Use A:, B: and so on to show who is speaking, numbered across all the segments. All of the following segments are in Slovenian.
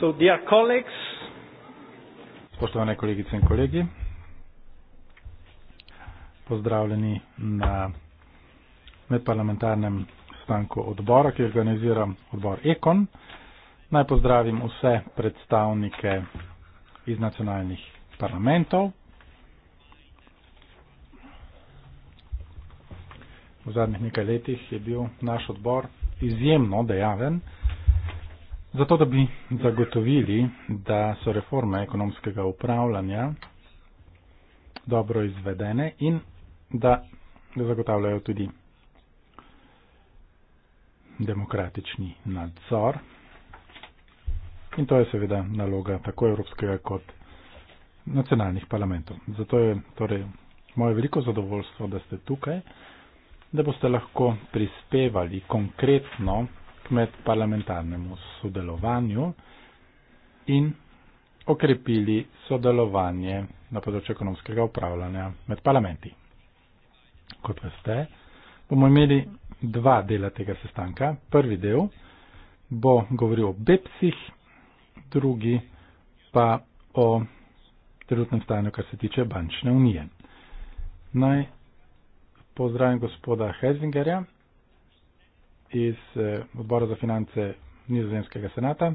A: So dear colleagues, spoštovane kolegice in kolegi, pozdravljeni na medparlamentarnem stanku odbora, ki organizira odbor Ekon. Naj pozdravim vse predstavnike iz nacionalnih parlamentov. V zadnjih nekaj letih je bil naš odbor izjemno dejaven. Zato, da bi zagotovili, da so reforme ekonomskega upravljanja dobro izvedene in da zagotavljajo tudi demokratični nadzor. In to je seveda naloga tako evropskega kot nacionalnih parlamentov. Zato je torej moje veliko zadovoljstvo, da ste tukaj, da boste lahko prispevali konkretno med parlamentarnemu sodelovanju in okrepili sodelovanje na področju ekonomskega upravljanja med parlamenti. Kot veste, bomo imeli dva dela tega sestanka. Prvi del bo govoril o BEPSih, drugi pa o trenutnem stanju, kar se tiče bančne unije. Naj pozdravim gospoda Herzingerja, iz eh, odbora za finance nizozemskega senata.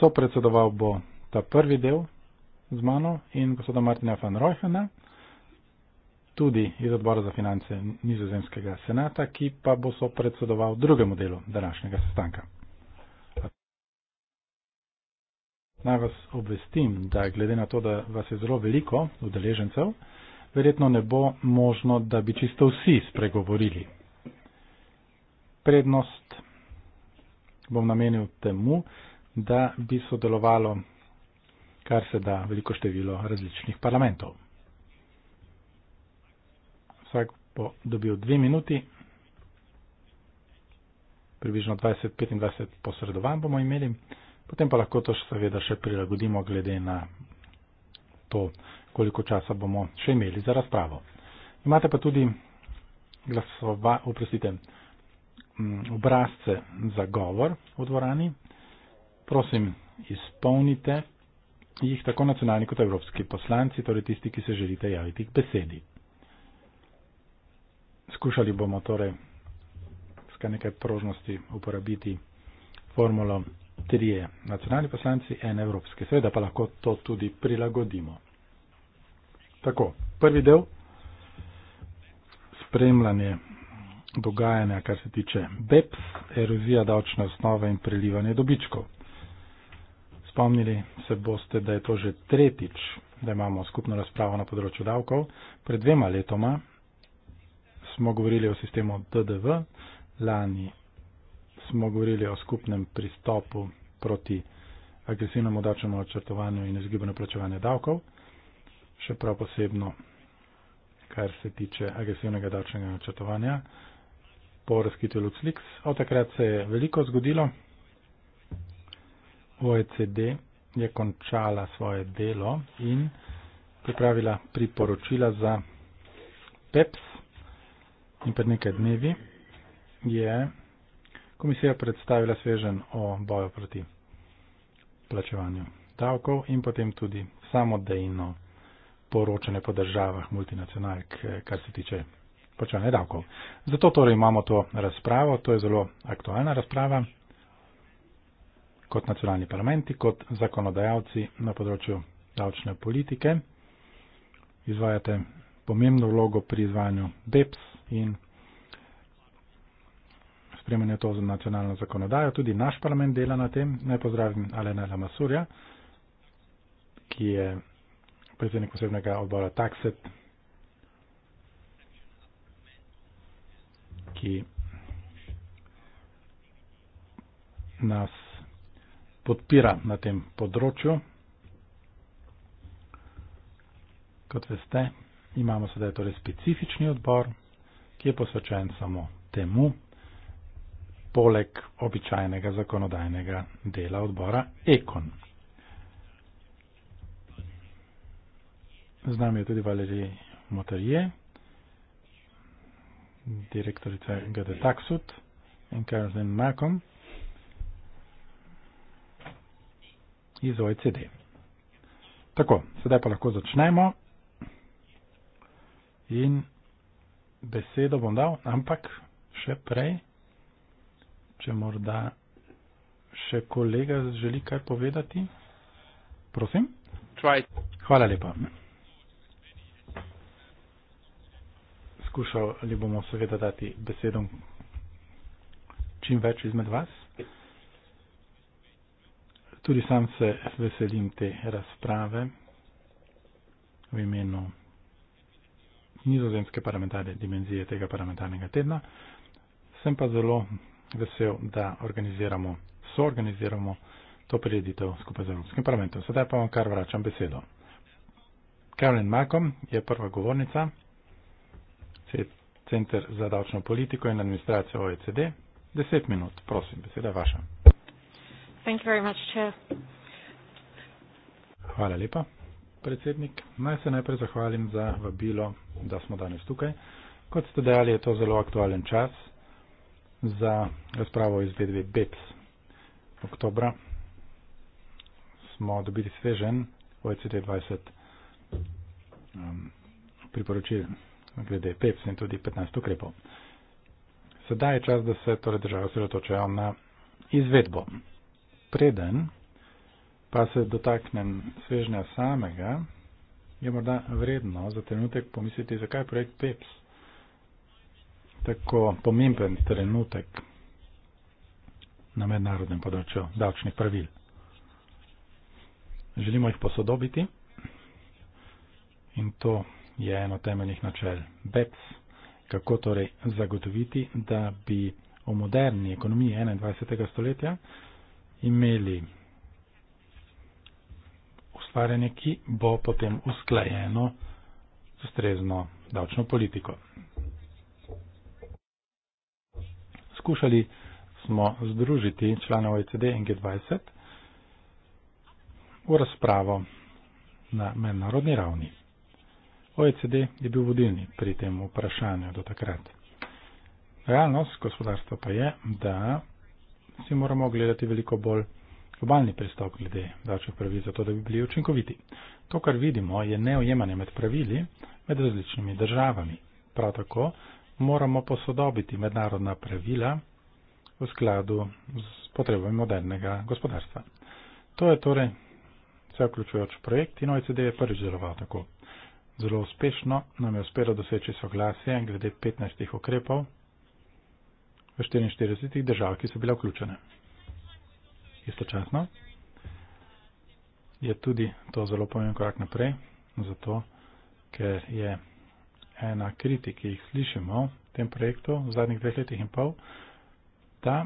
A: So predsedoval bo ta prvi del z mano in gospoda Martina van Rojhena, tudi iz odbora za finance nizozemskega senata, ki pa bo so predsedoval drugemu delu današnjega sestanka. Naj vas obvestim, da glede na to, da vas je zelo veliko udeležencev, verjetno ne bo možno, da bi čisto vsi spregovorili prednost bom namenil temu, da bi sodelovalo kar se da veliko število različnih parlamentov. Vsak bo dobil dve minuti, približno 20-25 posredovanj bomo imeli, potem pa lahko to seveda še prilagodimo glede na to, koliko časa bomo še imeli za razpravo. Imate pa tudi glasova, oprostite, uh, Mm, obrazce za govor v dvorani. Prosim, izpolnite jih tako nacionalni kot evropski poslanci, torej tisti, ki se želite javiti k besedi. Skušali bomo torej skaj nekaj prožnosti uporabiti formulo trije nacionalni poslanci, en evropski. Seveda pa lahko to tudi prilagodimo. Tako, prvi del spremljanje dogajanja, kar se tiče BEPS, erozija davčne osnove in prelivanje dobičkov. Spomnili se boste, da je to že tretjič, da imamo skupno razpravo na področju davkov. Pred dvema letoma smo govorili o sistemu DDV, lani smo govorili o skupnem pristopu proti agresivnemu davčnemu načrtovanju in izogibanju plačevanja davkov, še prav posebno, kar se tiče agresivnega davčnega načrtovanja po razkritju Luxlix. Od takrat se je veliko zgodilo. OECD je končala svoje delo in pripravila priporočila za PEPS in pred nekaj dnevi je komisija predstavila svežen o boju proti plačevanju davkov in potem tudi samodejno poročanje po državah multinacionalk, kar se tiče plačevanje davkov. Zato torej imamo to razpravo, to je zelo aktualna razprava kot nacionalni parlamenti, kot zakonodajalci na področju davčne politike. Izvajate pomembno vlogo pri izvajanju DEPS in spremenje to za nacionalno zakonodajo. Tudi naš parlament dela na tem. Naj pozdravim Alena Lamasurja, ki je predsednik posebnega odbora Taxet ki nas podpira na tem področju. Kot veste, imamo sedaj torej specifični odbor, ki je posvečen samo temu, poleg običajnega zakonodajnega dela odbora Ekon. Z nami je tudi Valerij Motorije, direktorica GD Taksut in Karzen Makom iz OECD. Tako, sedaj pa lahko začnemo in besedo bom dal, ampak še prej, če morda še kolega želi kaj povedati, prosim. Try. Hvala lepa. poskušal ali bomo seveda dati besedom čim več izmed vas. Tudi sam se veselim te razprave v imenu nizozemske parlamentarne dimenzije tega parlamentarnega tedna. Sem pa zelo vesel, da organiziramo, soorganiziramo to prireditev skupaj z Evropskim parlamentom. Sedaj pa vam kar vračam besedo. Karolin Makom je prva govornica. Center za davčno politiko in administracijo OECD. Deset minut, prosim, beseda je vaša.
B: Thank you very much, chair.
A: Hvala lepa, predsednik. Naj se najprej zahvalim za vabilo, da smo danes tukaj. Kot ste dejali, je to zelo aktualen čas za razpravo o izvedbi BEPS. Oktobra smo dobili svežen OECD 20 um, priporočil glede PEPS in tudi 15 ukrepov. Sedaj je čas, da se torej države osredotočajo na izvedbo. Preden pa se dotaknem svežnja samega, je morda vredno za trenutek pomisliti, zakaj je projekt PEPS tako pomemben trenutek na mednarodnem področju davčnih pravil. Želimo jih posodobiti in to je eno temeljnih načel BEPS, kako torej zagotoviti, da bi o moderni ekonomiji 21. stoletja imeli ustvarjanje, ki bo potem usklajeno z ustrezno davčno politiko. Skušali smo združiti člane OECD in G20 v razpravo na mednarodni ravni. OECD je bil vodilni pri tem vprašanju do takrat. Realnost gospodarstva pa je, da si moramo gledati veliko bolj globalni pristop glede davčnih pravil, zato da bi bili učinkoviti. To, kar vidimo, je neojemanje med pravili med različnimi državami. Prav tako moramo posodobiti mednarodna pravila v skladu z potrebami modernega gospodarstva. To je torej vse vključujoč projekt in OECD je prvič deloval tako. Zelo uspešno nam je uspelo doseči soglasje glede 15 ukrepov v 44 držav, ki so bile vključene. Istočasno je tudi to zelo pomemben korak naprej, zato ker je ena kritika, ki jih slišimo v tem projektu v zadnjih dveh letih in pol, ta,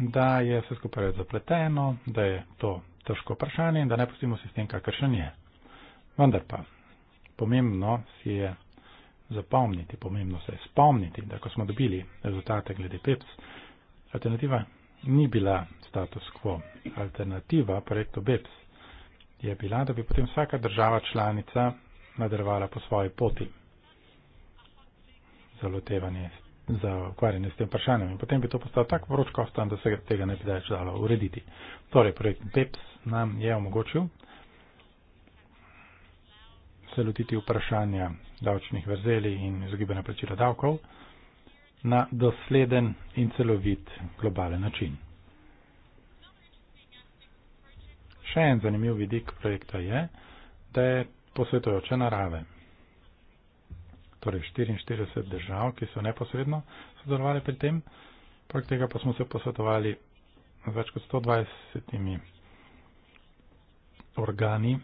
A: da je vse skupaj zapleteno, da je to težko vprašanje in da ne pustimo sistem, kakršen je. Vendar pa, pomembno si je zapomniti, pomembno se je spomniti, da ko smo dobili rezultate glede PEPS, alternativa ni bila status quo. Alternativa projektu BEPS je bila, da bi potem vsaka država članica nadaljevala po svoji poti za lotevanje, za ukvarjanje s tem vprašanjem. In potem bi to postalo tako vroč kostan, da se tega ne bi dalo urediti. Torej, projekt BEPS nam je omogočil, celotiti vprašanja davčnih vrzeli in izogibanja plačila davkov na dosleden in celovit globalen način. Še en zanimiv vidik projekta je, da je posvetujoče narave. Torej 44 držav, ki so neposredno sodelovali pri tem, poleg tega pa smo se posvetovali z več kot 120 organi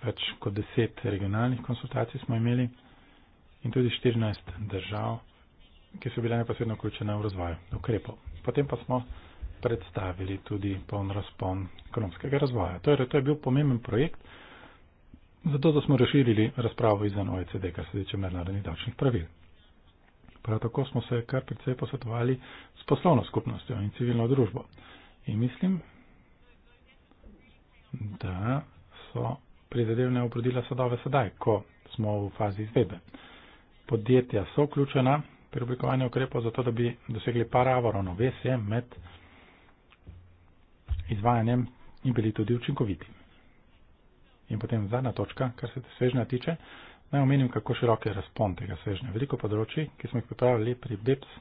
A: več kot deset regionalnih konsultacij smo imeli in tudi 14 držav, ki so bile neposredno vključene v razvoj ukrepov. Potem pa smo predstavili tudi poln razpon ekonomskega razvoja. Torej, to je bil pomemben projekt, zato da smo razširili razpravo izven OECD, kar se tiče mednarodnih davčnih pravil. Prav tako smo se kar precej posvetovali s poslovno skupnostjo in civilno družbo. In mislim, da so prizadevne obrodila sadove sedaj, ko smo v fazi izvedbe. Podjetja so vključena pri oblikovanju ukrepov zato, da bi dosegli paravo ravnovesje med izvajanjem in bili tudi učinkoviti. In potem zadnja točka, kar se te svežnja tiče, naj omenim, kako širok je razpon tega svežnja. Veliko področji, ki smo jih pripravili pri BEPS,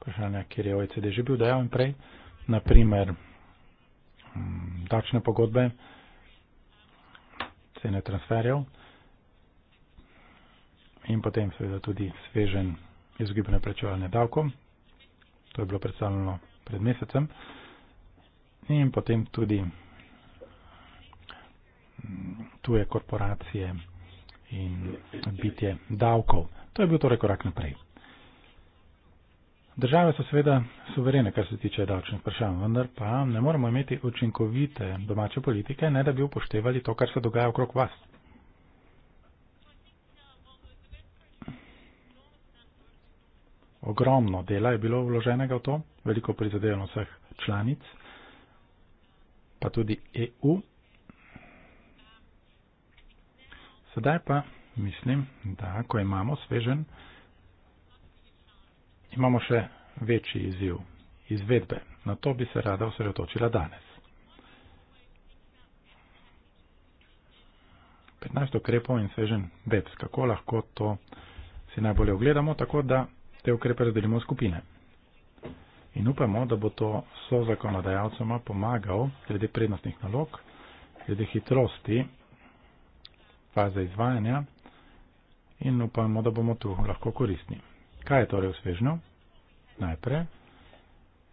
A: vprašanja, kjer je OECD že bil dejal in prej, naprimer m, dačne pogodbe, cene transferjev in potem seveda tudi svežen izgibne plačevalne davko. To je bilo predstavljeno pred mesecem. In potem tudi tuje korporacije in bitje davkov. To je bil torej korak naprej. Države so seveda suverene, kar se tiče davčnih vprašanj, vendar pa ne moramo imeti učinkovite domače politike, ne da bi upoštevali to, kar se dogaja okrog vas. Ogromno dela je bilo vloženega v to, veliko prizadevanj vseh članic, pa tudi EU. Sedaj pa mislim, da ko imamo svežen, imamo še večji izziv izvedbe. Na to bi se rada osredotočila danes. 15 ukrepov in svežen BEPS. Kako lahko to si najbolje ogledamo, tako da te ukrepe razdelimo v skupine. In upamo, da bo to so zakonodajalcema pomagal glede prednostnih nalog, glede hitrosti faze izvajanja in upamo, da bomo tu lahko koristni. Kaj je torej v svežnju? Najprej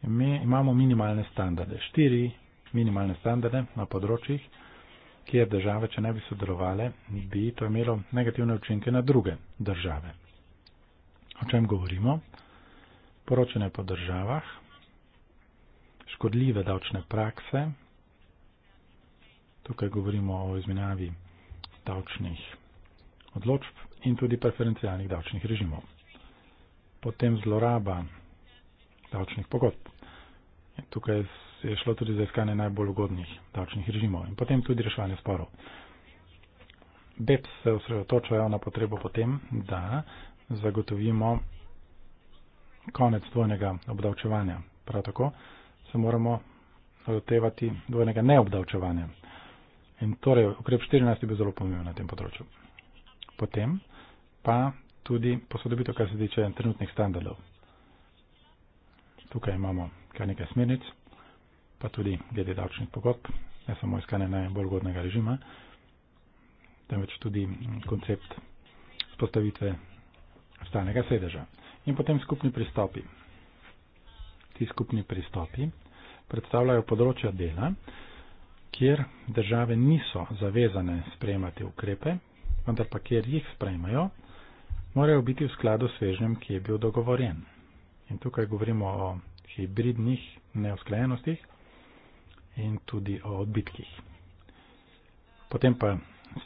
A: mi imamo minimalne standarde, štiri minimalne standarde na področjih, kjer države, če ne bi sodelovale, bi to imelo negativne učinke na druge države. O čem govorimo? Poročene po državah, škodljive davčne prakse, tukaj govorimo o izmenjavi davčnih odločb in tudi preferencialnih davčnih režimov potem zloraba davčnih pogodb. Tukaj je šlo tudi za iskanje najbolj ugodnih davčnih režimov in potem tudi reševanje sporov. BEPS se osredotočajo na potrebo potem, da zagotovimo konec dvojnega obdavčevanja. Prav tako se moramo zotevati dvojnega neobdavčevanja. In torej, ukrep 14 je bil zelo pomemben na tem področju. Potem pa tudi posodobitev, kar se tiče trenutnih standardov. Tukaj imamo kar nekaj smernic, pa tudi glede davčnih pogodb, ne samo iskanje najbolj ugodnega režima, temveč tudi koncept spostavitve stalnega sedeža. In potem skupni pristopi. Ti skupni pristopi predstavljajo področja dela, kjer države niso zavezane sprejemati ukrepe, vendar pa kjer jih sprejmajo, morajo biti v skladu s svežnjem, ki je bil dogovorjen. In tukaj govorimo o hibridnih neusklajenostih in tudi o odbitkih. Potem pa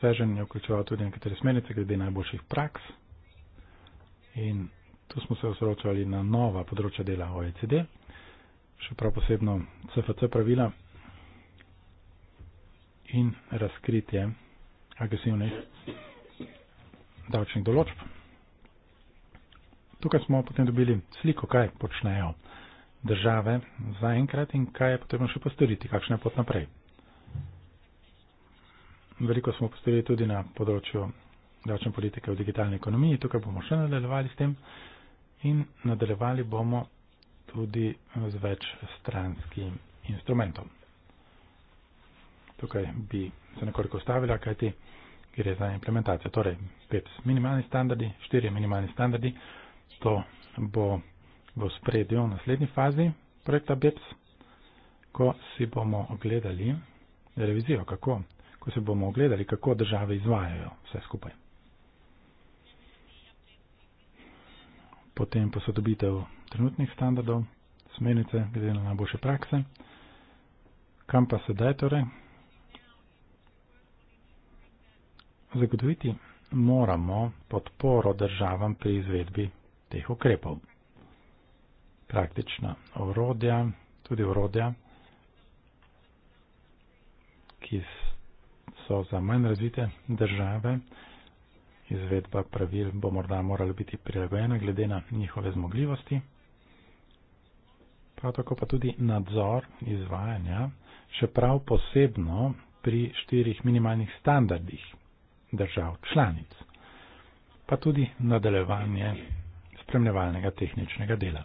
A: svežen je vključeval tudi nekatere smernice glede najboljših praks in tu smo se osročali na nova področja dela OECD, še prav posebno CFC pravila in razkritje agresivnih davčnih določb. Tukaj smo potem dobili sliko, kaj počnejo države zaenkrat in kaj je potrebno še postoriti, kakšna je pot naprej. Veliko smo postorili tudi na področju davčne politike v digitalni ekonomiji, tukaj bomo še nadaljevali s tem in nadaljevali bomo tudi z več stranskim instrumentom. Tukaj bi se nekoliko ustavila, kajti gre za implementacijo. Torej, pet minimalni standardi, štiri minimalni standardi, to bo v spredju v naslednji fazi projekta BEPS, ko si bomo ogledali revizijo, kako, ko si bomo ogledali, kako države izvajajo vse skupaj. Potem posodobitev trenutnih standardov, smernice, glede na najboljše prakse. Kam pa sedaj torej? Zagotoviti moramo podporo državam pri izvedbi teh ukrepov. Praktična orodja, tudi orodja, ki so za manj razvite države, izvedba pravil bo morda morala biti prilagojena glede na njihove zmogljivosti. Prav tako pa tudi nadzor izvajanja, še prav posebno pri štirih minimalnih standardih držav članic, pa tudi nadaljevanje spremljevalnega tehničnega dela.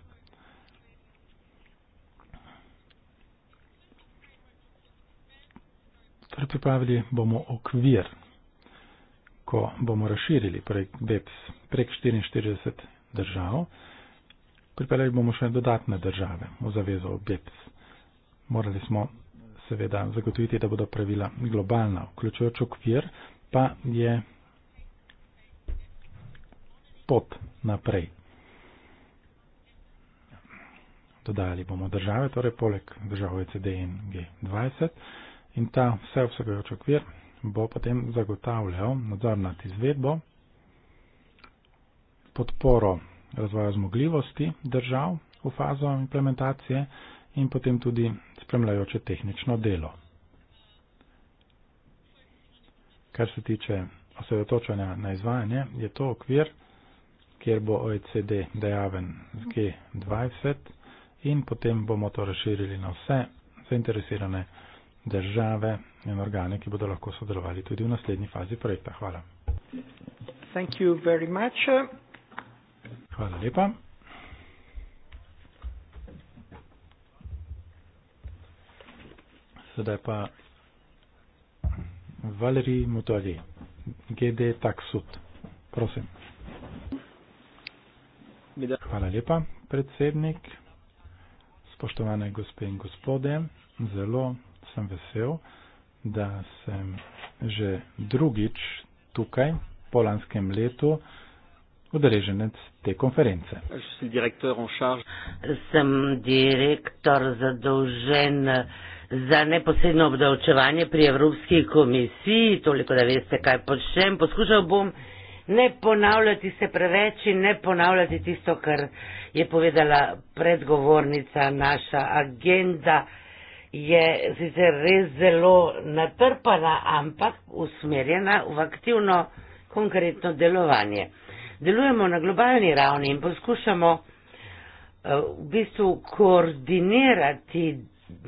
A: Torej pripravili bomo okvir, ko bomo razširili prek, BEPS, prek 44 držav, pripravili bomo še dodatne države v zavezo BEPS. Morali smo seveda zagotoviti, da bodo pravila globalna, vključujoč okvir, pa je pot naprej. dodajali bomo države, torej poleg držav OECD in G20. In ta vseobsegajoč okvir bo potem zagotavljal nadzor nad izvedbo, podporo razvoja zmogljivosti držav v fazo implementacije in potem tudi spremljajoče tehnično delo. Kar se tiče osredotočanja na izvajanje, je to okvir, kjer bo OECD dejaven z G20 in potem bomo to razširili na vse zainteresirane države in organe, ki bodo lahko sodelovali tudi v naslednji fazi projekta. Hvala.
C: Thank you very much.
A: Hvala lepa. Sedaj pa Valeri Mutuali, GD Taksut. Prosim. Hvala lepa, predsednik spoštovane gospe in gospode, zelo sem vesel, da sem že drugič tukaj po lanskem letu udeleženec te konference.
D: Sem direktor zadolžen za neposredno obdavčevanje pri Evropski komisiji, toliko da veste, kaj počnem. Poskušal bom ne ponavljati se preveč in ne ponavljati tisto, kar je povedala predgovornica. Naša agenda je sicer res zelo natrpana, ampak usmerjena v aktivno, konkretno delovanje. Delujemo na globalni ravni in poskušamo eh, v bistvu koordinirati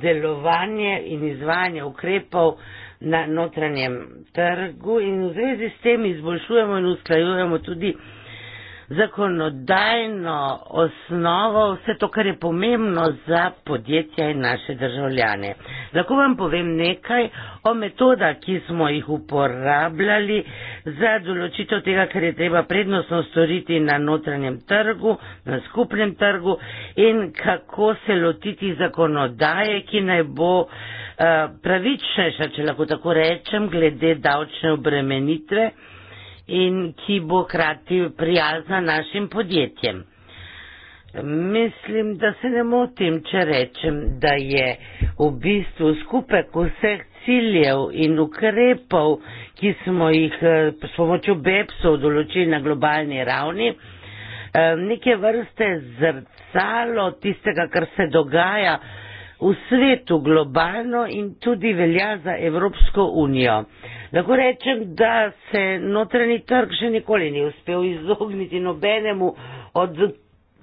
D: delovanje in izvajanje ukrepov, na notranjem trgu in v zvezi s tem izboljšujemo in usklajujemo tudi zakonodajno osnovo, vse to, kar je pomembno za podjetja in naše državljane. Lahko vam povem nekaj o metodah, ki smo jih uporabljali za določitev tega, kar je treba prednostno storiti na notranjem trgu, na skupnem trgu in kako se lotiti zakonodaje, ki naj bo uh, pravičnejša, če lahko tako rečem, glede davčne obremenitve in ki bo hkrati prijazna našim podjetjem. Mislim, da se ne motim, če rečem, da je v bistvu skupek vseh ciljev in ukrepov, ki smo jih eh, s pomočjo BEPS-ov določili na globalni ravni, eh, neke vrste zrcalo tistega, kar se dogaja v svetu globalno in tudi velja za Evropsko unijo. Lahko rečem, da se notranji trg še nikoli ni uspel izogniti nobenemu od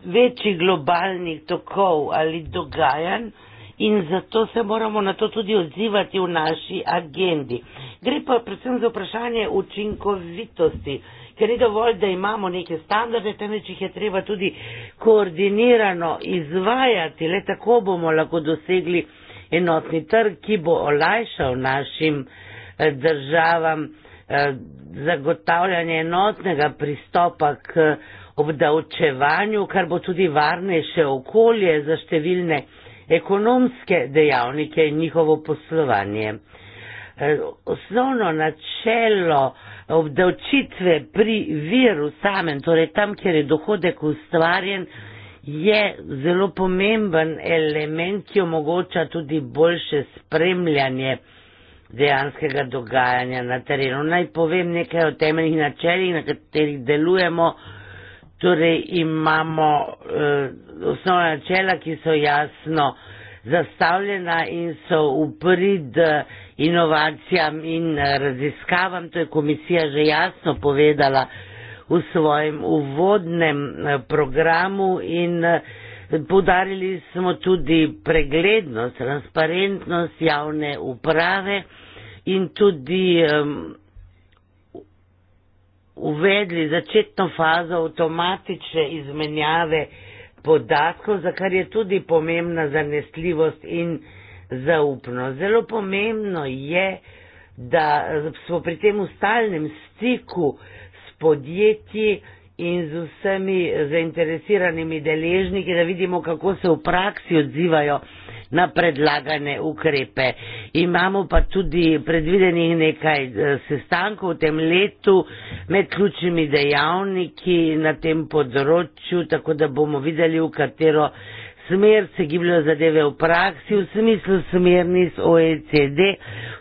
D: večjih globalnih tokov ali dogajanj in zato se moramo na to tudi odzivati v naši agendi. Gre pa predvsem za vprašanje učinkovitosti ker ni dovolj, da imamo neke standarde, temveč jih je treba tudi koordinirano izvajati. Le tako bomo lahko dosegli enotni trg, ki bo olajšal našim eh, državam eh, zagotavljanje enotnega pristopa k obdavčevanju, kar bo tudi varnejše okolje za številne ekonomske dejavnike in njihovo poslovanje. Eh, osnovno načelo obdavčitve pri viru samem, torej tam, kjer je dohodek ustvarjen, je zelo pomemben element, ki omogoča tudi boljše spremljanje dejanskega dogajanja na terenu. Naj povem nekaj o temeljnih načeljih, na katerih delujemo. Torej imamo eh, osnovna načela, ki so jasno zastavljena in so uprid. Eh, inovacijam in eh, raziskavam. To je komisija že jasno povedala v svojem uvodnem eh, programu in eh, podarili smo tudi preglednost, transparentnost javne uprave in tudi um, uvedli začetno fazo avtomatične izmenjave podatkov, za kar je tudi pomembna zanesljivost in uh, zaupno. Zelo pomembno je, da smo pri tem v stalnem stiku s podjetji in z vsemi zainteresiranimi deležniki, da vidimo, kako se v praksi odzivajo na predlagane ukrepe. Imamo pa tudi predvidenih nekaj eh, sestankov v tem letu med ključnimi dejavniki na tem področju, tako da bomo videli, v katero smer se gibljajo zadeve v praksi, v smislu smernic OECD.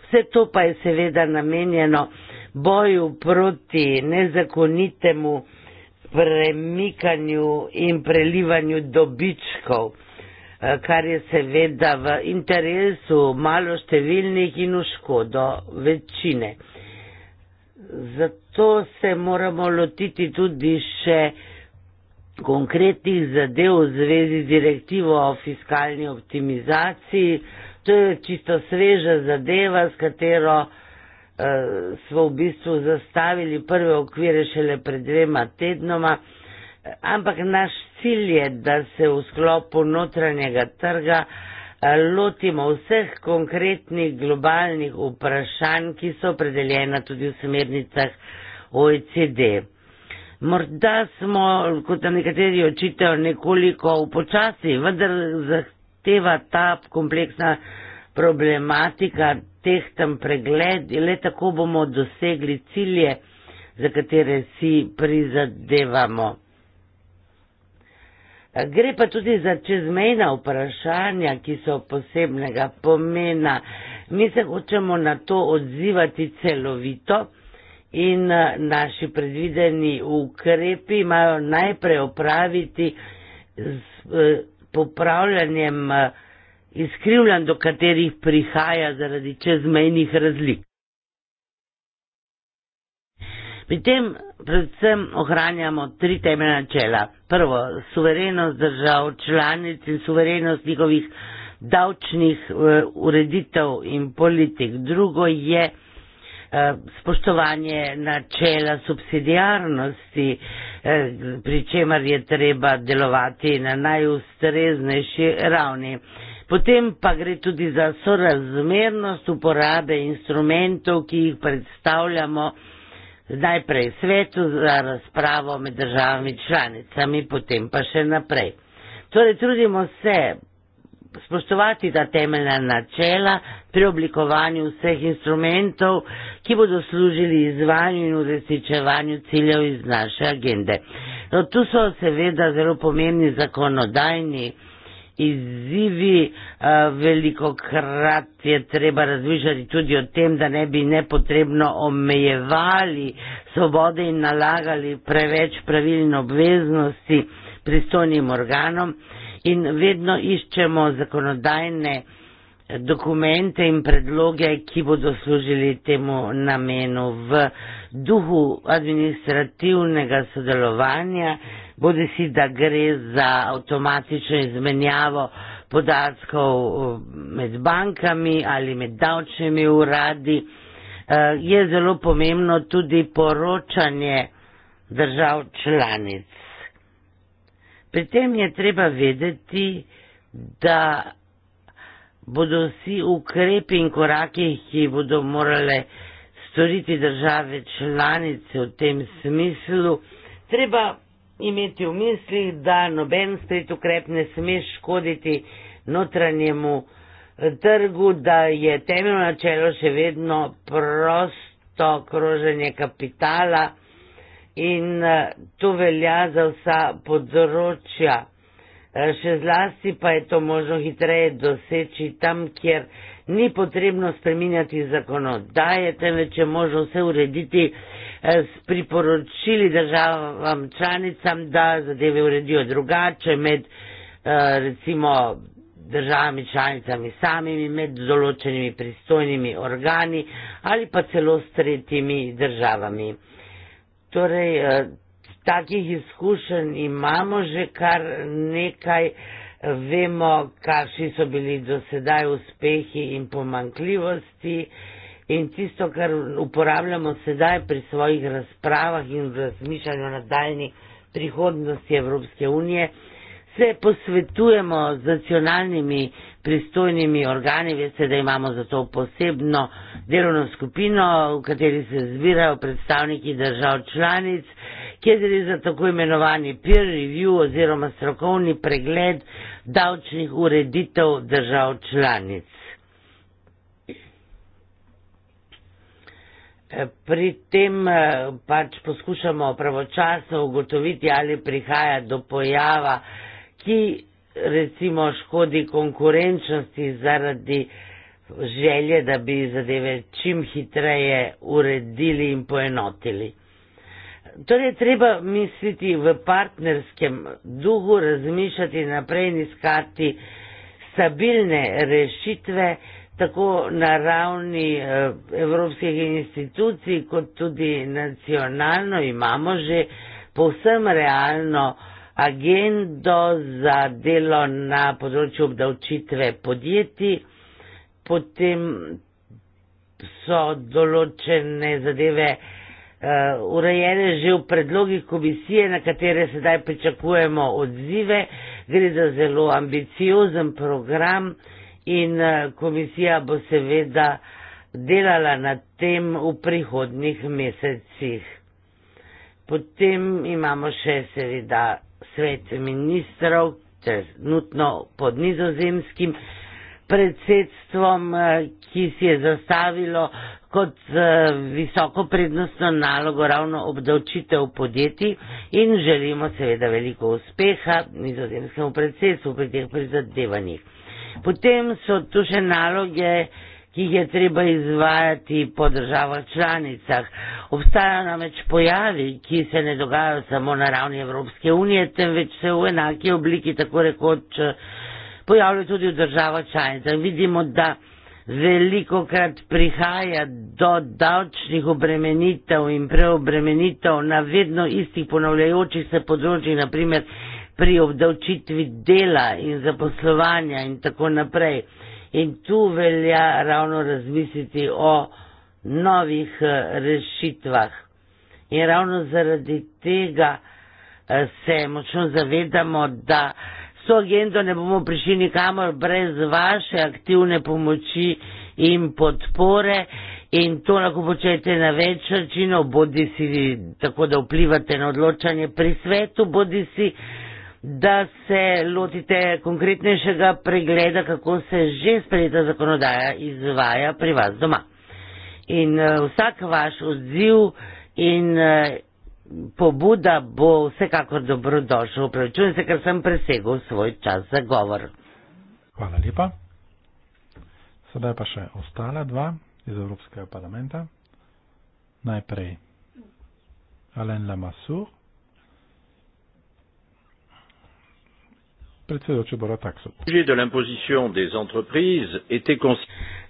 D: Vse to pa je seveda namenjeno boju proti nezakonitemu premikanju in prelivanju dobičkov, eh, kar je seveda v interesu maloštevilnih in v škodo večine. Zato se moramo lotiti tudi še konkretnih zadev v zvezi z direktivo o fiskalni optimizaciji. To je čisto sveža zadeva, s katero eh, smo v bistvu zastavili prve okvire šele pred dvema tednoma. Eh, ampak naš cilj je, da se v sklopu notranjega trga eh, lotimo vseh konkretnih globalnih vprašanj, ki so opredeljena tudi v smernicah OECD morda smo, kot nam nekateri očitajo, nekoliko upočasni, vendar zahteva ta kompleksna problematika tehten pregled in le tako bomo dosegli cilje, za katere si prizadevamo. Gre pa tudi za čezmejna vprašanja, ki so posebnega pomena. Mi se hočemo na to odzivati celovito in eh, naši predvideni ukrepi imajo najprej opraviti z eh, popravljanjem eh, izkrivljanj, do katerih prihaja zaradi čezmejnih razlik. Pri tem predvsem ohranjamo tri temeljna načela. Prvo, suverenost držav članic in suverenost njihovih davčnih ureditev in politik. Drugo je, Eh, spoštovanje načela subsidijarnosti, eh, pri čemer je treba delovati na najustreznejši ravni. Potem pa gre tudi za sorazmernost uporabe instrumentov, ki jih predstavljamo najprej svetu za razpravo med državami članicami, potem pa še naprej. Torej, trudimo se spoštovati ta temeljna načela pri oblikovanju vseh instrumentov, ki bodo služili izvanju in uresničevanju ciljev iz naše agende. No, tu so seveda zelo pomembni zakonodajni izzivi, veliko krat je treba razmišljati tudi o tem, da ne bi nepotrebno omejevali svobode in nalagali preveč pravilno obveznosti pristojnim organom in vedno iščemo zakonodajne dokumente in predloge, ki bodo služili temu namenu. V duhu administrativnega sodelovanja, bodi si, da gre za avtomatično izmenjavo podatkov eh, med bankami ali med davčnimi uradi, eh, je zelo pomembno tudi poročanje držav članic. Pri tem je treba vedeti, da bodo vsi ukrepi in koraki, ki bodo morale storiti države članice v tem smislu, treba imeti v mislih, da noben sprit ukrep ne sme škoditi notranjemu trgu, da je temeljno načelo še vedno prosto kroženje kapitala in eh, to velja za vsa področja. Eh, še zlasti pa je to možno hitreje doseči tam, kjer ni potrebno spreminjati zakonodaje, temveč je možno vse urediti eh, s priporočili državam članicam, da zadeve uredijo drugače med recimo državami članicami samimi, med določenimi pristojnimi organi ali pa celo s tretjimi državami. Torej, eh, takih izkušenj imamo že kar nekaj, vemo, kakšni so bili do sedaj uspehi in pomankljivosti. In tisto, kar uporabljamo sedaj pri svojih razpravah in razmišljanju nadaljni prihodnosti Evropske unije, se posvetujemo z nacionalnimi pristojnimi organi, veste, da imamo za to posebno delovno skupino, v kateri se zbirajo predstavniki držav članic, kjer gre za tako imenovani peer review oziroma strokovni pregled davčnih ureditev držav članic. Pri tem eh, pač poskušamo pravočasno ugotoviti, ali prihaja do pojava, ki recimo škodi konkurenčnosti zaradi želje, da bi zadeve čim hitreje uredili in poenotili. Torej, treba misliti v partnerskem duhu, razmišljati naprej in iskati stabilne rešitve, tako na ravni eh, evropskih institucij, kot tudi nacionalno imamo že povsem realno agendo za delo na področju obdavčitve podjetij, potem so določene zadeve uh, urejene že v predlogih komisije, na katere sedaj pričakujemo odzive. Gre za zelo ambiciozen program in uh, komisija bo seveda delala na tem v prihodnih mesecih. Potem imamo še seveda svet ministrov, trenutno pod nizozemskim predsedstvom, eh, ki si je zastavilo kot eh, visoko prednostno nalogo ravno obdavčitev podjetij in želimo seveda veliko uspeha nizozemskemu predsedstvu pri teh prizadevanjih. Potem so tu še naloge, ki jih je treba izvajati po državah članicah. Obstajajo namreč pojavi, ki se ne dogajajo samo na ravni Evropske unije, temveč se v enaki obliki tako rekoč pojavljajo tudi v državah članicah. Vidimo, da veliko krat prihaja do davčnih obremenitev in preobremenitev na vedno istih ponavljajočih se področjih, naprimer pri obdavčitvi dela in zaposlovanja in tako naprej in tu velja ravno razmisliti o novih eh, rešitvah. In ravno zaradi tega eh, se močno zavedamo, da s to agendo ne bomo prišli nikamor brez vaše aktivne pomoči in podpore. In to lahko počnete na več načinov, bodi si tako, da vplivate na odločanje pri svetu, bodi si da se lotite konkretnejšega pregleda, kako se že sprejeta zakonodaja izvaja pri vas doma. In eh, vsak vaš odziv in eh, pobuda bo vsekakor dobrodošel. Prevečujem se, ker sem presegel svoj čas za govor. Hvala lepa.
A: Sedaj pa še ostala dva iz Evropskega parlamenta. Najprej Alen Lamassur,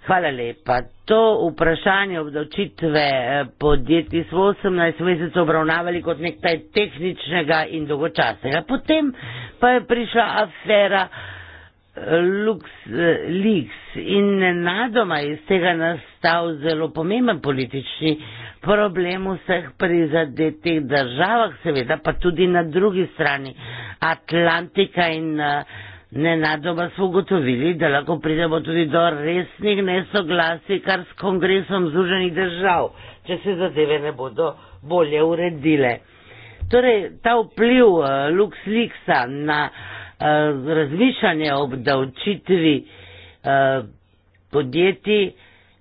D: Hvala lepa. To vprašanje obdavčitve eh, podjetij smo 18 mesecev obravnavali kot nekaj tehničnega in dolgočasnega. Potem pa je prišla afera. LuxLeaks in nenadoma iz tega nastal zelo pomemben politični problem v vseh prizadetih državah, seveda pa tudi na drugi strani Atlantika in eh, nenadoma smo ugotovili, da lahko pridemo tudi do resnih nesoglasij kar s kongresom združenih držav, če se zadeve ne bodo bolje uredile. Torej, ta vpliv eh, LuxLeaksa na Eh, razmišljanje o obdavčitvi eh, podjetij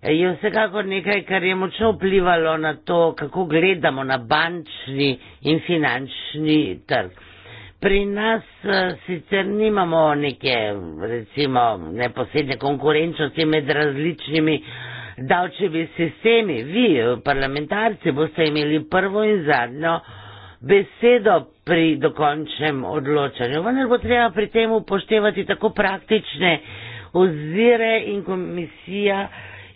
D: eh, je vsekakor nekaj, kar je močno vplivalo na to, kako gledamo na bančni in finančni trg. Pri nas sicer nimamo neke, recimo, neposredne konkurenčnosti med različnimi davčnimi sistemi. Vi, parlamentarci, boste imeli prvo in zadnjo besedo pri dokončnem odločanju. Vendar bo treba pri tem upoštevati tako praktične ozire in komisija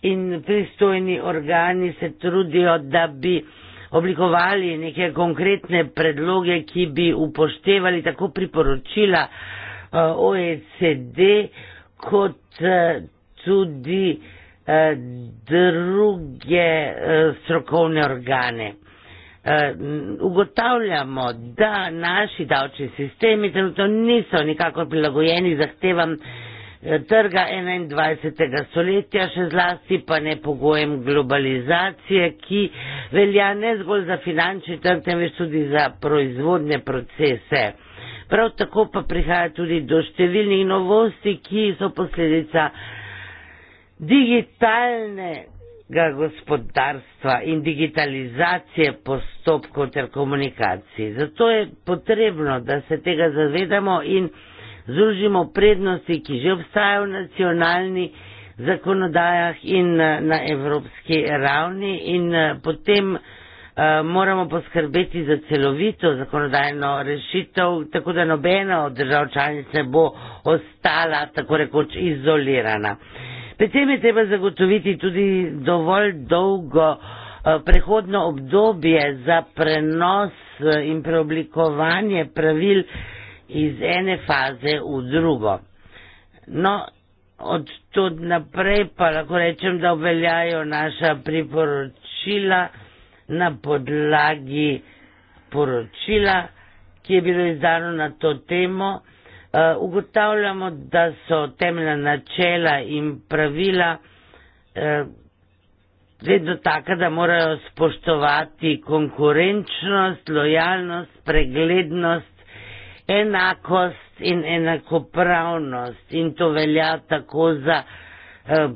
D: in pristojni organi se trudijo, da bi oblikovali neke konkretne predloge, ki bi upoštevali tako priporočila eh, OECD kot eh, tudi eh, druge strokovne organe eh, ugotavljamo, da naši davčni sistemi trenutno niso nikakor prilagojeni zahtevam eh, trga 21. stoletja, še zlasti pa ne pogojem globalizacije, ki velja ne zgolj za finančni trg, temveč tudi za proizvodne procese. Prav tako pa prihaja tudi do številnih novosti, ki so posledica digitalne gospodarstva in digitalizacije postopkov ter komunikacij. Zato je potrebno, da se tega zavedamo in združimo prednosti, ki že obstajajo v nacionalni zakonodajah in eh, na evropski ravni in eh, potem eh, moramo poskrbeti za celovito zakonodajno rešitev, tako da nobena od držav članic ne bo ostala tako rekoč izolirana. Predtem je treba zagotoviti tudi dovolj dolgo eh, prehodno obdobje za prenos eh, in preoblikovanje pravil iz ene faze v drugo. No, od tud naprej pa lahko rečem, da obveljajo naša priporočila na podlagi poročila, ki je bilo izdano na to temo. Eh, ugotavljamo, da so temeljna načela in pravila eh, vedno taka, da morajo spoštovati konkurenčnost, lojalnost, preglednost, enakost in enakopravnost. In to velja tako za eh,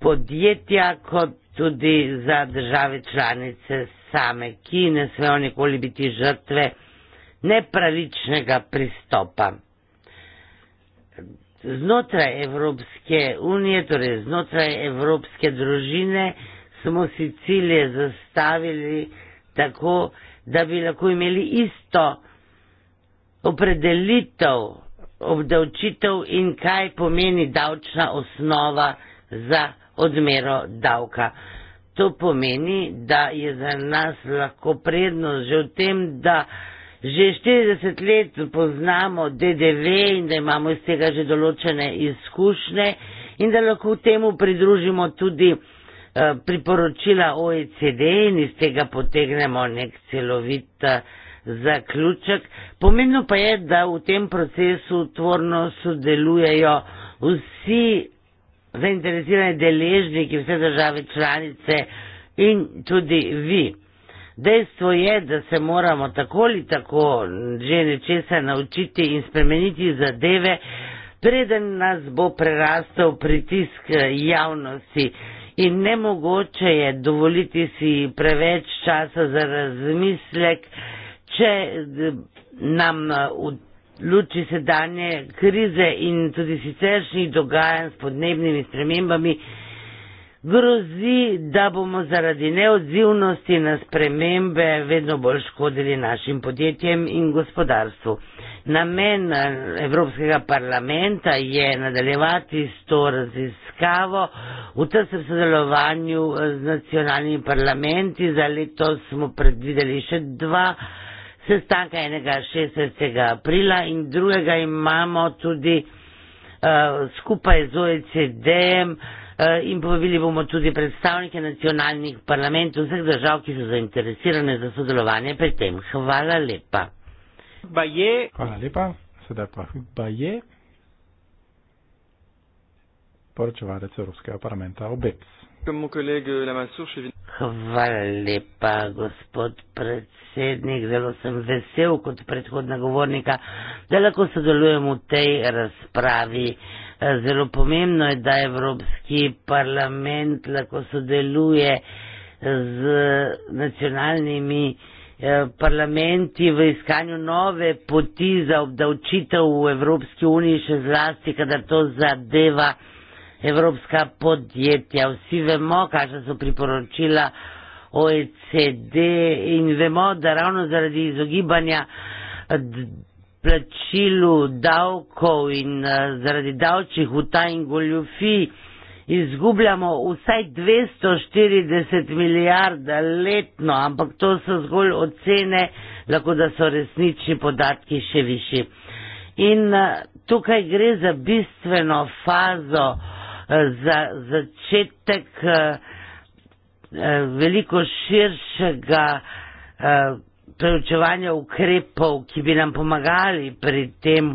D: podjetja, kot tudi za države članice same, ki ne smejo nikoli biti žrtve nepravičnega pristopa. Znotraj Evropske unije, torej znotraj Evropske družine, smo si cilje zastavili tako, da bi lahko imeli isto opredelitev obdavčitev in kaj pomeni davčna osnova za odmero davka. To pomeni, da je za nas lahko prednost že v tem, da že 40 let poznamo DDV in da imamo iz tega že določene izkušnje in da lahko temu pridružimo tudi eh, priporočila OECD in iz tega potegnemo nek celovit eh, zaključek. Pomembno pa je, da v tem procesu tvorno sodelujejo vsi zainteresirani deležniki, vse države članice in tudi vi. Dejstvo je, da se moramo tako ali tako že nečesa naučiti in spremeniti zadeve, preden nas bo prerastel pritisk eh, javnosti. In nemogoče je dovoliti si preveč časa za razmislek, če nam eh, v luči sedanje krize in tudi siceršnjih dogajanj s podnebnimi spremembami grozi, da bomo zaradi neodzivnosti na spremembe vedno bolj škodili našim podjetjem in gospodarstvu. Namen eh, Evropskega parlamenta je nadaljevati s to raziskavo v tesnem sodelovanju eh, z nacionalnimi parlamenti. Za leto smo predvideli še dva sestanka, enega 16. aprila in drugega imamo tudi uh, skupaj z OECD-jem. Uh, Eh, in povabili bomo tudi predstavnike nacionalnih parlamentov vseh držav, ki so zainteresirane za sodelovanje pri tem. Hvala lepa. Baje.
A: Hvala lepa. Sedaj pa Baje, poročevalec Evropskega
D: parlamenta OBEPS. Hvala lepa, gospod predsednik. Zelo sem vesel kot predhodna govornika, da lahko sodelujem v tej razpravi. Zelo pomembno je, da Evropski parlament lahko sodeluje z nacionalnimi eh, parlamenti v iskanju nove poti za obdavčitev v Evropski uniji, še zlasti, kadar to zadeva evropska podjetja. Vsi vemo, kakšna so priporočila OECD in vemo, da ravno zaradi izogibanja plačilu davkov in eh, zaradi davčnih utaj in goljufij izgubljamo vsaj 240 milijard letno, ampak to so zgolj ocene, lahko da so resnični podatki še višji. In eh, tukaj gre za bistveno fazo, eh, za začetek veliko širšega preučevanja ukrepov, ki bi nam pomagali pri tem,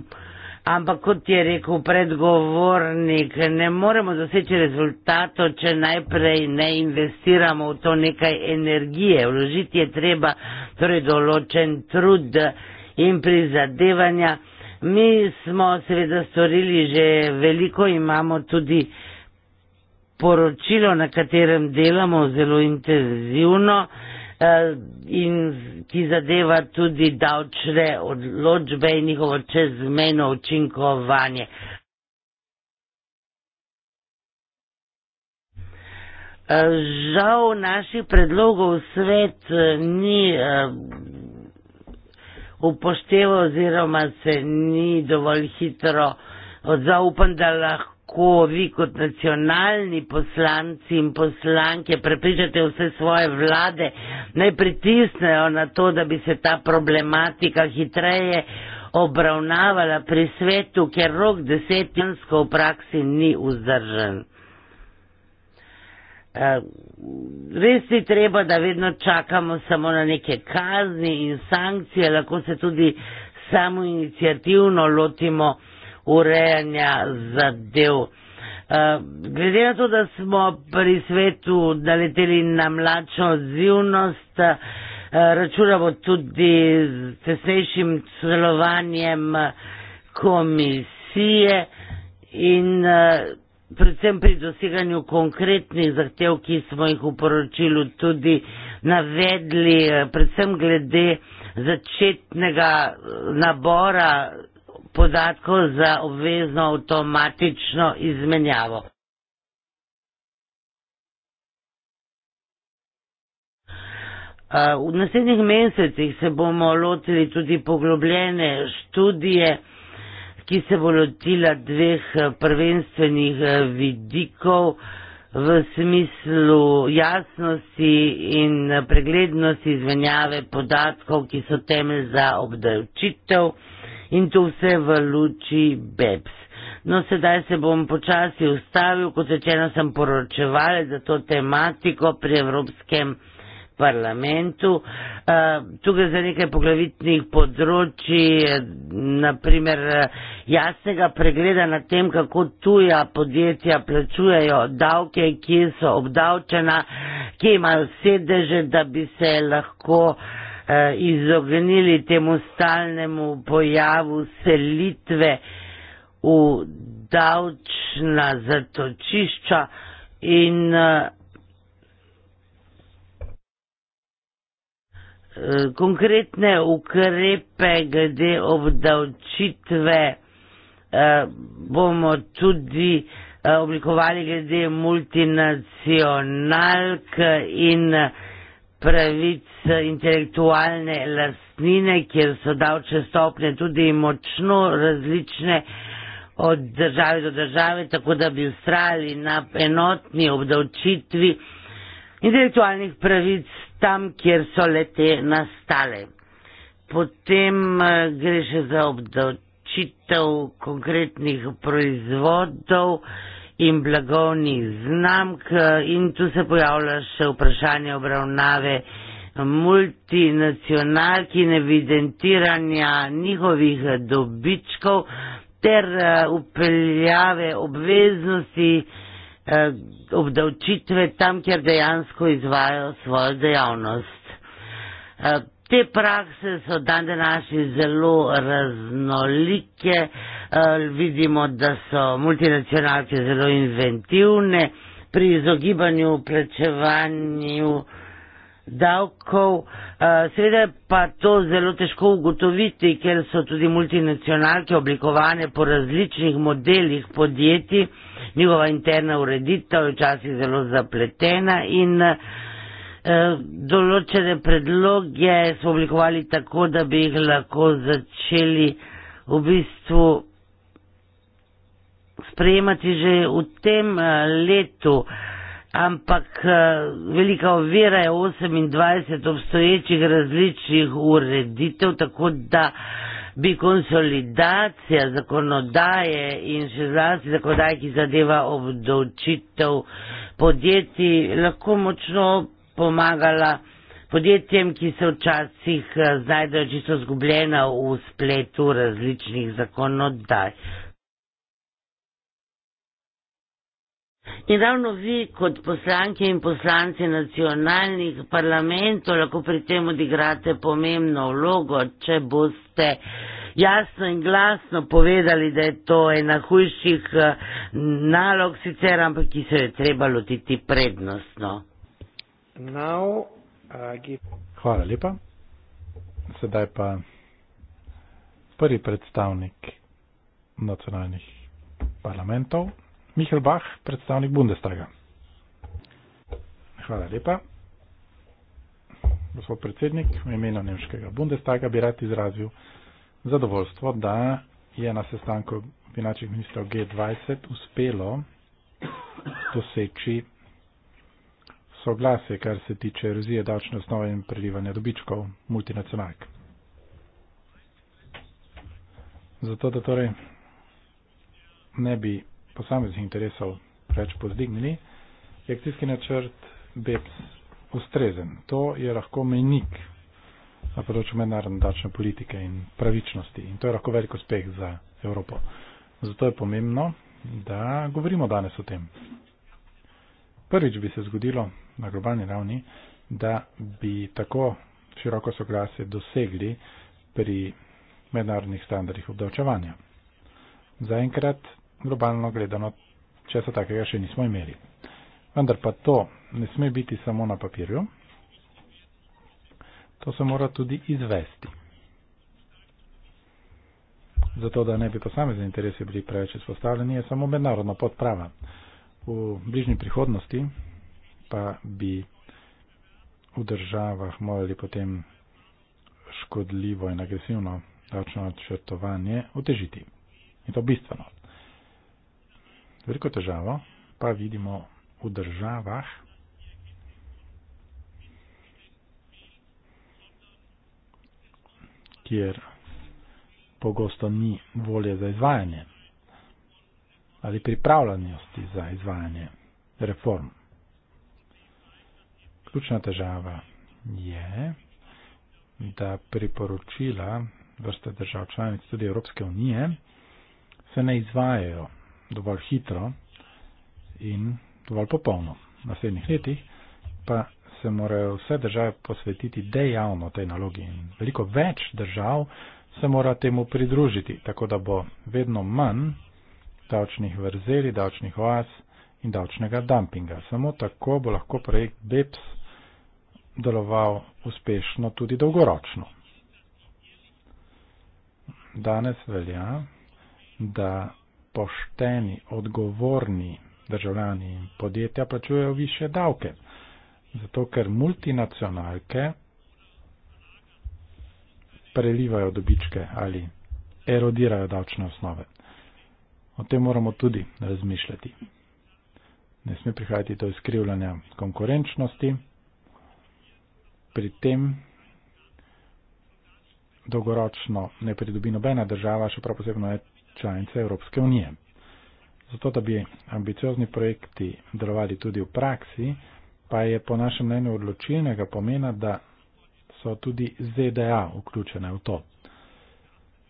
D: ampak kot je rekel predgovornik, ne moremo doseči rezultato, če najprej ne investiramo v to nekaj energije. Vložiti je treba torej določen trud in prizadevanja. Mi smo seveda storili že veliko, imamo tudi poročilo, na katerem delamo zelo intenzivno. Eh, in ki zadeva tudi davčne odločbe in njihovo čezmeno učinkovanje. Eh, žal naših predlogov svet eh, ni upošteval oziroma se ni dovolj hitro odzaupan, da lahko kako vi kot nacionalni poslanci in poslanke prepričate vse svoje vlade, naj pritisnejo na to, da bi se ta problematika hitreje obravnavala pri svetu, ker rok desetinsko v praksi ni vzdržen. Eh, res ni treba, da vedno čakamo samo na neke kazni in sankcije, lahko se tudi samo inicijativno lotimo urejanja zadev. Eh, glede na to, da smo pri svetu naleteli na mlačno odzivnost, eh, računamo tudi s tesnejšim sodelovanjem komisije in eh, predvsem pri doseganju konkretnih zahtev, ki smo jih v poročilu tudi navedli, predvsem glede začetnega nabora podatkov za obvezno avtomatično izmenjavo. V naslednjih mesecih se bomo lotili tudi poglobljene študije, ki se bo lotila dveh prvenstvenih vidikov v smislu jasnosti in preglednosti izmenjave podatkov, ki so temelj za obdavčitev in to vse v luči BEPS. No, sedaj se bom počasi ustavil, kot rečeno sem poročevalec za to tematiko pri Evropskem parlamentu. E, eh, tukaj za nekaj poglavitnih področji, eh, naprimer eh, jasnega pregleda na tem, kako tuja podjetja plačujejo davke, kje so obdavčena, kje imajo sedeže, da bi se lahko Eh, izognili temu stalnemu pojavu selitve v davčna zatočišča in eh, konkretne ukrepe glede obdavčitve eh, bomo tudi oblikovali glede multinacionalk in pravic intelektualne lastnine, kjer so davčne stopnje tudi močno različne od države do države, tako da bi ustrali na enotni obdavčitvi intelektualnih pravic tam, kjer so lete nastale. Potem eh, gre še za obdavčitev konkretnih proizvodov in blagovnih znamk eh, in tu se pojavlja še vprašanje obravnave multinacionalk in evidentiranja njihovih dobičkov ter upeljave eh, obveznosti eh, obdavčitve tam, kjer dejansko izvajo svojo dejavnost. Te prakse so dan današnji zelo raznolike, e, vidimo, da so multinacionalke zelo inventivne pri izogibanju plačevanju davkov. E, seveda pa to zelo težko ugotoviti, ker so tudi multinacionalke oblikovane po različnih modelih podjetij, njihova interna ureditev je včasih zelo zapletena in e, Eh, določene predloge smo oblikovali tako, da bi jih lahko začeli v bistvu sprejemati že v tem eh, letu, ampak eh, velika ovira je 28 obstoječih različnih ureditev, tako da bi konsolidacija zakonodaje in še zlasti zakonodaje, ki zadeva obdočitev podjetij, lahko močno pomagala podjetjem, ki se včasih eh, znajdejo čisto zgubljena v spletu različnih zakonodaj. In ravno vi, kot poslanke in poslanci nacionalnih parlamentov, lahko pri tem odigrate pomembno vlogo, če boste jasno in glasno povedali, da je to ena hujših eh, nalog sicer, ampak ki se jo je treba lotiti prednostno.
B: Now, uh, give...
A: Hvala lepa. Sedaj pa prvi predstavnik nacionalnih parlamentov, Michael Bach, predstavnik Bundestaga. Hvala lepa. Gospod predsednik, v imenu Nemškega Bundestaga bi rad izrazil zadovoljstvo, da je na sestanku finančnih ministrov G20 uspelo doseči oglase, kar se tiče erozije davčne osnove in prelivanja dobičkov multinacionalk. Zato, da torej ne bi posameznih interesov preveč pozdignili, je akcijski načrt BEPS ustrezen. To je lahko menik na področju mednarodne davčne politike in pravičnosti in to je lahko velik uspeh za Evropo. Zato je pomembno, da govorimo danes o tem. Prvič bi se zgodilo, na globalni ravni, da bi tako široko soglasje dosegli pri mednarodnih standardih obdavčevanja. Zaenkrat globalno gledano česa takega še nismo imeli. Vendar pa to ne sme biti samo na papirju, to se mora tudi izvesti. Zato, da ne bi posamezni interesi bili preveč izpostavljeni, je samo mednarodna podprava. V bližnji prihodnosti pa bi v državah morali potem škodljivo in agresivno davčno načrtovanje otežiti. In to bistveno. Veliko težavo pa vidimo v državah, kjer pogosto ni volje za izvajanje ali pripravljenosti za izvajanje reform. Ključna težava je, da priporočila vrste držav članic, tudi Evropske unije, se ne izvajajo dovolj hitro in dovolj popolno. V naslednjih letih pa se morajo vse države posvetiti dejavno tej nalogi in veliko več držav se mora temu pridružiti, tako da bo vedno manj davčnih vrzeli, davčnih oaz in davčnega dumpinga. Samo tako bo lahko projekt BEPS deloval uspešno tudi dolgoročno. Danes velja, da pošteni, odgovorni državljani in podjetja plačujejo više davke, zato ker multinacionalke prelivajo dobičke ali erodirajo davčne osnove. O tem moramo tudi razmišljati. Ne sme prihajati do izkrivljanja konkurenčnosti pri tem dolgoročno ne pridobi nobena država, še prav posebno je članice Evropske unije. Zato, da bi ambiciozni projekti delovali tudi v praksi, pa je po našem mnenju odločilnega pomena, da so tudi ZDA vključene v to.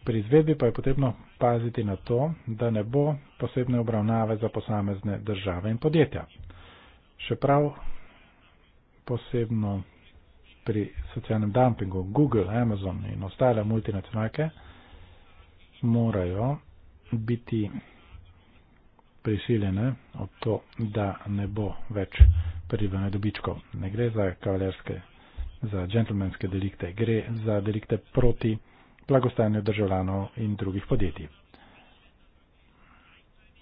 A: Pri izvedbi pa je potrebno paziti na to, da ne bo posebne obravnave za posamezne države in podjetja. Še prav posebno pri socialnem dumpingu, Google, Amazon in ostale multinacionalke, morajo biti prisiljene od to, da ne bo več prirvene dobičkov. Ne gre za kavalerske, za džentlmenske delikte, gre za delikte proti blagostanju državljanov in drugih podjetij.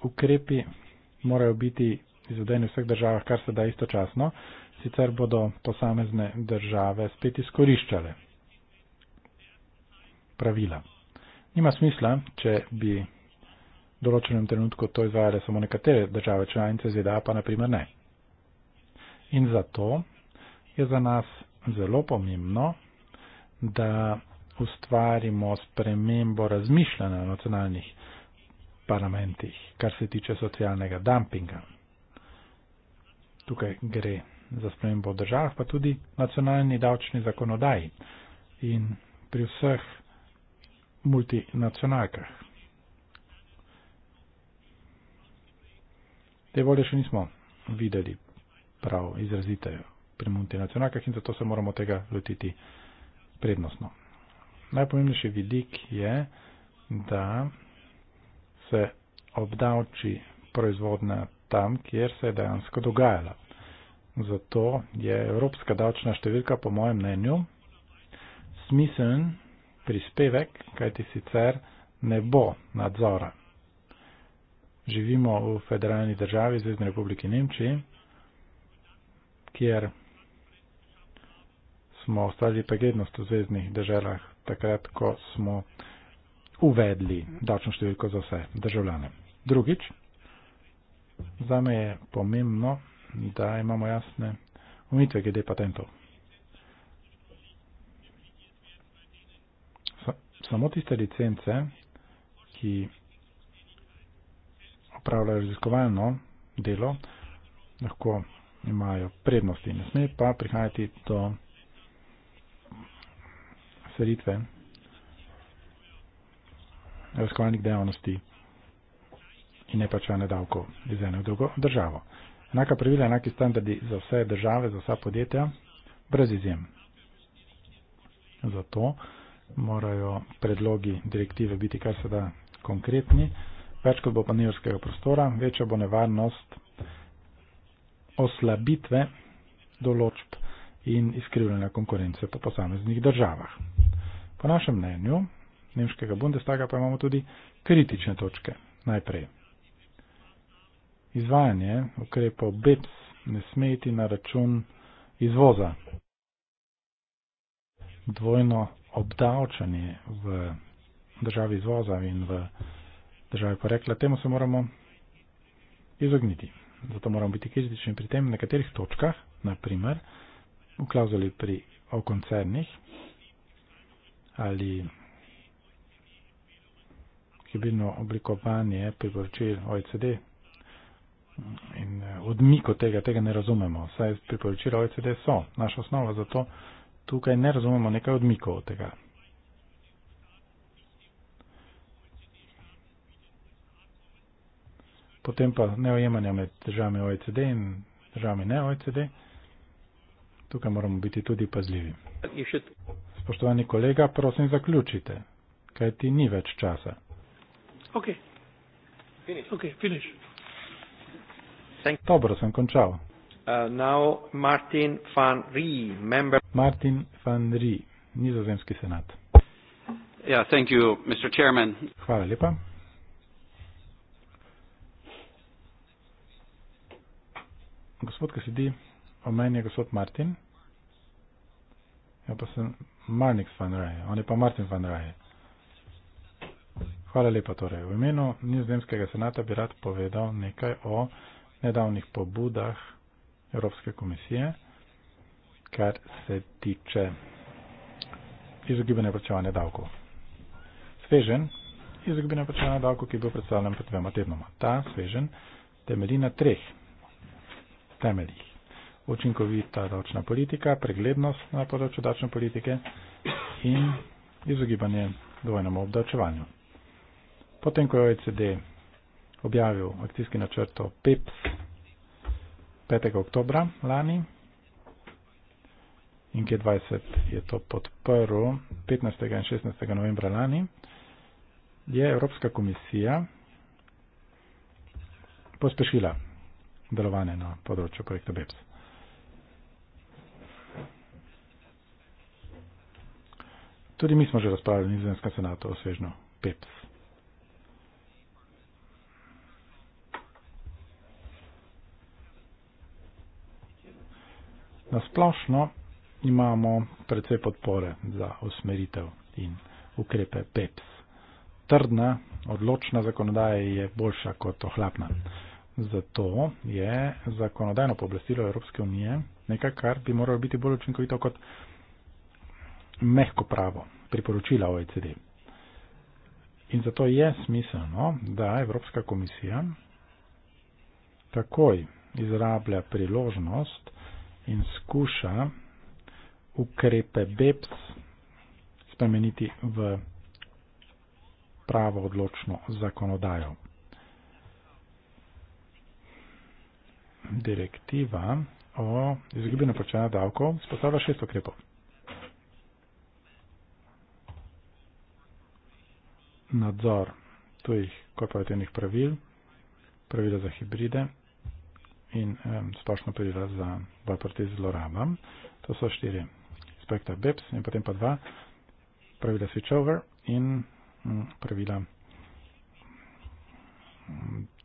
A: Ukrepi morajo biti izvedeni v vseh državah, kar se da istočasno, sicer bodo posamezne države spet izkoriščale pravila. Nima smisla, če bi v določenem trenutku to izvajale samo nekatere države članice ZDA, pa naprimer ne. In zato je za nas zelo pomembno, da ustvarimo spremembo razmišljanja v nacionalnih parlamentih, kar se tiče socialnega dumpinga. Tukaj gre za spremembo v državah, pa tudi nacionalni davčni zakonodaji in pri vseh multinacionalkah. Te volje še nismo videli prav izrazite pri multinacionalkah in zato se moramo tega lotiti prednostno. Najpomembnejši vidik je, da se obdavči proizvodna tam, kjer se je dejansko dogajala Zato je evropska davčna številka, po mojem mnenju, smiseln prispevek, kajti sicer ne bo nadzora. Živimo v federalni državi Zvezdne republike Nemčije, kjer smo ostali pregednost v zvezdnih državah takrat, ko smo uvedli davčno številko za vse državljane. Drugič, zame je pomembno, da imamo jasne omitve glede patentov. Samo tiste licence, ki opravljajo raziskovalno delo, lahko imajo prednosti. Ne sme pa prihajati do selitve raziskovalnih dejavnosti in neplačevanja davkov iz ene v drugo državo. Enaka pravila, enaki standardi za vse države, za vsa podjetja, brez izjem. Zato morajo predlogi direktive biti kar se da konkretni. Več kot bo panijorskega prostora, večja bo nevarnost oslabitve določb in iskrivljanja konkurence po posameznih državah. Po našem mnenju, nemškega Bundestaga pa imamo tudi kritične točke. Najprej izvajanje ukrepov BEPS ne smeti na račun izvoza. Dvojno obdavčanje v državi izvoza in v državi porekla, temu se moramo izogniti. Zato moramo biti kritični pri tem, na katerih točkah, naprimer, v klauzuli pri o koncernih ali hibridno oblikovanje priporočil OECD, in eh, odmik od tega, tega ne razumemo. Saj priporočila OECD so naša osnova, zato tukaj ne razumemo nekaj odmikov od tega. Potem pa neojemanja med državami OECD in državami ne OECD. Tukaj moramo biti tudi pazljivi. Spoštovani kolega, prosim zaključite, kaj ti ni več časa.
C: Ok. Finish. Ok, finish.
A: Thank Dobro, sem končal.
C: Uh, now Martin van Rie, member.
A: Martin van Rie, nizozemski senat.
C: Yeah, thank you, Mr. Chairman.
A: Hvala lepa. Gospod, ki sedi, omen je gospod Martin. Ja, pa sem Marnix van Rie, on je pa Martin van Rie. Hvala lepa torej. V imenu nizozemskega senata bi rad povedal nekaj o nedavnih pobudah Evropske komisije, kar se tiče izogibanja plačevanja davkov. Svežen izogibanja plačevanja davkov, ki je bil predstavljen pred dvema tednoma. Ta svežen temelji na treh temeljih. Učinkovita davčna politika, preglednost na področju davčne politike in izogibanje dvojnemu obdavčevanju. Potem, ko je OECD objavil akcijski načrto PEPS 5. oktober lani in G20 je to podprl 15. in 16. novembra lani, je Evropska komisija pospešila delovanje na področju projekta BEPS. Tudi mi smo že razpravljali v Nizozemskem senatu o svežnju PEPS. Na splošno imamo precej podpore za usmeritev in ukrepe PEPS. Trdna, odločna zakonodaja je boljša kot ohlapna. Zato je zakonodajno pooblastilo Evropske unije nekaj, kar bi moralo biti bolj učinkovito kot mehko pravo priporočila OECD. In zato je smiselno, da Evropska komisija takoj izrablja priložnost in skuša ukrepe BEPS spremeniti v pravo odločno zakonodajo. Direktiva o izgubljenju plačanja davkov spostavlja šest ukrepov. Nadzor tujih korporativnih pravil, pravila za hibride, in splošno pravila za boj proti zlorabam. To so štiri. Inspektor BIPS in potem pa dva. Pravila switchover in mm, pravila mm,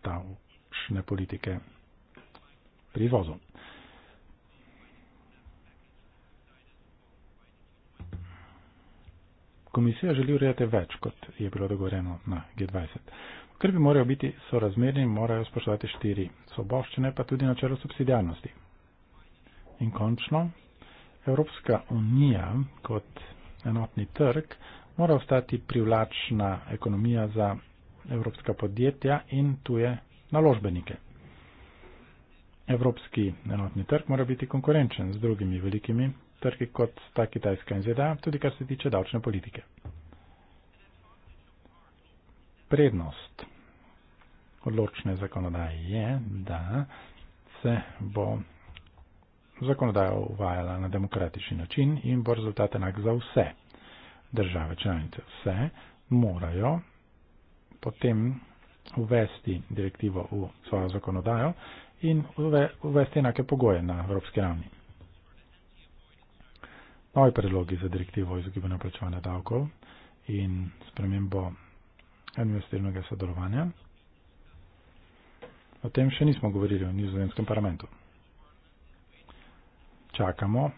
A: davčne politike pri izvozu. Komisija želi urejati več, kot je bilo dogovoreno na G20. Skrbi morajo biti sorazmerni in morajo spoštovati štiri svoboščine, pa tudi načelo subsidijarnosti. In končno, Evropska unija kot enotni trg mora ostati privlačna ekonomija za evropska podjetja in tuje naložbenike. Evropski enotni trg mora biti konkurenčen z drugimi velikimi trgi kot sta Kitajska in ZDA, tudi kar se tiče davčne politike. Prednost odločne zakonodaje je, da se bo zakonodaja uvajala na demokratični način in bo rezultat enak za vse države članice. Vse morajo potem uvesti direktivo v svojo zakonodajo in uvesti enake pogoje na evropski ravni. Novi predlogi za direktivo o izogibanju plačevanja davkov in spremembo administrativnega sodelovanja. O tem še nismo govorili v nizozemskem parlamentu. Čakamo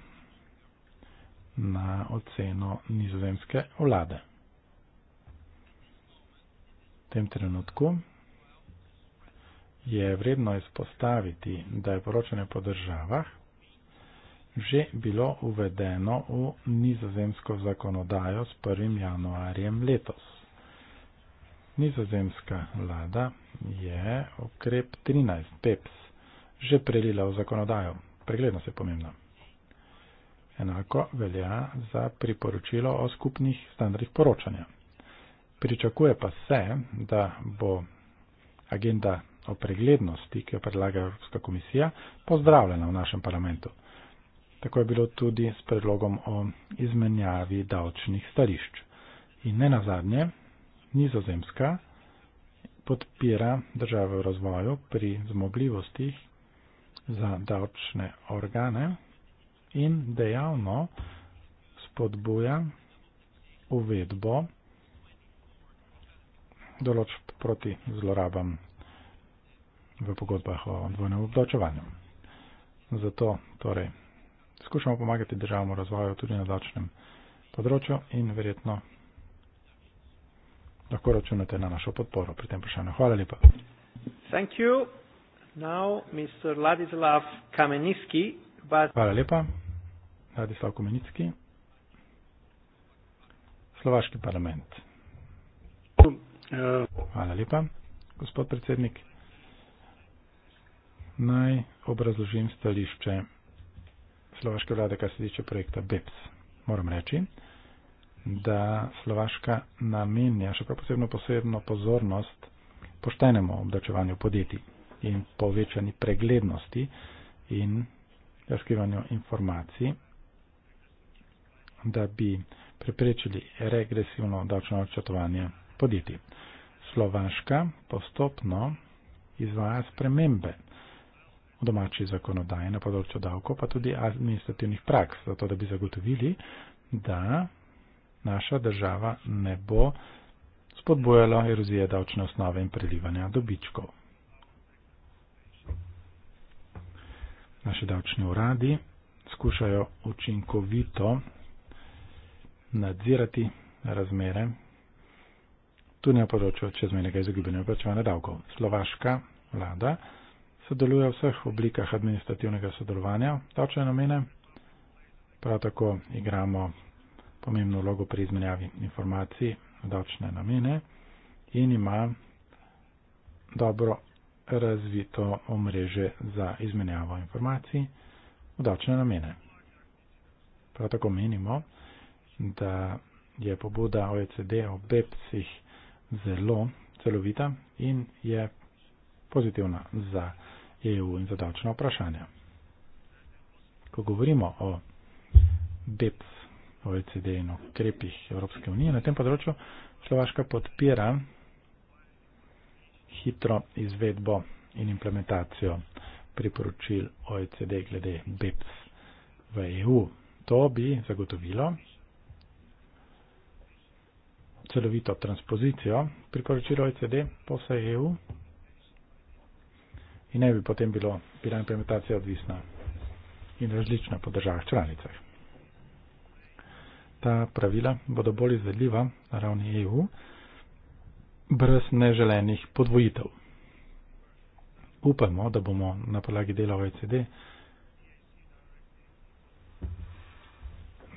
A: na oceno nizozemske vlade. V tem trenutku je vredno izpostaviti, da je poročanje po državah že bilo uvedeno v nizozemsko zakonodajo s 1. januarjem letos. Nizozemska vlada je okrep 13, PEPS, že prelila v zakonodajo. Preglednost je pomembna. Enako velja za priporočilo o skupnih standardih poročanja. Pričakuje pa se, da bo agenda o preglednosti, ki jo predlaga Evropska komisija, pozdravljena v našem parlamentu. Tako je bilo tudi s predlogom o izmenjavi davčnih starišč. In ne nazadnje, nizozemska podpira države v razvoju pri zmogljivostih za davčne organe in dejavno spodbuja uvedbo določb proti zlorabam v pogodbah o dvojnem obdočevanju. Zato torej skušamo pomagati državnemu razvoju tudi na davčnem področju in verjetno lahko računate na našo podporo pri tem vprašanju. Hvala lepa.
C: Thank you. Now, Mr. Ladislav Kamenitski. But...
A: Hvala lepa. Ladislav Kamenitski. Slovaški parlament. Hvala lepa, gospod predsednik. Naj obrazložim stališče Slovaške vlade, kar se tiče projekta BEPS. Moram reči, da Slovaška namenja še prav posebno posebno pozornost poštenemu obdačevanju podjetij in povečani preglednosti in razkrivanju informacij, da bi preprečili regresivno davčno odčatovanje podjetij. Slovaška postopno izvaja spremembe v domači zakonodaji na področju davko, pa tudi administrativnih praks, zato da bi zagotovili, da naša država ne bo spodbojala erozije davčne osnove in prelivanja dobičkov. Naši davčni uradi skušajo učinkovito nadzirati razmere tudi na področju čezmejnega izogibanja plačevanja davkov. Slovaška vlada sodeluje v vseh oblikah administrativnega sodelovanja davčne namene, prav tako igramo pomembno vlogo pri izmenjavi informacij na davčne namene in ima dobro razvito omrežje za izmenjavo informacij v davčne namene. Prav tako menimo, da je pobuda OECD o BEPS-ih zelo celovita in je pozitivna za EU in za davčne vprašanja. Ko govorimo o BEPS OECD in okrepih Evropske unije. Na tem področju Slovaška podpira hitro izvedbo in implementacijo priporočil OECD glede BEPS v EU. To bi zagotovilo celovito transpozicijo priporočil OECD po vsej EU in ne bi potem bilo, bila implementacija odvisna in različna po državah članicah ta pravila bodo bolj izvedljiva na ravni EU, brez neželenih podvojitev. Upamo, da bomo na podlagi dela OECD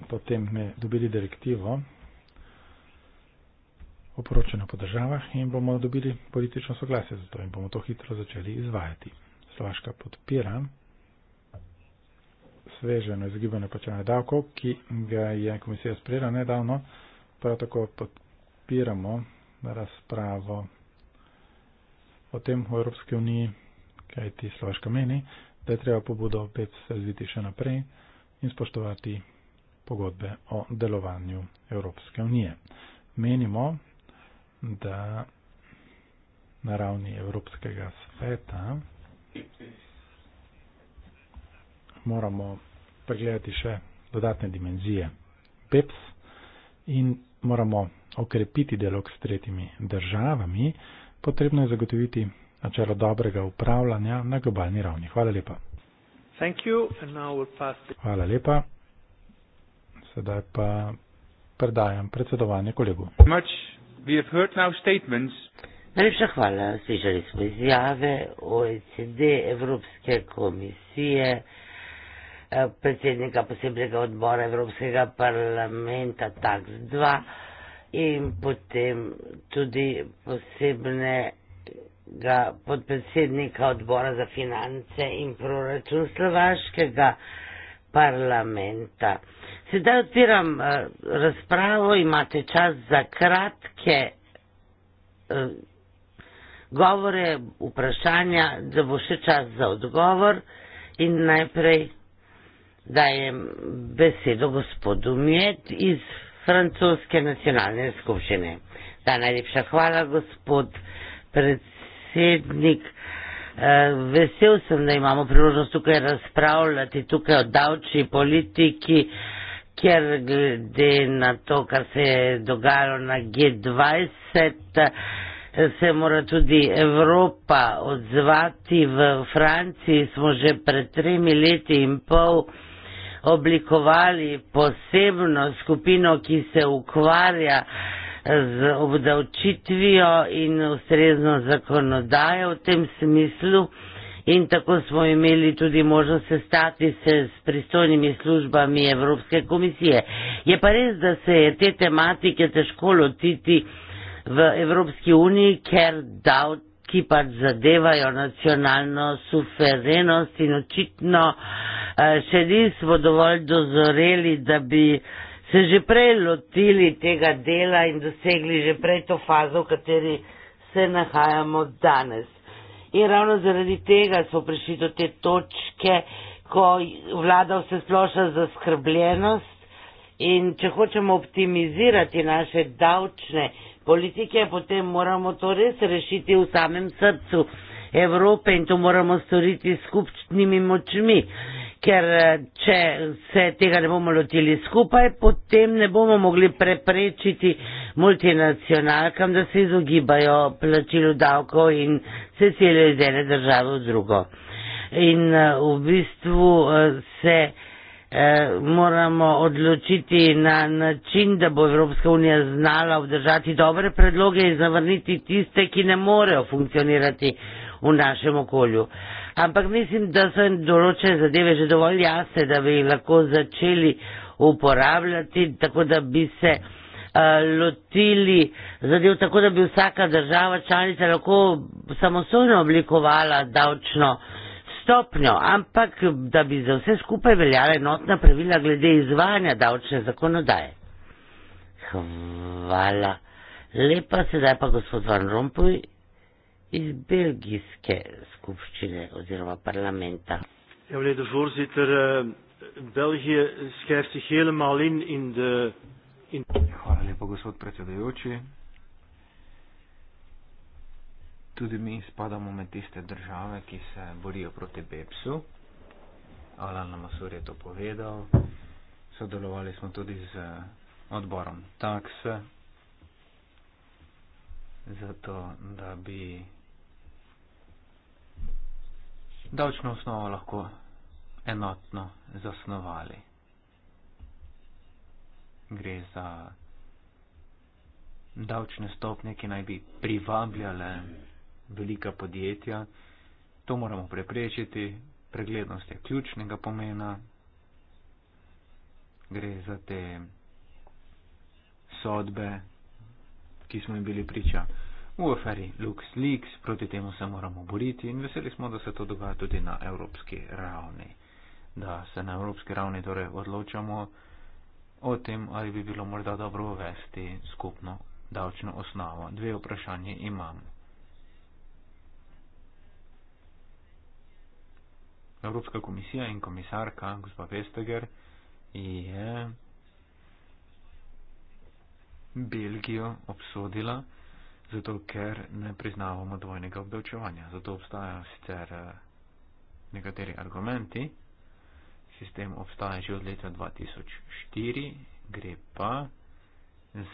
A: potem dobili direktivo o poročanju po državah in bomo dobili politično soglasje za to in bomo to hitro začeli izvajati. Slovaška podpira sveže na izgibanje plačevanja davkov, ki ga je komisija sprejela nedavno, prav tako podpiramo razpravo o tem v Evropski uniji, kaj ti Slovaška meni, da je treba pobudo opet razviti še naprej in spoštovati pogodbe o delovanju Evropske unije. Menimo, da na ravni Evropskega sveta moramo pregledati še dodatne dimenzije PEPS in moramo okrepiti dialog s tretjimi državami, potrebno je zagotoviti načelo dobrega upravljanja na globalni ravni. Hvala lepa. Hvala lepa. Sedaj pa predajam predsedovanje kolegu. Najlepša
D: hvala. Slišali smo izjave OECD, Evropske komisije. Eh, predsednika posebnega odbora Evropskega parlamenta TAX-2 in potem tudi posebnega podpredsednika odbora za finance in proračun slovaškega parlamenta. Sedaj odpiram eh, razpravo, imate čas za kratke eh, govore, vprašanja, da bo še čas za odgovor. In najprej dajem besedo gospodu Mjet iz Francoske nacionalne skupščine. Da, najlepša hvala, gospod predsednik. Eh, vesel sem, da imamo priložnost tukaj razpravljati tukaj o davčni politiki, ker glede na to, kar se je dogajalo na G20, se mora tudi Evropa odzvati. V Franciji smo že pred tremi leti in pol oblikovali posebno skupino, ki se ukvarja z obdavčitvijo in ustrezno zakonodajo v tem smislu. In tako smo imeli tudi možnost sestati se s pristojnimi službami Evropske komisije. Je pa res, da se je te tematike težko lotiti v Evropski uniji, ker davki pač zadevajo nacionalno suverenost in očitno uh, še nismo dovolj dozoreli, da bi se že prej lotili tega dela in dosegli že prej to fazo, v kateri se nahajamo danes. In ravno zaradi tega smo prišli do te točke, ko vlada vse splošna zaskrbljenost in če hočemo optimizirati naše davčne politike, potem moramo to res rešiti v samem srcu. Evrope in to moramo storiti skupnimi močmi. Ker eh, če se tega ne bomo lotili skupaj, potem ne bomo mogli preprečiti multinacionalkam, da se izogibajo plačilu davkov in se celijo iz ene države v drugo. In eh, v bistvu eh, se moramo odločiti na način, da bo Evropska unija znala obdržati dobre predloge in zavrniti tiste, ki ne morejo funkcionirati v našem okolju. Ampak mislim, da so določene zadeve že dovolj jasne, da bi jih lahko začeli uporabljati, tako da bi se eh, lotili zadev tako, da bi vsaka država članica lahko samostojno oblikovala davčno stopnjo, ampak da bi za vse skupaj veljala enotna pravila glede izvajanja davčne zakonodaje. Hvala. Lepa sedaj pa gospod Van Rompuy iz belgijske skupščine oziroma parlamenta.
C: Ja, meneer de voorzitter, eh, België schrijft zich helemaal in in de. In... Hvala lepa, gospod predsedujoči. Tudi mi spadamo med tiste države, ki se borijo proti BEPS-u. Alan Masur je to povedal. Sodelovali smo tudi z eh, odborom TAX, zato da bi davčno osnovo lahko enotno zasnovali. Gre za davčne stopnje, ki naj bi privabljale velika podjetja. To moramo preprečiti. Preglednost je ključnega pomena. Gre za te sodbe, ki smo jim bili pričali v aferi LuxLeaks, proti temu se moramo boriti in veseli smo, da se to dogaja tudi na evropski ravni. Da se na evropski ravni torej odločamo o tem, ali bi bilo morda dobro uvesti skupno davčno osnovo. Dve vprašanje imam. Evropska komisija in komisarka, gospa Vesteger, je Belgijo obsodila zato ker ne priznavamo dvojnega obdavčevanja. Zato obstajajo sicer eh, nekateri argumenti. Sistem obstaja že od leta 2004, gre pa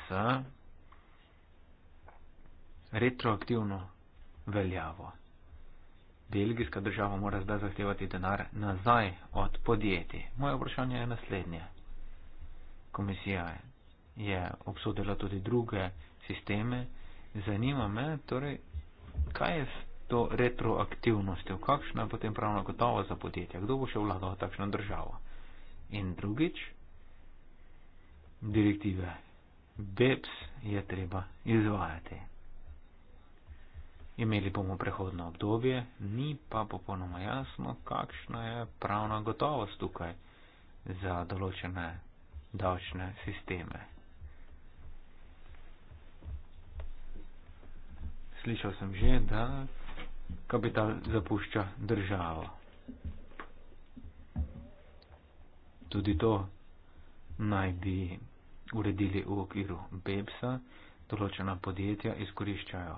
C: za retroaktivno veljavo. Belgijska država mora zdaj zahtevati denar nazaj od podjetij. Moje vprašanje je naslednje. Komisija je obsodila tudi druge sisteme, zanima me, torej, kaj je s to retroaktivnostjo, kakšna je potem pravna gotova za podjetja, kdo bo še vlagal v takšno državo. In drugič, direktive BEPS je treba izvajati. Imeli bomo prehodno obdobje, ni pa popolnoma jasno, kakšna je pravna gotovost tukaj za določene davčne sisteme. slišal sem že, da kapital zapušča državo. Tudi to naj bi uredili v okviru BEPS-a, določena podjetja izkoriščajo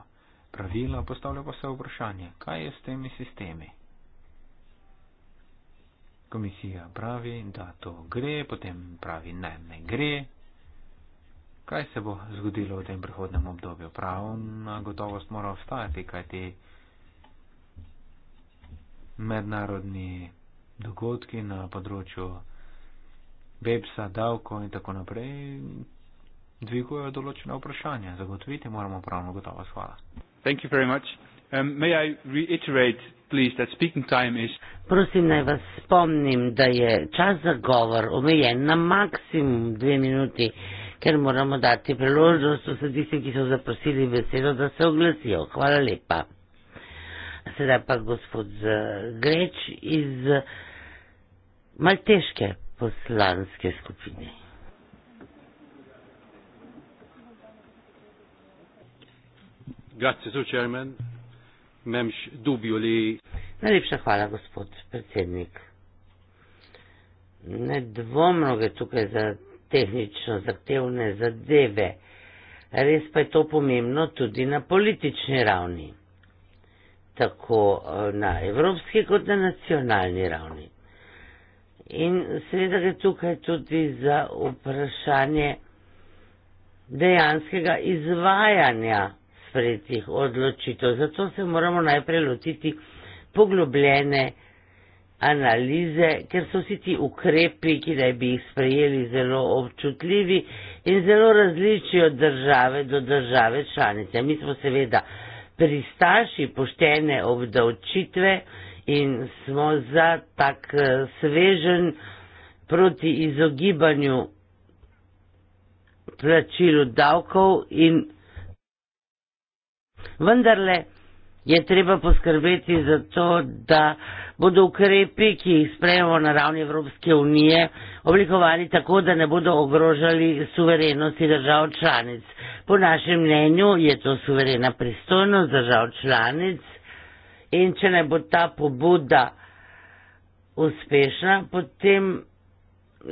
C: pravila, postavlja pa se vprašanje, kaj je s temi sistemi. Komisija pravi, da to gre, potem pravi, ne, ne gre, kaj se bo zgodilo v tem prihodnem obdobju. Pravna gotovost mora ostati, kajti mednarodni dogodki na področju BEPS-a, davkov in tako naprej dvigujejo določene vprašanja. Zagotoviti moramo pravno gotovost. Hvala. Um,
D: Prosim, naj vas spomnim, da je čas za govor omejen na maksimum dve minuti ker moramo dati priložnost vsem tistim, ki so zaprosili besedo, da se oglasijo. Hvala lepa. Sedaj pa gospod Greč iz Malteške poslanske skupine.
C: Grazie, so čermen. Memš dubjuli.
D: Najlepša hvala, gospod predsednik. Nedvomno je tukaj za tehnično zahtevne zadeve, res pa je to pomembno tudi na politični ravni, tako eh, na evropski kot na nacionalni ravni. In seveda gre tukaj tudi za vprašanje dejanskega izvajanja sprejetih odločitev, zato se moramo najprej lotiti poglobljene analize, ker so vsi ti ukrepi, ki naj bi jih sprejeli, zelo občutljivi in zelo različni od države do države članice. Mi smo seveda pristaši poštene obdavčitve in smo za tak eh, svežen proti izogibanju plačilu davkov in vendarle je treba poskrbeti za to, da bodo ukrepi, ki jih sprejemo na ravni Evropske unije, oblikovani tako, da ne bodo ogrožali suverenosti držav članic. Po našem mnenju je to suverena pristojnost držav članic in če ne bo ta pobuda uspešna, potem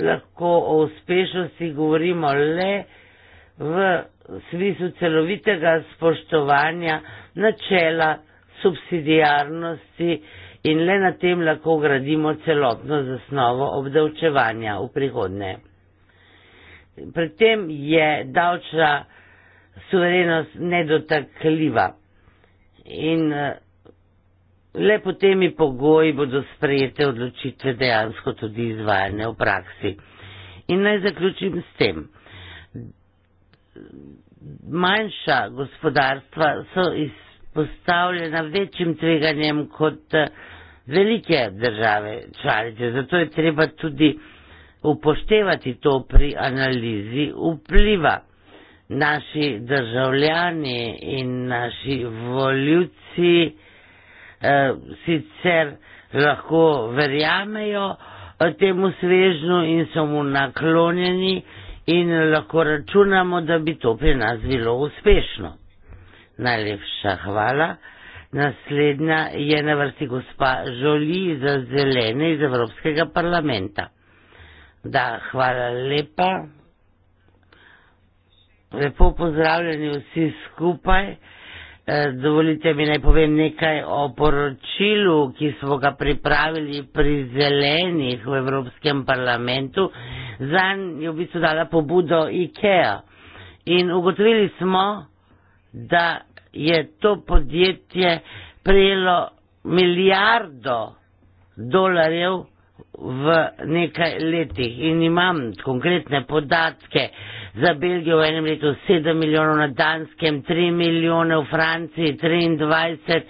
D: lahko o uspešnosti govorimo le v svizu celovitega spoštovanja načela subsidijarnosti in le na tem lahko gradimo celotno zasnovo obdavčevanja v prihodnje. Pri tem je davčna suverenost nedotakljiva in eh, le po temi pogoji bodo sprejete odločitve dejansko tudi izvajane v praksi. In naj zaključim s tem manjša gospodarstva so izpostavljena večjim tveganjem kot eh, velike države članice. Zato je treba tudi upoštevati to pri analizi vpliva. Naši državljani in naši voljivci eh, sicer lahko verjamejo eh, temu svežnju in so mu naklonjeni, eh, in lahko računamo, da bi to pri nas bilo uspešno. Najlepša hvala. Naslednja je na vrsti gospa Žoli za zelene iz Evropskega parlamenta. Da, hvala lepa. Lepo pozdravljeni vsi skupaj. Eh, dovolite mi naj povem nekaj o poročilu, ki smo ga pripravili pri zelenih v Evropskem parlamentu. Zanj je v bistvu dala pobudo IKEA in ugotovili smo, da je to podjetje prejelo milijardo dolarjev v nekaj letih in imam konkretne podatke za Belgijo v enem letu 7 milijonov, na Danskem 3 milijone, v Franciji 23,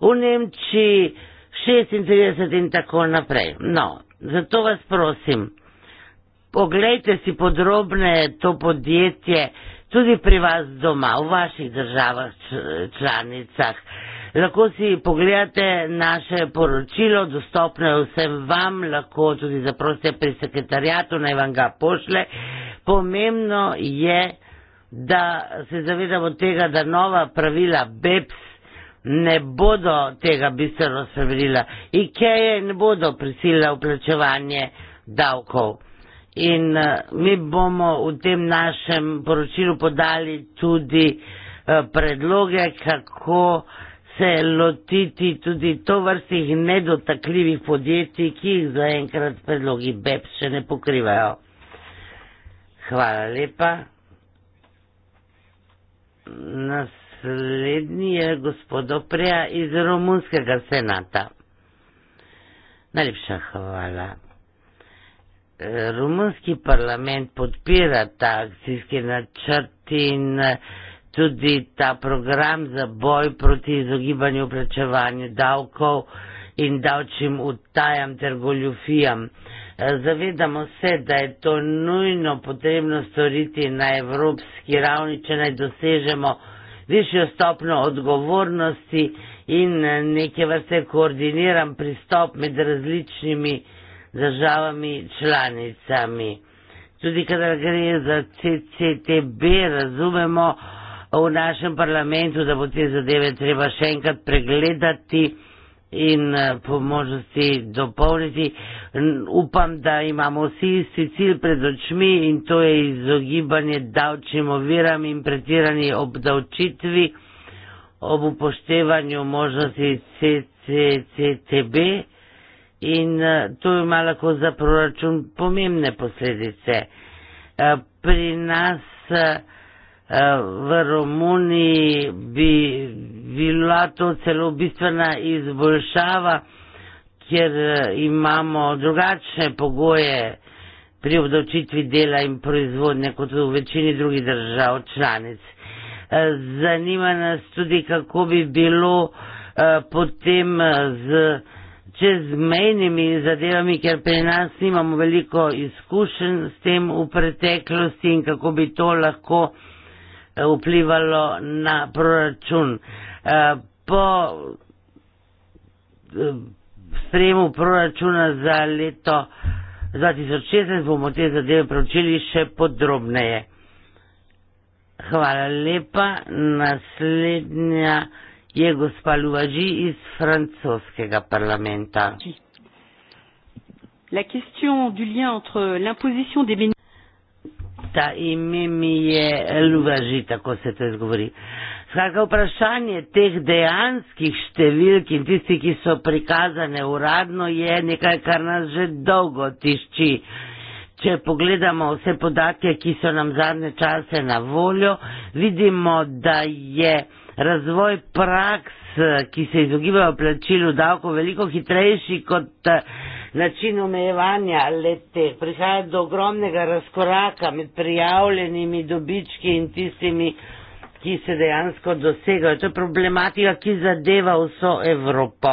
D: v Nemčiji 36 in tako naprej. No, zato vas prosim, pogledajte si podrobne to podjetje tudi pri vas doma, v vaših državah članicah. Lahko si pogledate naše poročilo, dostopno je vsem vam, lahko tudi zaprosite pri sekretarjatu, naj vam ga pošle. Pomembno je, da se zavedamo tega, da nova pravila BEPS ne bodo tega bistveno spremenila. IKEA ne bodo prisilila v plačevanje davkov. In eh, mi bomo v tem našem poročilu podali tudi eh, predloge, kako se lotiti tudi tovrstih nedotakljivih podjetij, ki jih zaenkrat predlogi BEP še ne pokrivajo. Hvala lepa. Naslednji je gospod Oprija iz Romunskega senata. Najlepša hvala. Romunski parlament podpira ta akcijski načrt in tudi ta program za boj proti izogibanju plačevanju davkov in davčnim utajam ter goljufijam. E, zavedamo se, da je to nujno potrebno storiti na evropski ravni, če naj dosežemo višjo stopno odgovornosti in e, neke vrste koordiniran pristop med različnimi državami članicami. Tudi kadar gre za CCTB, razumemo, v našem parlamentu, da bo te zadeve treba še enkrat pregledati in eh, po možnosti dopolniti. Upam, da imamo vsi isti cilj pred očmi in to je izogibanje davčnim oviram in pretirani obdavčitvi ob upoštevanju možnosti CCTB in eh, to ima lahko za proračun pomembne posledice. Eh, pri nas Eh, v Romuniji bi bila to celo bistvena izboljšava, ker eh, imamo drugačne pogoje pri obdavčitvi dela in proizvodnje kot v večini drugih držav članic. Eh, zanima nas tudi, kako bi bilo potem z čezmejnimi zadevami, ker pri nas imamo veliko izkušenj s tem v preteklosti in kako bi to lahko Eh, vplivalo na proračun. Eh, po eh, sprejemu proračuna za leto 2016 bomo te zadeve preučili še podrobneje. Hvala lepa. Naslednja je gospa Luvaži iz francoskega parlamenta. La question du lien entre l'imposition des bénéfices. Ta ime mi je Luvaži, tako se to izgovori. Skratka, vprašanje teh dejanskih številk in tisti, ki so prikazane uradno, je nekaj, kar nas že dolgo tišči. Če pogledamo vse podatke, ki so nam zadnje čase na voljo, vidimo, da je razvoj praks, ki se izogibajo plačilu davko, veliko hitrejši kot način omejevanja lete, prihaja do ogromnega razkoraka med prijavljenimi dobički in tistimi, ki se dejansko dosegajo. To je problematika, ki zadeva vso Evropo.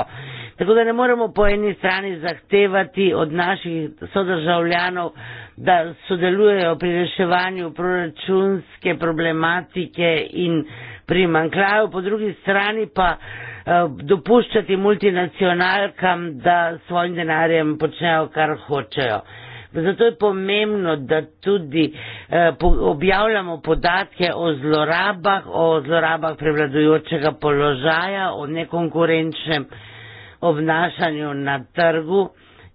D: Tako da ne moremo po eni strani zahtevati od naših sodržavljanov, da sodelujejo pri reševanju proračunske problematike in pri manjklaju, po drugi strani pa Eh, dopuščati multinacionalkam, da s svojim denarjem počnejo, kar hočejo. Zato je pomembno, da tudi eh, objavljamo podatke o zlorabah, o zlorabah prevladujočega položaja, o nekonkurenčnem obnašanju na trgu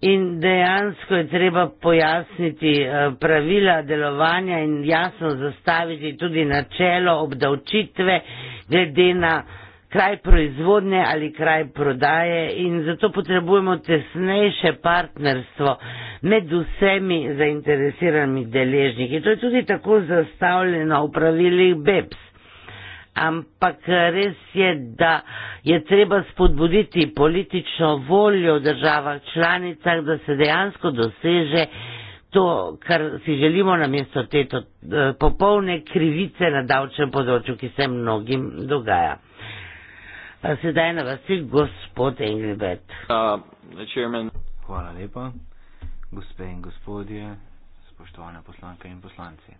D: in dejansko je treba pojasniti eh, pravila delovanja in jasno zastaviti tudi načelo obdavčitve glede na eh, kraj proizvodnje ali kraj prodaje in zato potrebujemo tesnejše partnerstvo med vsemi zainteresiranimi deležniki. To je tudi tako zastavljeno v pravilih BEPS. Ampak res je, da je treba spodbuditi politično voljo v državah članicah, da se dejansko doseže to, kar si želimo na mesto te eh, popolne krivice na davčnem področju, ki se mnogim dogaja. Pa sedaj na vrsti gospod Engelbert.
C: Uh, Hvala
D: lepa, gospe in gospodje,
C: spoštovane poslanke in poslanci.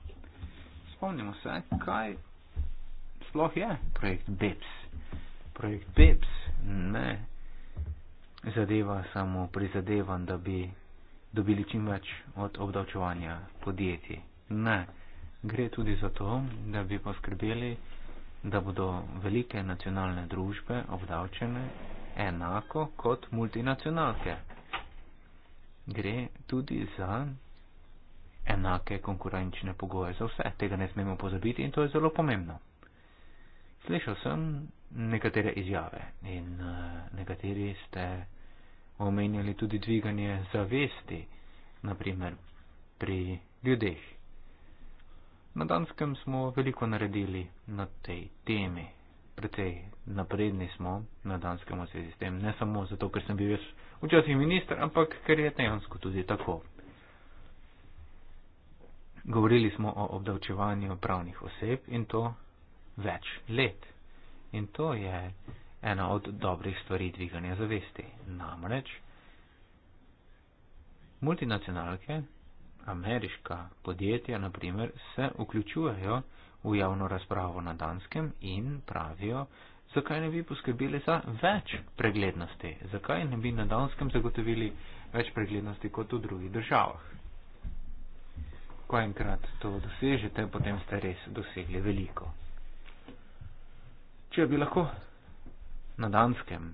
C: Spomnimo se, kaj sploh je projekt BEPS. Projekt BEPS ne zadeva samo prizadevan, da bi dobili čim več od obdavčevanja podjetij. Ne, gre tudi za to, da bi poskrbeli, da bodo velike nacionalne družbe obdavčene enako kot multinacionalke. Gre tudi za enake konkurenčne pogoje za vse. Tega ne smemo pozabiti in to je zelo pomembno. Slišal sem nekatere izjave in uh, nekateri ste omenjali tudi dviganje zavesti, naprimer pri ljudeh. Na Danskem smo veliko naredili na tej temi. Precej napredni smo na Danskem v zvezi s tem, ne samo zato, ker sem bil jaz včasih minister, ampak ker je dejansko tudi tako. Govorili smo o obdavčevanju pravnih oseb in to več let. In to je ena od dobrih stvari dviganja zavesti. Namreč multinacionalke ameriška podjetja, naprimer, se vključujejo v javno razpravo na Danskem in pravijo, zakaj ne bi poskrbeli za več preglednosti, zakaj ne bi na Danskem zagotovili več preglednosti kot v drugih državah. Ko enkrat to dosežete, potem ste res dosegli veliko. Če bi lahko na Danskem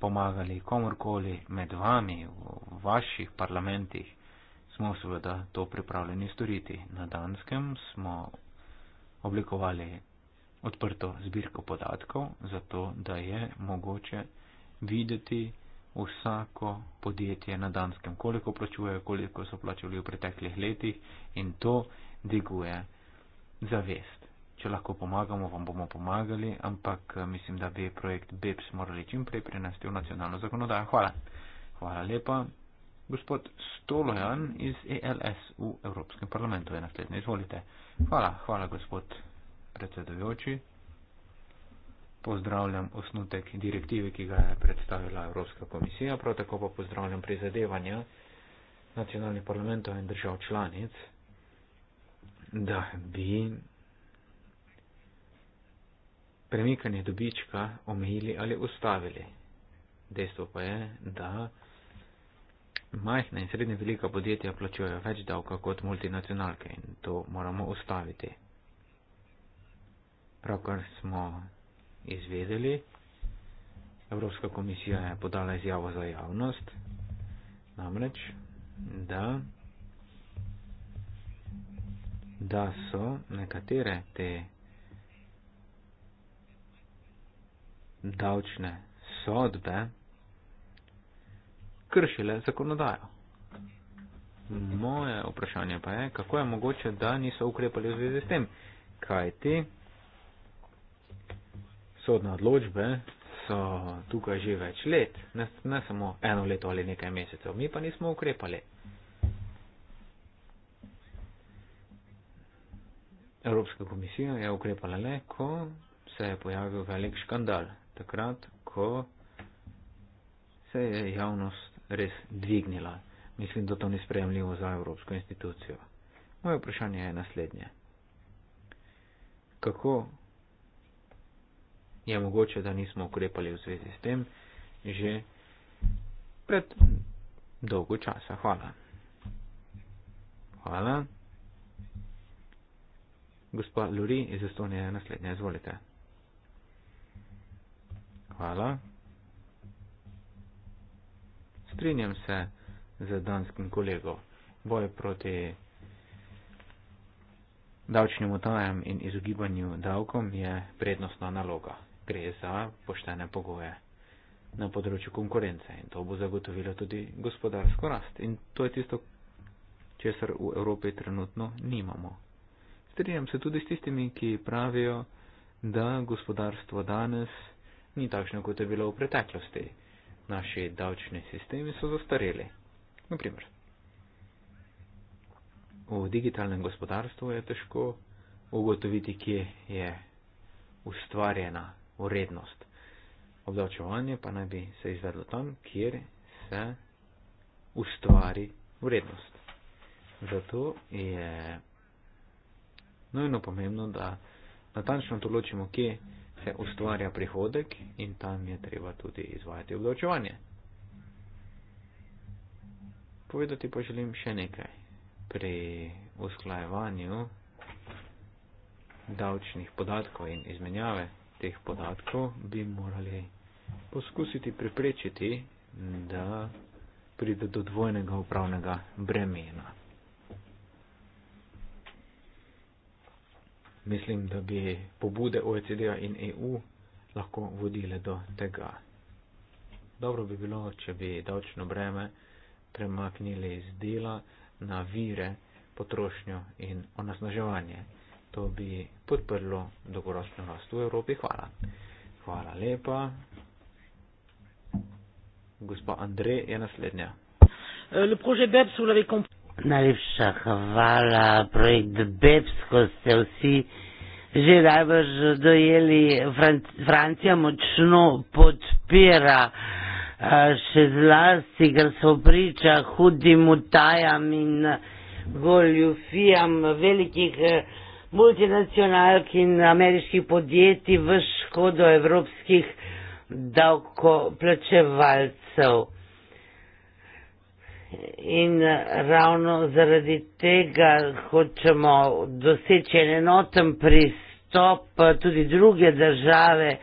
C: pomagali komorkoli med vami v vaših parlamentih, smo seveda to pripravljeni storiti. Na Danskem smo oblikovali odprto zbirko podatkov, zato da je mogoče videti vsako podjetje na Danskem, koliko plačujejo, koliko so plačali v preteklih letih in to diguje zavest. Če lahko pomagamo, vam bomo pomagali, ampak eh, mislim, da bi projekt BEPS morali čim prej prenesti v nacionalno zakonodajo. Hvala. Hvala lepa. Gospod Stolojan iz ELS v Evropskem parlamentu je naslednji. Izvolite. Hvala, hvala, gospod predsedujoči. Pozdravljam osnutek direktive, ki ga je predstavila Evropska komisija, prav tako pa pozdravljam prizadevanja nacionalnih parlamentov in držav članic, da bi premikanje dobička omejili ali ustavili. Dejstvo pa je, da Majhna in srednje velika podjetja plačujejo več davka kot multinacionalke in to moramo ustaviti. Pravkar smo izvedeli, Evropska komisija je podala izjavo za javnost, namreč, da, da so nekatere te davčne sodbe kršile zakonodajo. Moje vprašanje pa je, kako je mogoče, da niso ukrepali v zvezi s tem, kaj ti sodne odločbe so tukaj že več let, ne, ne samo eno leto ali nekaj mesecev, mi pa nismo ukrepali. Evropska komisija je ukrepala le, ko se je pojavil velik škandal, takrat, ko se je javnost res dvignila. Mislim, da to ni sprejemljivo za Evropsko institucijo. Moje vprašanje je naslednje. Kako je mogoče, da nismo ukrepali v zvezi s tem že pred dolgo časa? Hvala. Hvala. Gospa Luri iz Estonije je naslednja. Izvolite. Hvala. Strinjam se z danskim kolegom. Boj proti davčnim utajam in izogibanju davkom je prednostna naloga. Gre za poštene pogoje na področju konkurence in to bo zagotovilo tudi gospodarsko rast. In to je tisto, česar v Evropi trenutno nimamo. Strinjam se tudi s tistimi, ki pravijo, da gospodarstvo danes ni takšno, kot je bilo v preteklosti naši davčni sistemi so zastareli. Naprimer, v digitalnem gospodarstvu je težko ugotoviti, kje je ustvarjena vrednost. Obdavčevanje pa naj bi se izvedlo tam, kjer se ustvari vrednost. Zato je nujno pomembno, da natančno določimo, kje je se ustvarja prihodek in tam je treba tudi izvajati obdavčevanje. Povedati pa želim še nekaj. Pri usklajevanju davčnih podatkov in izmenjave teh podatkov bi morali poskusiti preprečiti, da pride do dvojnega upravnega bremena. mislim, da bi pobude OECD-a in EU lahko vodile do tega. Dobro bi bilo, če bi davčno breme premaknili iz dela na vire, potrošnjo in onasnaževanje. To bi podprlo dolgoročno rast v Evropi. Hvala. Hvala lepa.
D: Gospa Andrej je naslednja. Euh, e Najlepša hvala, projekt BEPS, ko ste vsi že najbrž dojeli, Francija močno podpira še zlasti, ker so priča hudim utajam in goljufijam velikih e, multinacionalk in ameriških podjetij v škodo evropskih davkoplačevalcev in eh, ravno zaradi tega hočemo doseči en enoten pristop eh, tudi druge države,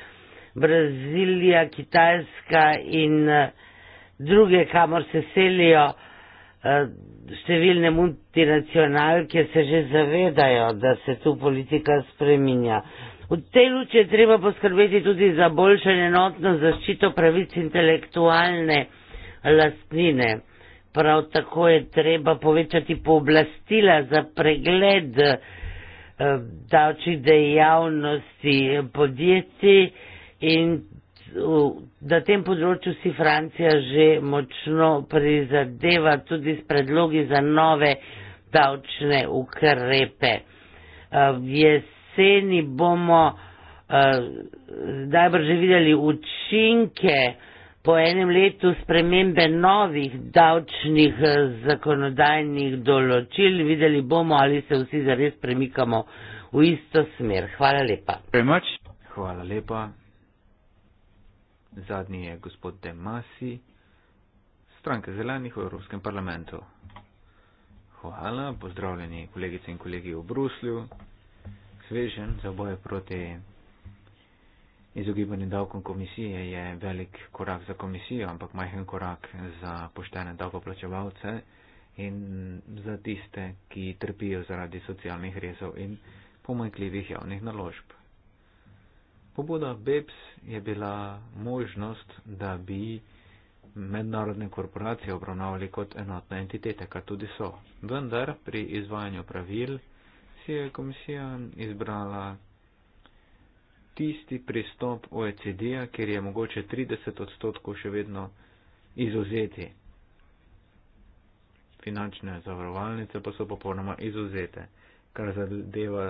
D: Brazilija, Kitajska in eh, druge, kamor se selijo, številne multinacionalke se že zavedajo, da se tu politika spreminja. V tej luči je treba poskrbeti tudi za boljšo enotno zaščito pravic intelektualne lastnine. Prav tako je treba povečati pooblastila za pregled eh, davčnih dejavnosti eh, podjetij in na tem področju si Francija že močno prizadeva tudi s predlogi za nove davčne ukrepe. V eh, jeseni bomo najbrž videli učinke po enem letu spremembe novih davčnih eh, zakonodajnih določil. Videli bomo, ali se vsi zares premikamo v isto smer. Hvala lepa. Hvala lepa.
C: Zadnji je gospod Demasi, stranke zelenih v Evropskem parlamentu. Hvala, pozdravljeni kolegice in kolegi v Bruslju. Svežen za boje proti Izogibanje davkom komisije je velik korak za komisijo, ampak majhen korak za poštene davkoplačevalce in za tiste, ki trpijo zaradi socialnih rezov in pomanjkljivih javnih naložb. Pobuda BEPS je bila možnost, da bi mednarodne korporacije obravnavali kot enotne entitete, kar tudi so. Vendar pri izvajanju pravil si je komisija izbrala tisti pristop OECD-a, kjer je mogoče 30 odstotkov še vedno izuzeti. Finančne zavarovalnice pa so popolnoma izuzete, kar zadeva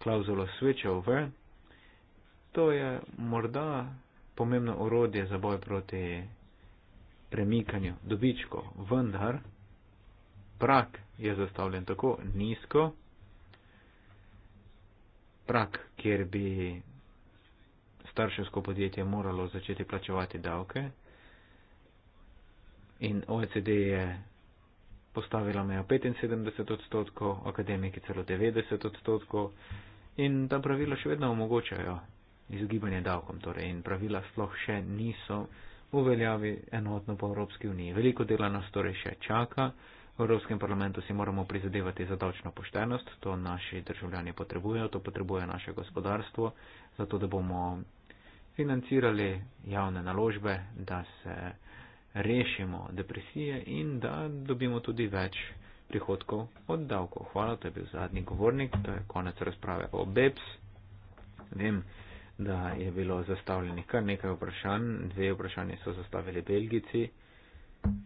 C: klauzulo svečev v. To je morda pomembno orodje za boj proti premikanju dobičkov, vendar prak je zastavljen tako nizko, prak, kjer bi starševsko podjetje moralo začeti plačevati davke. In OECD je postavila mejo 75 odstotkov, akademiki celo 90 odstotkov in ta pravila še vedno omogočajo izogibanje davkom. Torej in pravila sploh še niso uveljavi enotno po Evropski uniji. Veliko dela nas torej še čaka. V Evropskem parlamentu si moramo prizadevati za davčno poštenost, to naši državljani potrebujejo, to potrebuje naše gospodarstvo, zato da bomo financirali javne naložbe, da se rešimo depresije in da dobimo tudi več prihodkov od davkov. Hvala, to je bil zadnji govornik, to je konec razprave o BEPS. Vem, da je bilo zastavljenih kar nekaj vprašanj, dve vprašanje so zastavili Belgici,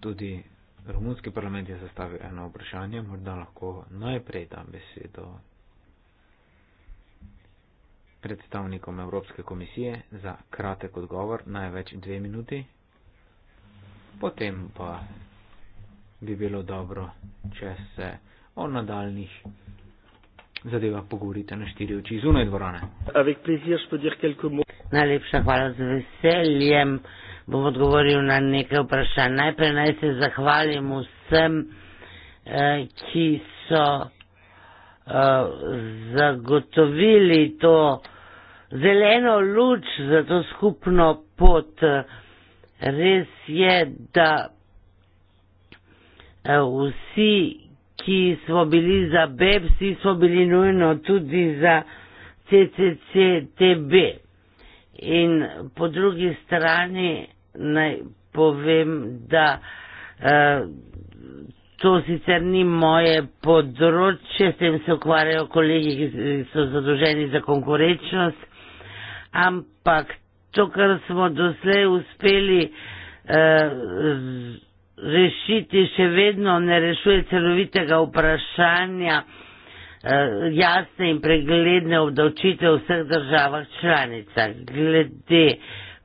C: tudi Romunski parlament je zastavil eno vprašanje, morda lahko najprej dam besedo predstavnikom Evropske komisije za kratek odgovor, največ dve minuti. Potem pa bi bilo dobro, če se o nadaljnih zadevah pogovorite na štiri oči zunaj dvorane.
D: Najlepša hvala za veseljem bom odgovoril na nekaj vprašanj. Najprej naj se zahvalim vsem, eh, ki so eh, zagotovili to zeleno luč za to skupno pot. Res je, da eh, vsi, ki smo bili za BEP, vsi smo bili nujno tudi za CCCTB. In po drugi strani naj povem, da eh, to sicer ni moje področje, s tem se ukvarjajo kolegi, ki so zadoženi za konkurenčnost, ampak to, kar smo doslej uspeli eh, rešiti, še vedno ne rešuje celovitega vprašanja eh, jasne in pregledne obdavčitve v vseh državah članicah. Glede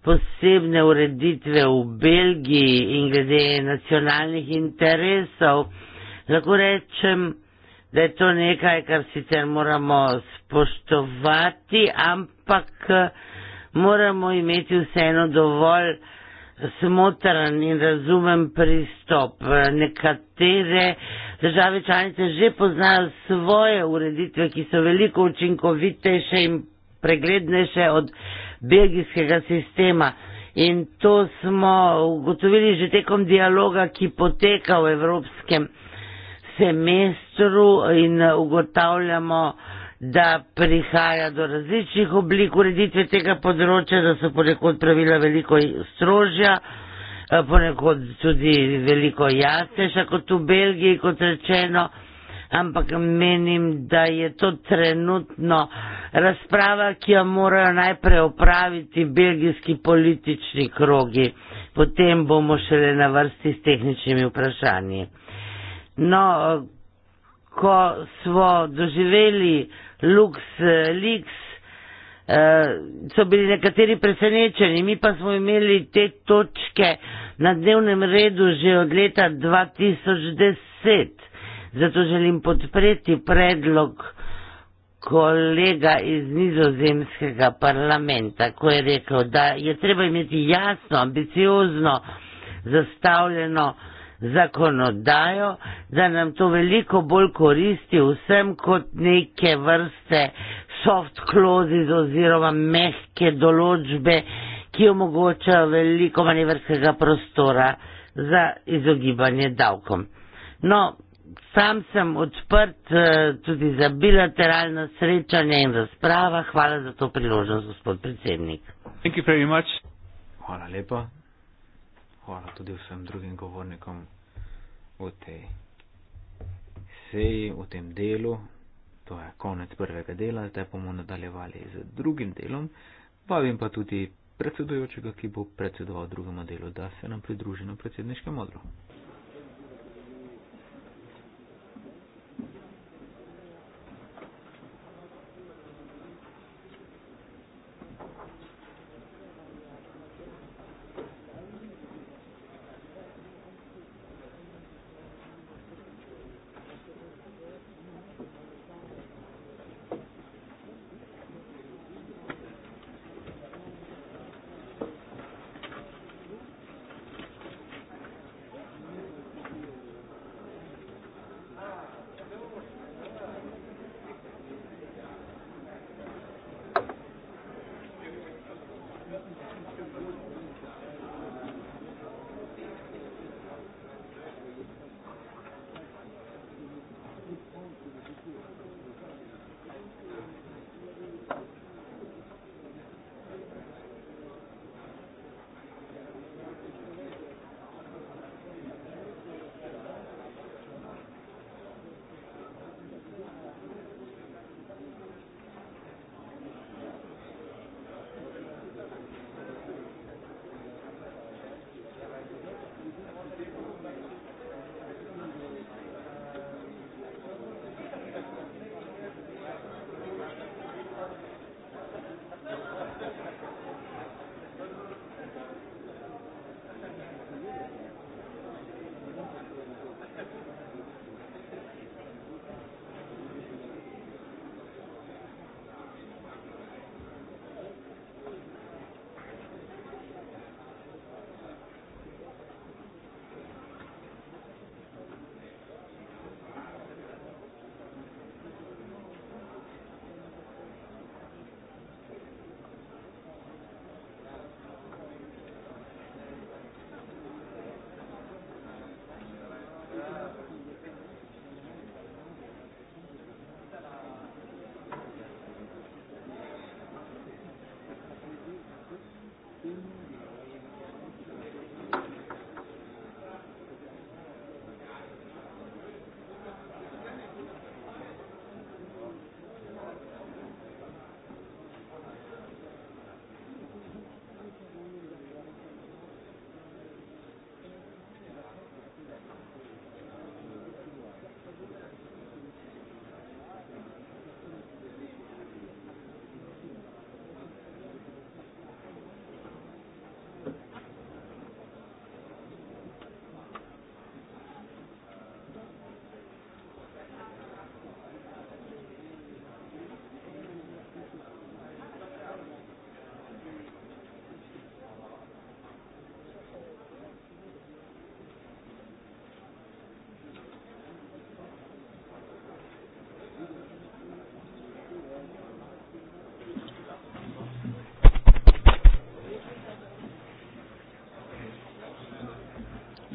D: posebne ureditve v Belgiji in glede nacionalnih interesov, lahko rečem, da je to nekaj, kar sicer moramo spoštovati, ampak moramo imeti vseeno dovolj smotran in razumen pristop. Nekatere države članice že poznajo svoje ureditve, ki so veliko učinkovitejše in preglednejše od belgijskega sistema. In to smo ugotovili že tekom dialoga, ki poteka v evropskem semestru in eh, ugotavljamo, da prihaja do različnih oblik ureditve tega področja, da so ponekod pravila veliko strožja, eh, ponekod tudi veliko jasnejša kot v Belgiji, kot rečeno ampak menim, da je to trenutno razprava, ki jo morajo najprej opraviti belgijski politični krogi, potem bomo šele na vrsti s tehničnimi vprašanji. No, ko smo doživeli LuxLeaks, eh, so bili nekateri presenečeni, mi pa smo imeli te točke na dnevnem redu že od leta 2010 zato želim podpreti predlog kolega iz nizozemskega parlamenta, ko je rekel, da je treba imeti jasno, ambiciozno zastavljeno zakonodajo, da nam to veliko bolj koristi vsem kot neke vrste soft clauses oziroma mehke določbe, ki omogočajo veliko manevrskega prostora za izogibanje davkom. No, Sam sem odprt eh, tudi za bilateralna srečanja in razprava. Hvala za to priložnost, gospod predsednik.
C: Hvala lepa. Hvala tudi vsem drugim govornikom v tej seji, v tem delu. To je konec prvega dela, zdaj bomo nadaljevali z drugim delom. Vabim pa tudi predsedujočega, ki bo predsedoval drugemu delu, da se nam pridruži na predsedniškem odru.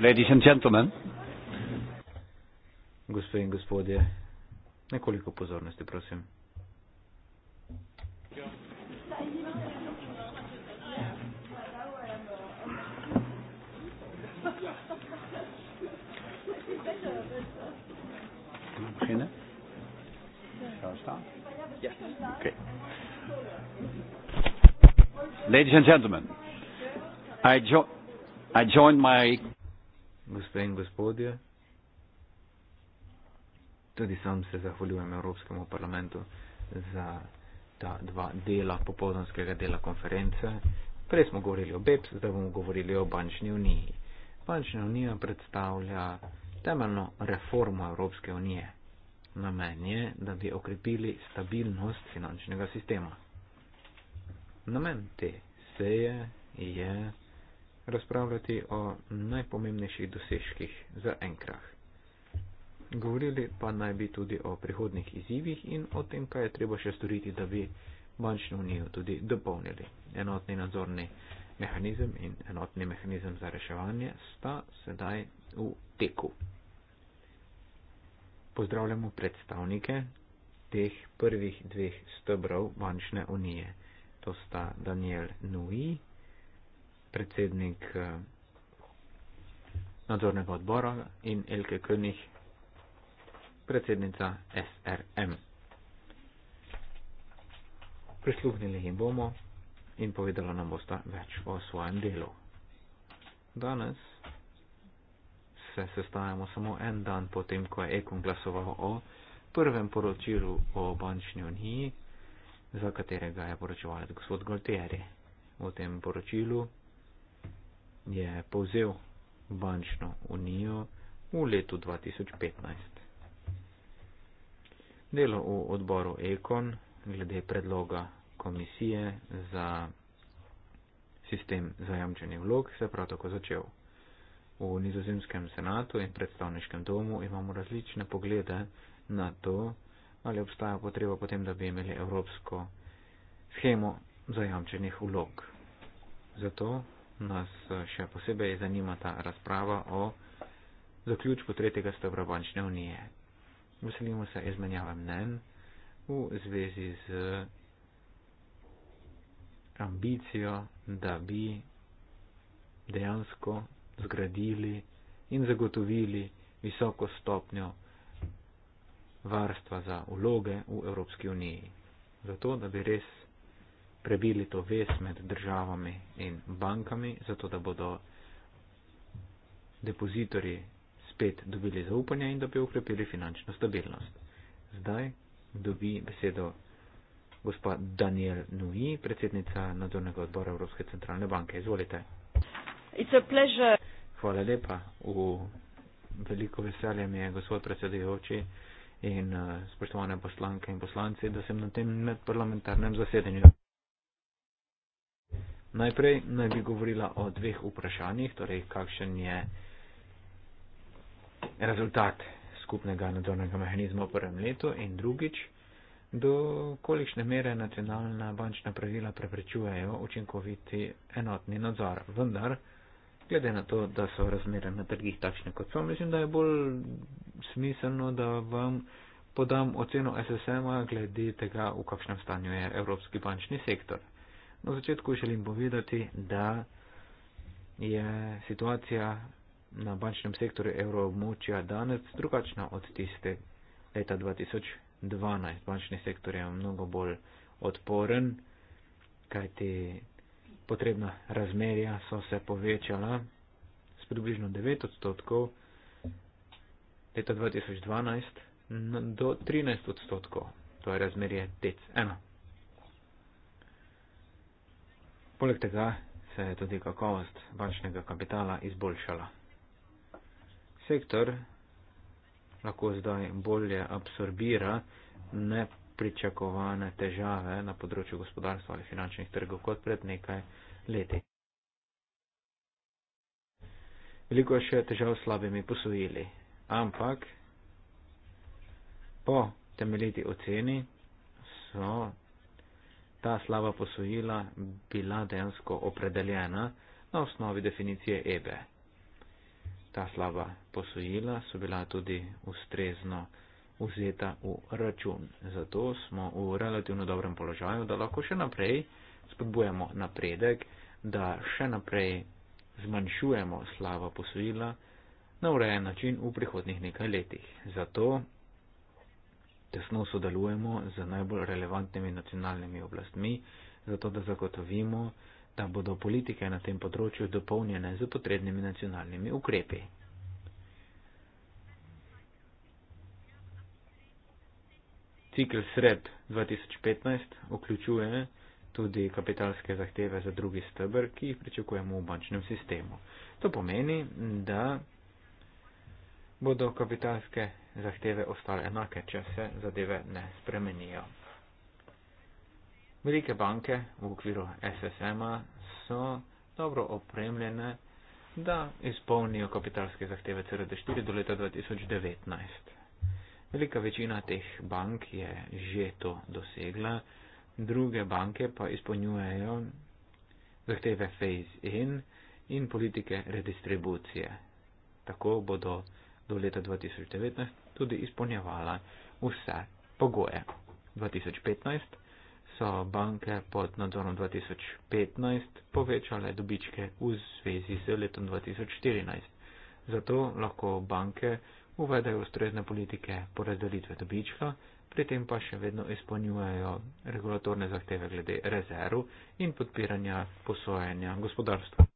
C: Ladies and gentlemen. Gospe in gospodje, nekoliko pozornosti, prosim. Ladies and gentlemen, I joined my gospe in gospodje, tudi sam se zahvaljujem Evropskemu parlamentu za ta dva dela popoldanskega dela konference. Prej smo govorili o BEPS, zdaj bomo govorili o bančni uniji. Bančna unija predstavlja temeljno reformo Evropske unije. Namen je, da bi okrepili stabilnost finančnega sistema. Namen te seje je razpravljati o najpomembnejših dosežkih za enkrat. Govorili pa naj bi tudi o prihodnih izzivih in o tem, kaj je treba še storiti, da bi bančno unijo tudi dopolnili. Enotni nadzorni mehanizem in enotni mehanizem za reševanje sta sedaj v teku. Pozdravljamo predstavnike teh prvih dveh stebrov bančne unije. To sta Daniel Nui predsednik eh, nadzornega odbora in Elke König, predsednica SRM. Prisluhnili jim bomo in povedala nam bosta več o svojem delu. Danes se sestajamo samo en dan potem, ko je Ekon glasoval o prvem poročilu o bančni uniji, za katerega je poročevalec gospod Golteri. V tem poročilu je povzel bančno unijo v letu 2015. Delo v odboru Ekon glede predloga komisije za sistem zajamčenih vlog se prav tako začel. V nizozemskem senatu in predstavniškem domu imamo različne poglede na to, ali obstaja potreba potem, da bi imeli evropsko schemo zajamčenih vlog. Zato nas še posebej zanima ta razprava o zaključku tretjega stebra bančne unije. Veselimo se izmenjave mnen v zvezi z ambicijo, da bi dejansko zgradili in zagotovili visoko stopnjo varstva za vloge v Evropski uniji. Zato, da bi res prebili to ves med državami in bankami, zato da bodo depozitori spet dobili zaupanje in da bi ukrepili finančno stabilnost. Zdaj dobi besedo gospa Daniel Nui, predsednica nadzornega odbora Evropske centralne banke. Izvolite. Hvala lepa. V veliko veselje mi je gospod predsedujoči in eh, spoštovane poslanke in poslanci, da sem na tem medparlamentarnem zasedanju. Najprej naj bi govorila o dveh vprašanjih, torej kakšen je rezultat skupnega nadzornega mehanizma v prvem letu in drugič, do kolikšne mere nacionalna bančna pravila preprečujejo učinkoviti enotni nadzor. Vendar, glede na to, da so razmere na trgih takšne, kot so, mislim, da je bolj smiselno, da vam podam oceno SSM-a glede tega, v kakšnem stanju je Evropski bančni sektor. Na začetku želim povedati, da je situacija na bančnem sektorju evroobmočja danes drugačna od tiste leta 2012. Bančni sektor je mnogo bolj odporen, kajti potrebna razmerja so se povečala s približno 9 odstotkov leta 2012 do 13 odstotkov. To je razmerje DEC 1. Poleg tega se je tudi kakovost bančnega kapitala izboljšala. Sektor lahko zdaj bolje absorbira nepričakovane težave na področju gospodarstva ali finančnih trgov kot pred nekaj leti. Veliko je še težav s slabimi posojili, ampak po temeljiti oceni so ta slaba posojila bila dejansko opredeljena na osnovi definicije EBE. Ta slaba posojila so bila tudi ustrezno vzeta v račun. Zato smo v relativno dobrem položaju, da lahko še naprej spodbujamo napredek, da še naprej zmanjšujemo slaba posojila na urejen način v prihodnih nekaj letih. Zato tesno sodelujemo z najbolj relevantnimi nacionalnimi oblastmi, zato da zagotovimo, da bodo politike na tem področju dopolnjene z potrebnimi nacionalnimi ukrepi. Cikl sred 2015 vključuje tudi kapitalske zahteve za drugi stebr, ki jih pričakujemo v bančnem sistemu. To pomeni, da bodo kapitalske zahteve ostale enake, če se zadeve ne spremenijo. Velike banke v okviru SSM-a so dobro opremljene, da izpolnijo kapitalske zahteve CRD4 do leta 2019. Velika večina teh bank je že to dosegla, druge banke pa izpolnjujejo zahteve phase in in politike redistribucije. Tako bodo do leta 2019 tudi izpolnjevala vse pogoje. 2015 so banke pod nadzorom 2015 povečale dobičke v zvezi z letom 2014. Zato lahko banke uvedajo ustrezne politike porazdelitve dobička, pri tem pa še vedno izpolnjujejo regulatorne zahteve glede rezerv in podpiranja posojanja gospodarstva.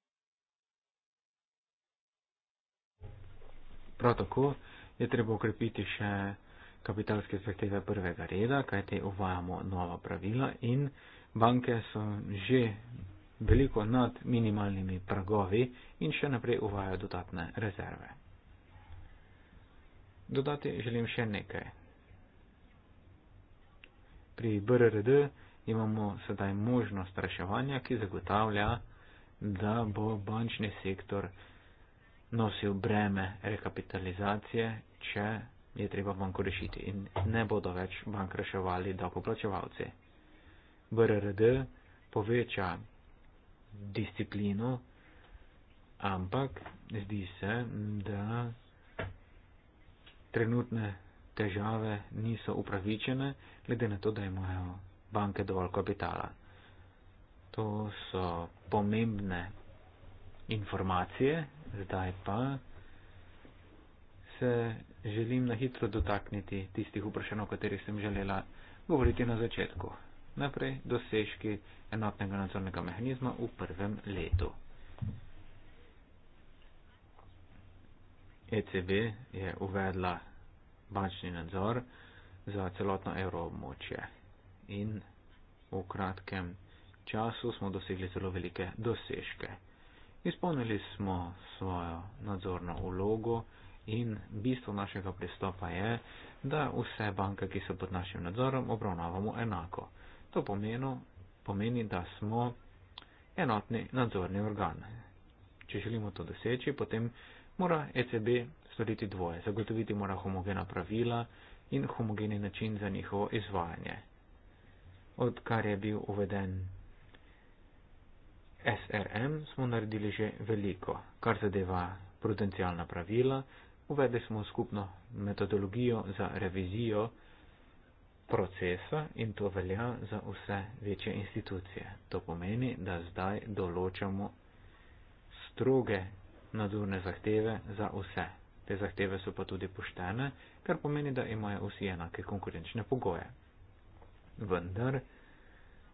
C: Prav tako je treba ukrepiti še kapitalske zahteve prvega reda, kajte uvajamo nova pravila in banke so že veliko nad minimalnimi pragovi in še naprej uvajajo dodatne rezerve. Dodati želim še nekaj. Pri BRRD imamo sedaj možnost reševanja, ki zagotavlja, da bo bančni sektor nosil breme rekapitalizacije, če je treba banko rešiti in ne bodo več bank reševali davkoplačevalci. BRRD poveča disciplino, ampak zdi se, da trenutne težave niso upravičene, glede na to, da imajo banke dovolj kapitala. To so pomembne informacije, zdaj pa se želim na hitro dotakniti tistih vprašanj, o katerih sem želela govoriti na začetku. Najprej dosežki enotnega nadzornega mehanizma v prvem letu. ECB je uvedla bančni nadzor za celotno evroobmočje in v kratkem času smo dosegli zelo velike dosežke. Izpolnili smo svojo nadzorno ulogo in bistvo našega pristopa je, da vse banke, ki so pod našim nadzorom, obravnavamo enako. To pomeni, pomeni da smo enotni nadzorni organ. Če želimo to doseči, potem mora ECB storiti dvoje. Zagotoviti mora homogena pravila in homogeni način za njihovo izvajanje. Odkar je bil uveden SRM smo naredili že veliko, kar zadeva prudencialna pravila, uvedli smo skupno metodologijo za revizijo procesa in to velja za vse večje institucije. To pomeni, da zdaj določamo stroge nadzorne zahteve za vse. Te zahteve so pa tudi poštene, kar pomeni, da imajo vsi enake konkurenčne pogoje. Vendar,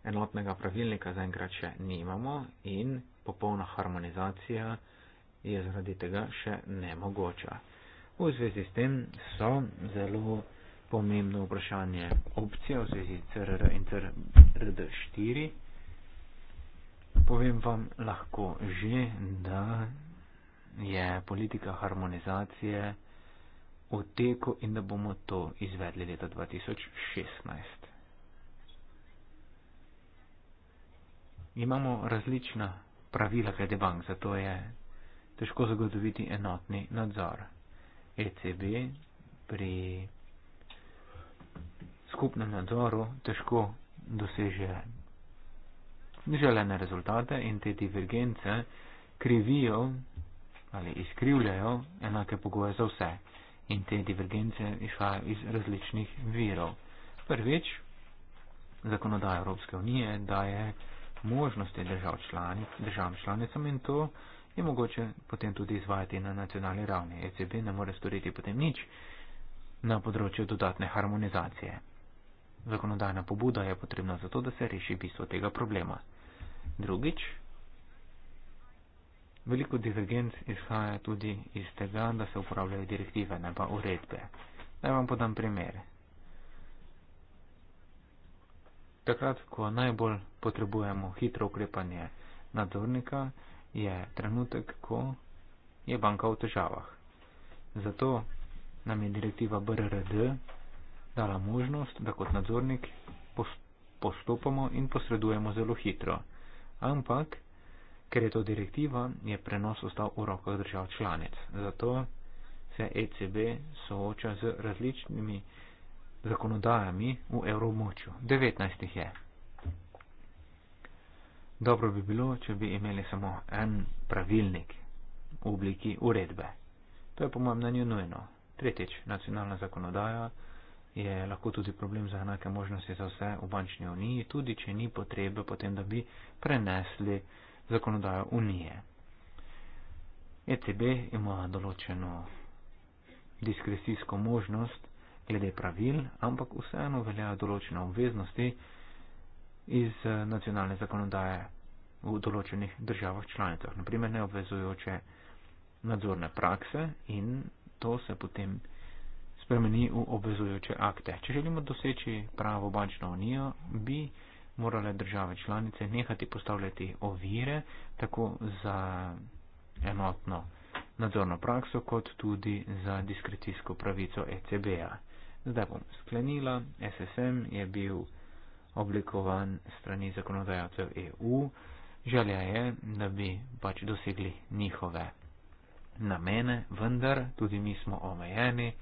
C: enotnega pravilnika zaenkrat še nimamo in popolna harmonizacija je zaradi tega še nemogoča. V zvezi s tem so zelo pomembno vprašanje opcije v zvezi CRR in CRD4. Povem vam lahko že, da je politika harmonizacije v teku in da bomo to izvedli leta 2016. imamo različna pravila glede bank, zato je težko zagotoviti enotni nadzor. ECB pri skupnem nadzoru težko doseže želene rezultate in te divergence krivijo ali izkrivljajo enake pogoje za vse. In te divergence izhajajo iz različnih virov. Prvič, zakonodaja Evropske unije daje možnosti držav članic, državam članicam in to je mogoče potem tudi izvajati na nacionalni ravni. ECB ne more storiti potem nič na področju dodatne harmonizacije. Zakonodajna pobuda je potrebna zato, da se reši bistvo tega problema. Drugič, veliko divergenc izhaja tudi iz tega, da se uporabljajo direktive, ne pa uredbe. Naj vam podam primer. takrat, ko najbolj potrebujemo hitro ukrepanje nadzornika, je trenutek, ko je banka v težavah. Zato nam je direktiva BRRD dala možnost, da kot nadzornik postopamo in posredujemo zelo hitro. Ampak, ker je to direktiva, je prenos ostal v rokah držav članic. Zato se ECB sooča z različnimi zakonodajami v evromočju. 19 jih je. Dobro bi bilo, če bi imeli samo en pravilnik v obliki uredbe. To je po mojem mnenju nujno. Tretjič, nacionalna zakonodaja je lahko tudi problem za enake možnosti za vse v bančni uniji, tudi če ni potrebe potem, da bi prenesli zakonodajo unije. ECB ima določeno diskresijsko možnost glede pravil, ampak vseeno veljajo določene obveznosti iz eh, nacionalne zakonodaje v določenih državah članicah, naprimer neobvezujoče nadzorne prakse in to se potem spremeni v obvezujoče akte. Če želimo doseči pravo bančno unijo, bi morale države članice nehati postavljati ovire tako za enotno nadzorno prakso kot tudi za diskrecijsko pravico ECB-a. Zdaj bom sklenila, SSM je bil oblikovan strani zakonodajalcev EU, želja je, da bi pač dosegli njihove namene, vendar tudi mi smo omejeni,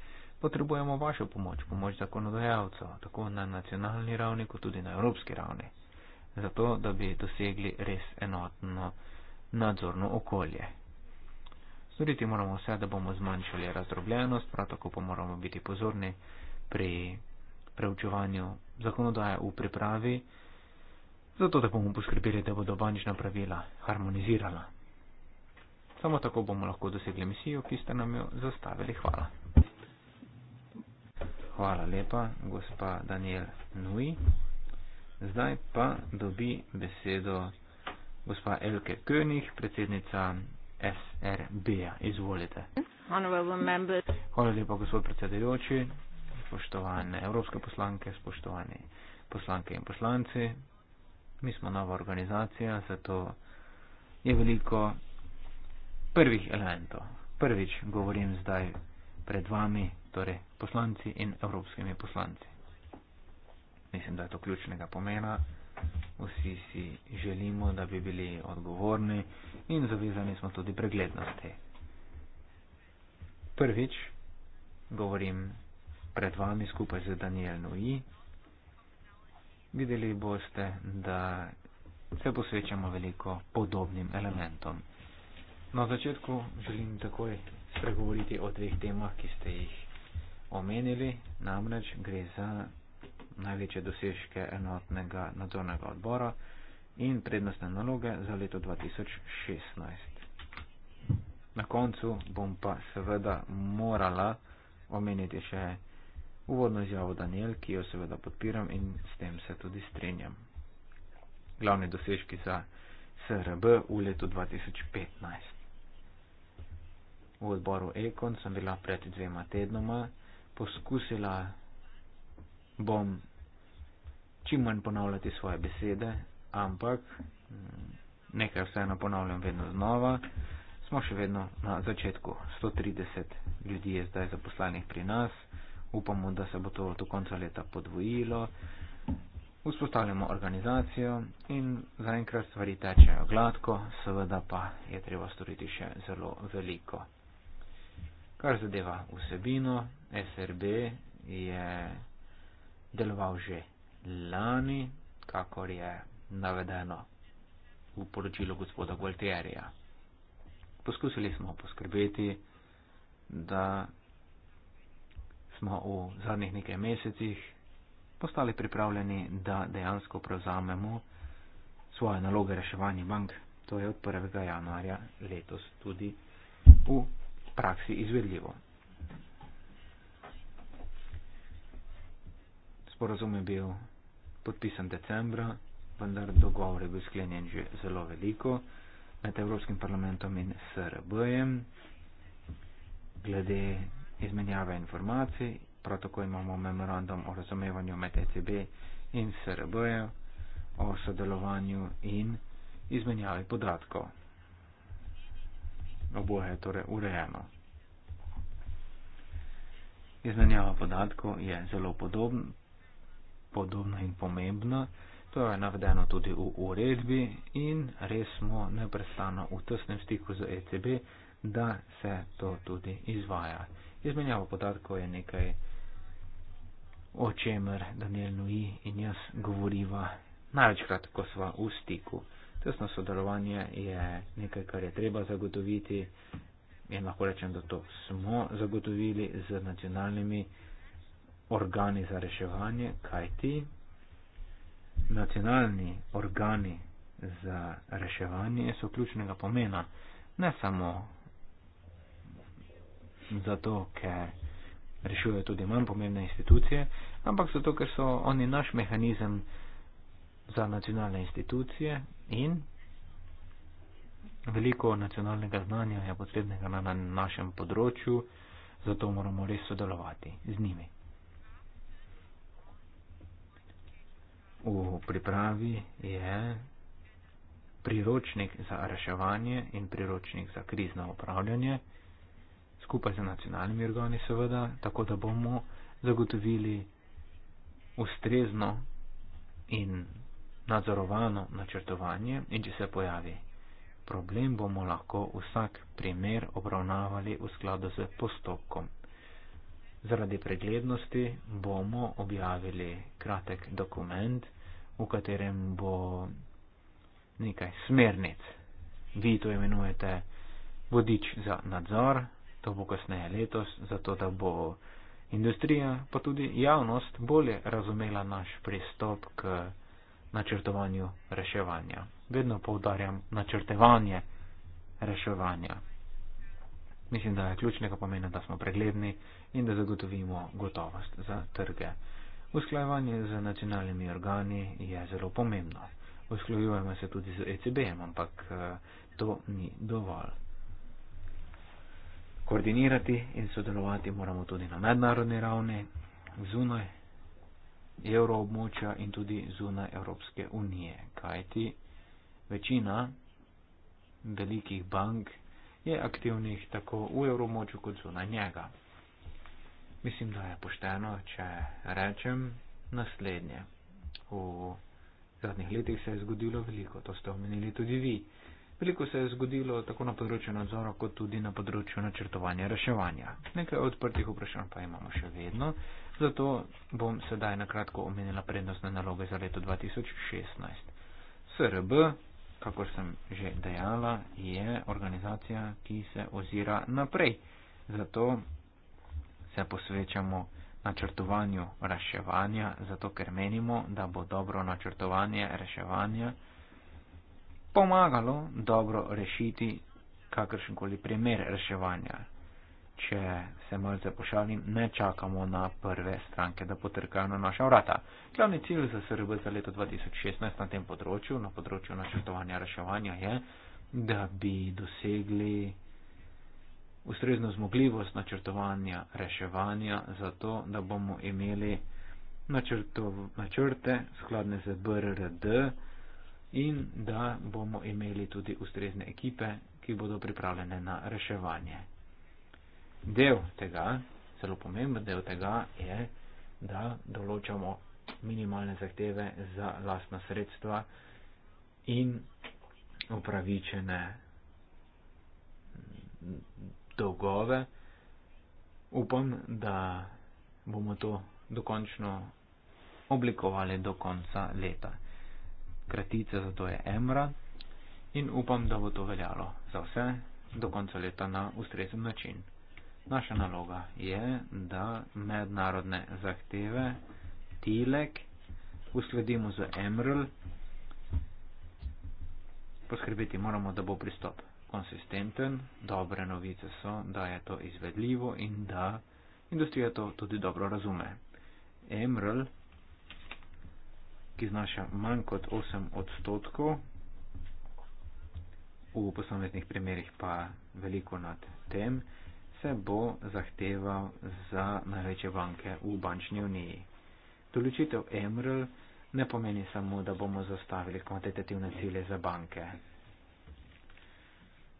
C: potrebujemo vašo pomoč, pomoč zakonodajalcev, tako na nacionalni ravni, kot tudi na evropski ravni, zato da bi dosegli res enotno nadzorno okolje. Storiti moramo vse, da bomo zmanjšali razdrobljenost, prav tako pa moramo biti pozorni, pri preučevanju zakonodaje v pripravi, zato da bomo poskrbeli, da bodo bančna pravila harmonizirala. Samo tako bomo lahko dosegli misijo, ki ste nam jo zastavili. Hvala. Hvala lepa, gospa Daniel Nui. Zdaj pa dobi besedo gospa Elke König, predsednica SRB-a. Izvolite. Hvala lepa, gospod predsedajoči, spoštovane evropske poslanke, spoštovane poslanke in poslanci. Mi smo nova organizacija, zato je veliko prvih elementov. Prvič govorim zdaj pred vami, torej poslanci in evropskimi poslanci. Mislim, da je to ključnega pomena. Vsi si želimo, da bi bili odgovorni in zavezani smo tudi preglednosti. Prvič govorim pred vami skupaj z Daniel Nui. Videli boste, da se posvečamo veliko podobnim elementom. Na začetku želim takoj spregovoriti o dveh temah, ki ste jih omenili. Namreč gre za največje dosežke enotnega nadzornega odbora in prednostne naloge za leto 2016. Na koncu bom pa seveda morala omeniti še uvodno izjavo Daniel, ki jo seveda podpiram in s tem se tudi strenjam. Glavni dosežki za SRB v letu 2015. V odboru Ekon sem bila pred dvema tednoma, poskusila bom čim manj ponavljati svoje besede, ampak mm, nekaj vseeno ponavljam vedno znova. Smo še vedno na začetku. 130 ljudi je zdaj zaposlenih pri nas upamo, da se bo to do konca leta podvojilo. Vzpostavljamo organizacijo in zaenkrat stvari tečejo gladko, seveda pa je treba storiti še zelo veliko. Kar zadeva vsebino, SRB je deloval že lani, kakor je navedeno v poročilu gospoda Gualtierija. Poskusili smo poskrbeti, da smo v zadnjih nekaj mesecih postali pripravljeni, da dejansko prevzamemo svoje naloge reševanja bank. To je od 1. januarja letos tudi v praksi izvedljivo. Sporazum je bil podpisan decembra, vendar dogovor je bil sklenjen že zelo veliko med Evropskim parlamentom in SRB-jem glede izmenjave informacij, prav tako imamo memorandum o razumevanju med ECB in SRB, o sodelovanju in izmenjavi podatkov. Oboje je torej urejeno. Izmenjava podatkov je zelo podobna, podobna in pomembna, to je navedeno tudi v uredbi in res smo neprestano v tesnem stiku z ECB, da se to tudi izvaja. Izmenjava podatkov je nekaj, o čemer Daniel Nui in jaz govoriva največkrat, ko sva v stiku. Tesno sodelovanje je nekaj, kar je treba zagotoviti in lahko rečem, da to smo zagotovili z nacionalnimi organi za reševanje, kajti nacionalni organi za reševanje so ključnega pomena ne samo zato, ker rešujejo tudi manj pomembne institucije, ampak zato, ker so oni naš mehanizem za nacionalne institucije in veliko nacionalnega znanja je potrebnega na našem področju, zato moramo res sodelovati z njimi. V pripravi je priročnik za reševanje in priročnik za krizno upravljanje skupaj z nacionalnimi organi seveda, tako da bomo zagotovili ustrezno in nadzorovano načrtovanje in če se pojavi problem, bomo lahko vsak primer obravnavali v skladu z postopkom. Zaradi preglednosti bomo objavili kratek dokument, v katerem bo nekaj smernic. Vi to imenujete vodič za nadzor, to bo kasneje letos, zato da bo industrija, pa tudi javnost, bolje razumela naš pristop k načrtovanju reševanja. Vedno povdarjam načrtevanje reševanja. Mislim, da je ključnega pomena, da smo pregledni in da zagotovimo gotovost za trge. Usklajevanje z nacionalnimi organi je zelo pomembno. Usklajujemo se tudi z ECB, ampak eh, to ni dovolj koordinirati in sodelovati moramo tudi na mednarodni ravni, zunaj evroobmočja in tudi zunaj Evropske unije. Kajti večina velikih bank je aktivnih tako v evroobmočju kot zunaj njega. Mislim, da je pošteno, če rečem naslednje. V zadnjih letih se je zgodilo veliko, to ste omenili tudi vi. Veliko se je zgodilo tako na področju nadzora, kot tudi na področju načrtovanja reševanja. Nekaj odprtih vprašanj pa imamo še vedno, zato bom sedaj na kratko omenila prednostne naloge za leto 2016. SRB, kakor sem že dejala, je organizacija, ki se ozira naprej. Zato se posvečamo načrtovanju reševanja, zato ker menimo, da bo dobro načrtovanje reševanja pomagalo dobro rešiti kakršenkoli primer reševanja. Če se malce pošalim, ne čakamo na prve stranke, da potrkajo na naša vrata. Glavni cilj za SRB za leto 2016 na tem področju, na področju načrtovanja reševanja, je, da bi dosegli ustrezno zmogljivost načrtovanja reševanja, zato da bomo imeli načrto, načrte skladne z BRD in da bomo imeli tudi ustrezne ekipe, ki bodo pripravljene na reševanje. Del tega, zelo pomemben del tega je, da določamo minimalne zahteve za lastna sredstva in upravičene dolgove. Upam, da bomo to dokončno oblikovali do konca leta kratica za to je Emra in upam, da bo to veljalo za vse do konca leta na ustrezen način. Naša naloga je, da mednarodne zahteve Tilek uskladimo z Emrl. Poskrbeti moramo, da bo pristop konsistenten. Dobre novice so, da je to izvedljivo in da industrija to tudi dobro razume. Emerald ki znaša manj kot 8 odstotkov, v posameznih primerjih pa veliko nad tem, se bo zahteval za največje banke v bančni uniji. Določitev EMRL ne pomeni samo, da bomo zastavili kvantitativne cilje za banke.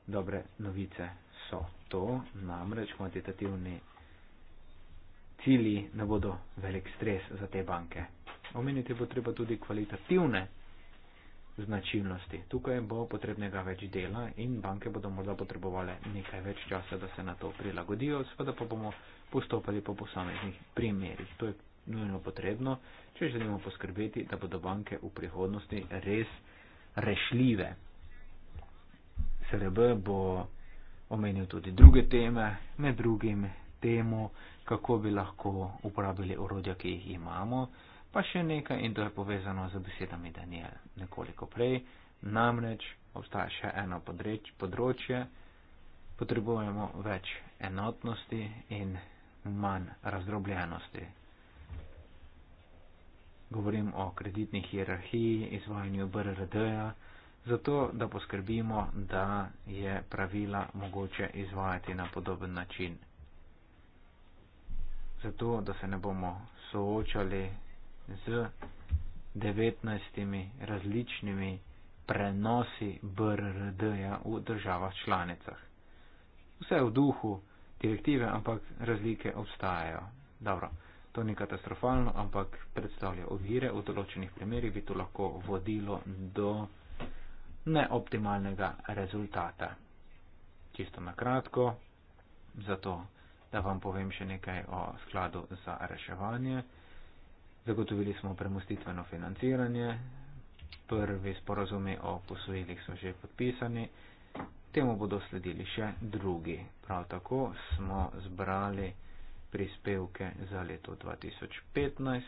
C: Dobre novice so to, namreč kvantitativni cilji ne bodo velik stres za te banke omeniti bo treba tudi kvalitativne značilnosti. Tukaj bo potrebnega več dela in banke bodo morda potrebovale nekaj več časa, da se na to prilagodijo, seveda pa bomo postopali po posameznih primerjih. To je nujno potrebno, če želimo poskrbeti, da bodo banke v prihodnosti res rešljive. SRB bo omenil tudi druge teme, med drugim temu, kako bi lahko uporabili orodja, ki jih imamo. Pa še nekaj in to je povezano z besedami Daniel nekoliko prej, namreč obstaja še eno podreč, področje, potrebujemo več enotnosti in manj razdrobljenosti. Govorim o kreditni hierarhiji, izvajanju BRD-ja, zato da poskrbimo, da je pravila mogoče izvajati na podoben način. Zato, da se ne bomo soočali z 19 različnimi prenosi BRD-ja v državah članicah. Vse je v duhu direktive, ampak razlike obstajajo. Dobro, to ni katastrofalno, ampak predstavlja ovire. V določenih primerjih bi to lahko vodilo do neoptimalnega rezultata. Čisto na kratko, zato da vam povem še nekaj o skladu za reševanje. Zagotovili smo premustitveno financiranje, prvi sporozumi o posojilih so že podpisani, temu bodo sledili še drugi. Prav tako smo zbrali prispevke za leto 2015,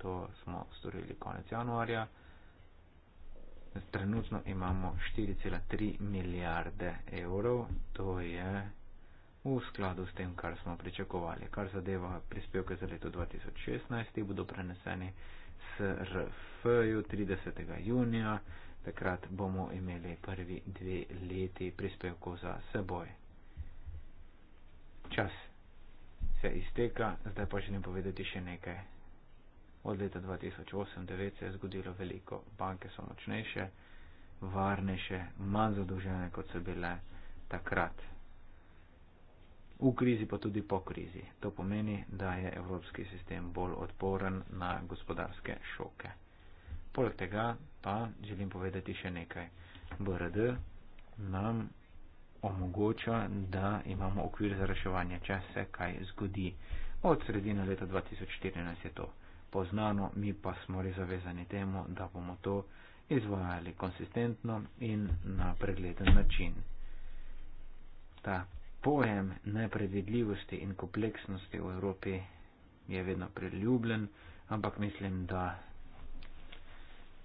C: to smo storili konec januarja. Trenutno imamo 4,3 milijarde evrov, to je v skladu s tem, kar smo pričakovali. Kar zadeva prispevke za leto 2016, bodo preneseni s RF-ju 30. junija, takrat bomo imeli prvi dve leti prispevkov za seboj. Čas se izteka, zdaj pa želim povedati še nekaj. Od leta 2008-2009 se je zgodilo veliko. Banke so močnejše, varnejše, manj zadolžene, kot so bile takrat v krizi pa tudi po krizi. To pomeni, da je evropski sistem bolj odporen na gospodarske šoke. Poleg tega pa želim povedati še nekaj. BRD nam omogoča, da imamo okvir za reševanje, če se kaj zgodi. Od sredine leta 2014 je to poznano, mi pa smo res zavezani temu, da bomo to izvajali konsistentno in na pregleden način. Ta pojem nepredvidljivosti in kompleksnosti v Evropi je vedno priljubljen, ampak mislim, da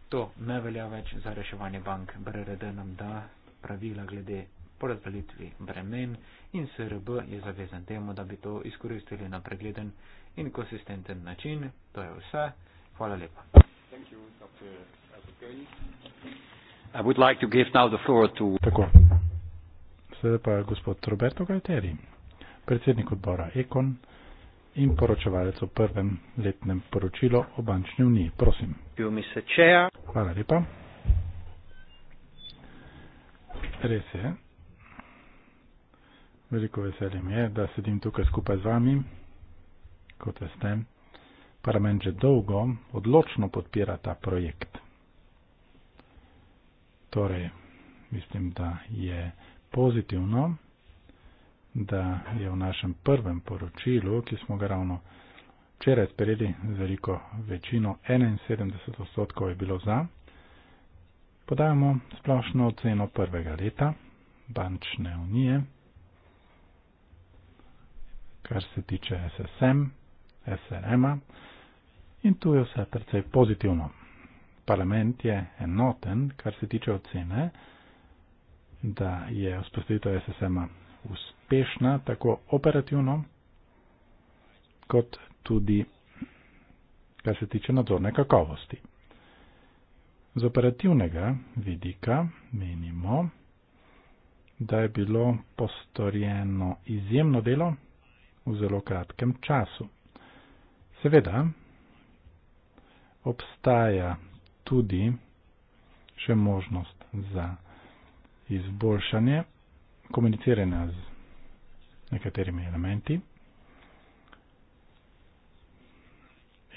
C: to ne velja več za reševanje bank. BRRD nam da pravila glede porazdelitvi bremen in SRB je zavezan temu, da bi to izkoristili na pregleden in konsistenten način. To je vse. Hvala lepa. You, Dr. I would like to give now the floor to... Tako
A: besedo pa gospod Roberto Galteri, predsednik odbora Ekon in poročevalec o prvem letnem poročilu o bančni uniji. Prosim. Hvala lepa. Res je. Veliko veselje mi je, da sedim tukaj skupaj z vami, kot veste. Parlament že dolgo odločno podpira ta projekt. Torej, mislim, da je pozitivno, da je v našem prvem poročilu, ki smo ga ravno včeraj sprejeli z veliko večino, 71 odstotkov je bilo za, podajamo splošno oceno prvega leta bančne unije, kar se tiče SSM, SRM-a in tu je vse precej pozitivno. Parlament je enoten, kar se tiče ocene, da je vzpostavitev SSM-a uspešna, tako operativno, kot tudi, kar se tiče nadzorne kakovosti. Z operativnega vidika menimo, da je bilo postorjeno izjemno delo v zelo kratkem času. Seveda, obstaja tudi še možnost za izboljšanje komuniciranja z nekaterimi elementi.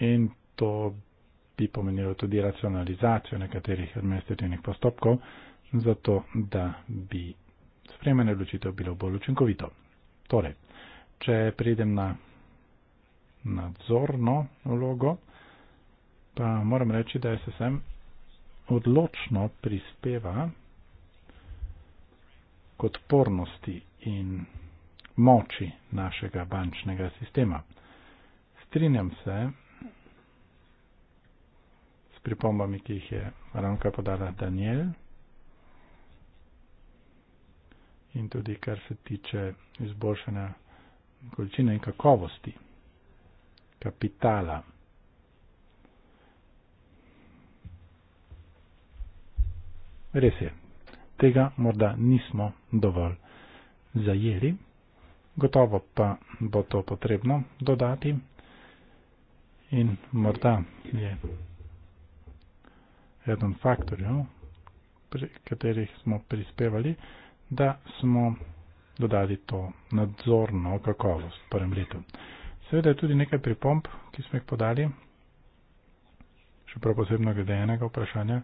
A: In to bi pomenilo tudi racionalizacijo nekaterih administrativnih postopkov, zato da bi spremenje odločitev bilo bolj učinkovito. Torej, če pridem na nadzorno vlogo, pa moram reči, da SSM odločno prispeva odpornosti in moči našega bančnega sistema. Strinjam se s pripombami, ki jih je ravno podala Daniel in tudi kar se tiče izboljšanja količine in kakovosti kapitala. Res je, tega morda nismo dovolj zajeli, gotovo pa bo to potrebno dodati in morda je eden faktorjev, pri katerih smo prispevali, da smo dodali to nadzorno kakovost v prvem letu. Seveda je tudi nekaj pripomp, ki smo jih podali, še prav posebno glede enega vprašanja,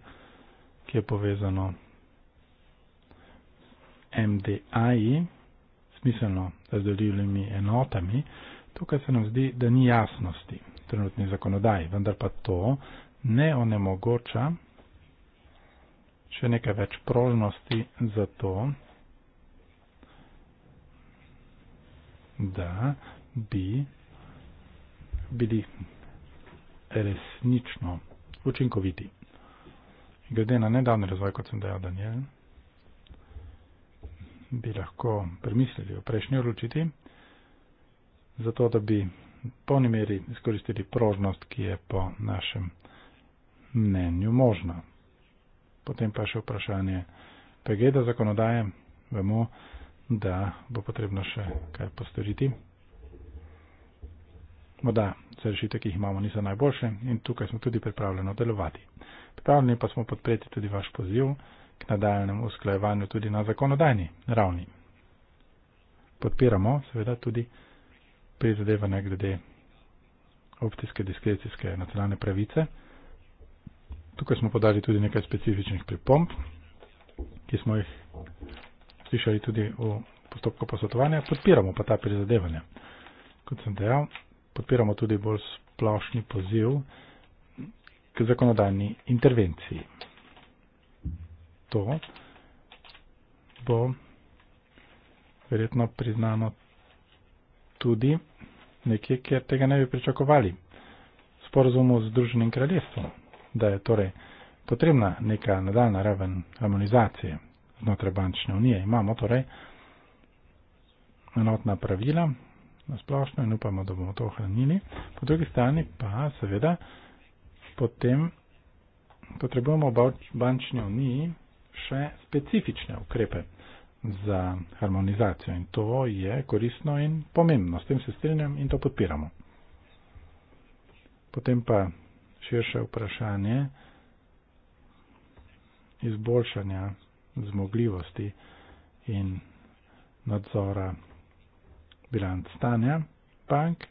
A: ki je povezano MDI, smiselno razdelilnimi enotami, tukaj se nam zdi, da ni jasnosti trenutni zakonodaj, vendar pa to ne onemogoča še nekaj več prožnosti za to, da bi bili resnično učinkoviti. Glede na nedavni razvoj, kot sem dejal, Daniel bi lahko premislili o prejšnji odločitvi, zato da bi polni meri izkoristili prožnost, ki je po našem mnenju možna. Potem pa še vprašanje PGD-a zakonodaje. Vemo, da bo potrebno še kaj postoriti. Morda se rešitve, ki jih imamo, niso najboljše in tukaj smo tudi pripravljeni delovati. Pripravljeni pa smo podpreti tudi vaš poziv k nadaljnemu usklajevanju tudi na zakonodajni ravni. Podpiramo seveda tudi prizadevanje glede optijske diskrecijske nacionalne pravice. Tukaj smo podali tudi nekaj specifičnih pripomb, ki smo jih slišali tudi v postopku posvetovanja. Podpiramo pa ta prizadevanja. Kot sem dejal, podpiramo tudi bolj splošni poziv k zakonodajni intervenciji to bo verjetno priznano tudi nekje, kjer tega ne bi pričakovali. Sporozumu z Združenim kraljestvom, da je torej potrebna neka nadaljna raven harmonizacije znotraj bančne unije. Imamo torej enotna pravila na splošno in upamo, da bomo to ohranili. Po drugi strani pa seveda potem potrebujemo bančne unije še specifične ukrepe za harmonizacijo in to je koristno in pomembno. S tem se strinjam in to podpiramo. Potem pa širše vprašanje izboljšanja zmogljivosti in nadzora bilanc stanja bank.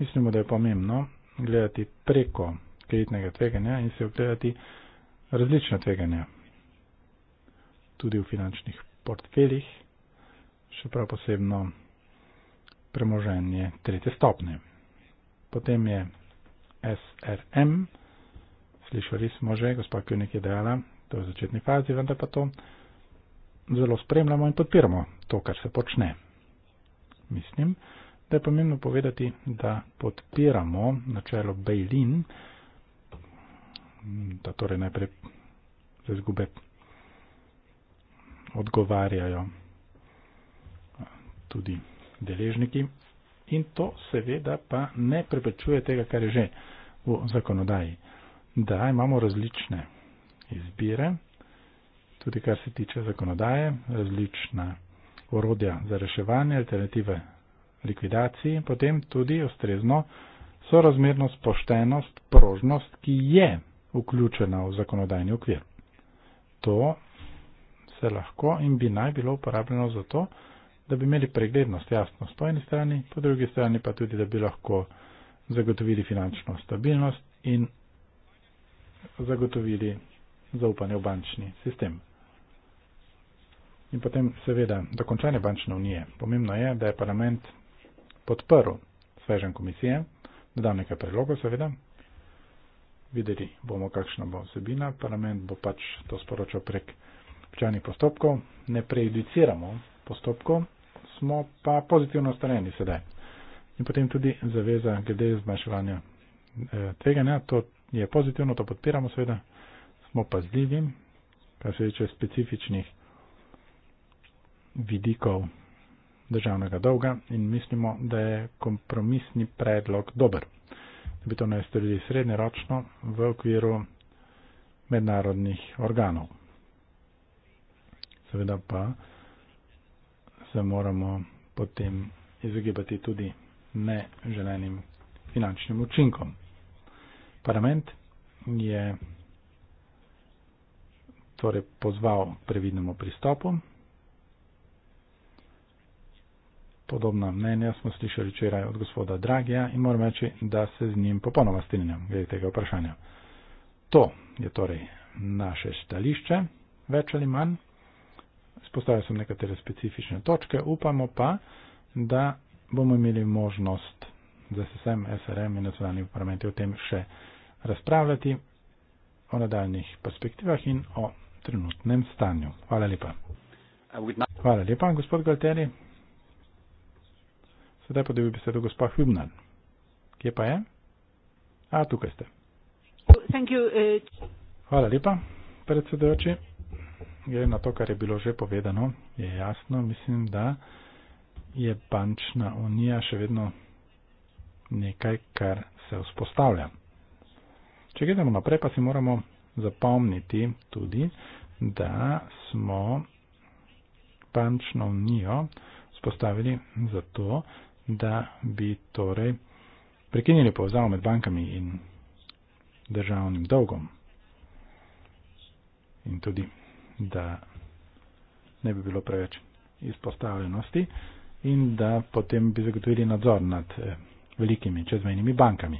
A: Mislimo, da je pomembno gledati preko kreditnega tveganja in se ogledati različna tveganja, tudi v finančnih portfeljih, še prav posebno premoženje tretje stopne. Potem je SRM, slišali smo že, gospa Kjunik je dejala, to je v začetni fazi, vendar pa to zelo spremljamo in podpiramo to, kar se počne. Mislim, da je pomembno povedati, da podpiramo načelo Bejlin, da torej najprej za izgube odgovarjajo tudi deležniki. In to seveda pa ne prepečuje tega, kar je že v zakonodaji, da imamo različne izbire, tudi kar se tiče zakonodaje, različna orodja za reševanje, alternative likvidaciji in potem tudi ustrezno sorazmernost, poštenost, prožnost, ki je vključena v zakonodajni okvir. To se lahko in bi naj bilo uporabljeno za to, da bi imeli preglednost, jasnost po eni strani, po drugi strani pa tudi, da bi lahko zagotovili finančno stabilnost in zagotovili zaupanje v bančni sistem. In potem seveda dokončanje bančne unije. Pomembno je, da je parlament podprl svežen komisije, dodal nekaj predlogov seveda, videli bomo, kakšna bo vsebina, parlament bo pač to sporočal prek običajnih postopkov, ne prejudiciramo postopkov, smo pa pozitivno ustrajeni sedaj. In potem tudi zaveza glede zmanjševanja eh, tveganja, to je pozitivno, to podpiramo seveda, smo pazljivi, kar se reče specifičnih vidikov državnega dolga in mislimo, da je kompromisni predlog dober. Da bi to naj storili srednjeročno v okviru mednarodnih organov seveda pa se moramo potem izogibati tudi neželenim finančnim učinkom. Parlament je torej pozval k previdnemu pristopu. Podobna mnenja smo slišali včeraj od gospoda Dragija in moram reči, da se z njim popolnoma strinjam glede tega vprašanja. To je torej naše stališče, več ali manj spostavili smo nekatere specifične točke, upamo pa, da bomo imeli možnost za SSM, SRM in nacionalni parlamenti o tem še razpravljati o nadaljnih perspektivah in o trenutnem stanju. Hvala lepa. Hvala lepa, gospod Galteri. Sedaj pa dobi besedo gospa Hübner. Kje pa je? A, tukaj ste.
D: Eh.
A: Hvala lepa, predsedujoči glede na to, kar je bilo že povedano, je jasno, mislim, da je bančna unija še vedno nekaj, kar se vzpostavlja. Če gledamo naprej, pa si moramo zapomniti tudi, da smo bančno unijo spostavili zato, da bi torej prekinili povzav med bankami in državnim dolgom. In tudi da ne bi bilo preveč izpostavljenosti in da potem bi zagotovili nadzor nad eh, velikimi čezmejnimi bankami.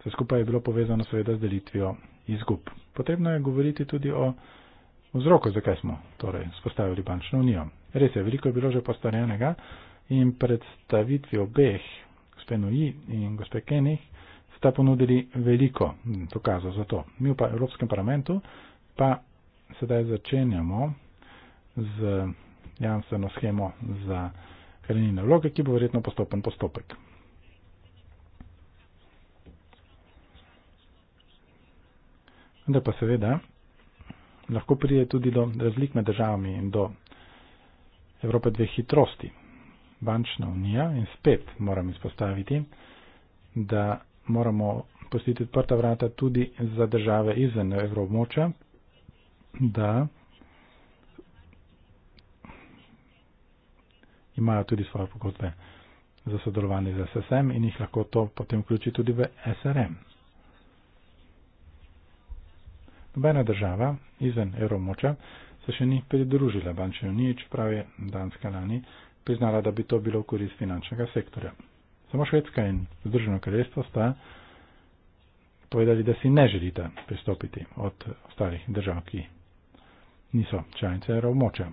A: Vse skupaj je bilo povezano seveda z delitvijo izgub. Potrebno je govoriti tudi o vzroku, zakaj smo torej spostavili bančno unijo. Res je, veliko je bilo že postarjenega in predstavitvi obeh, gospe Nui in gospe Kenih, sta ponudili veliko dokazov za to. Mi v Evropskem parlamentu pa sedaj začenjamo z jamstveno schemo za hranilne vloge, ki bo verjetno postopen postopek. Vendar pa seveda lahko pride tudi do razlik med državami in do Evrope dveh hitrosti. Bančna unija in spet moram izpostaviti, da moramo postiti odprta vrata tudi za države izven evroobmoča, da imajo tudi svoje pogodbe za sodelovanje z SSM in jih lahko to potem vključi tudi v SRM. Nobena država izven evromoča se še ni pridružila bančni uniji, čeprav je Danska lani priznala, da bi to bilo v korist finančnega sektorja. Samo Švedska in Združeno kraljestvo sta povedali, da si ne želita pristopiti od ostalih držav, ki niso članice evroobmočja.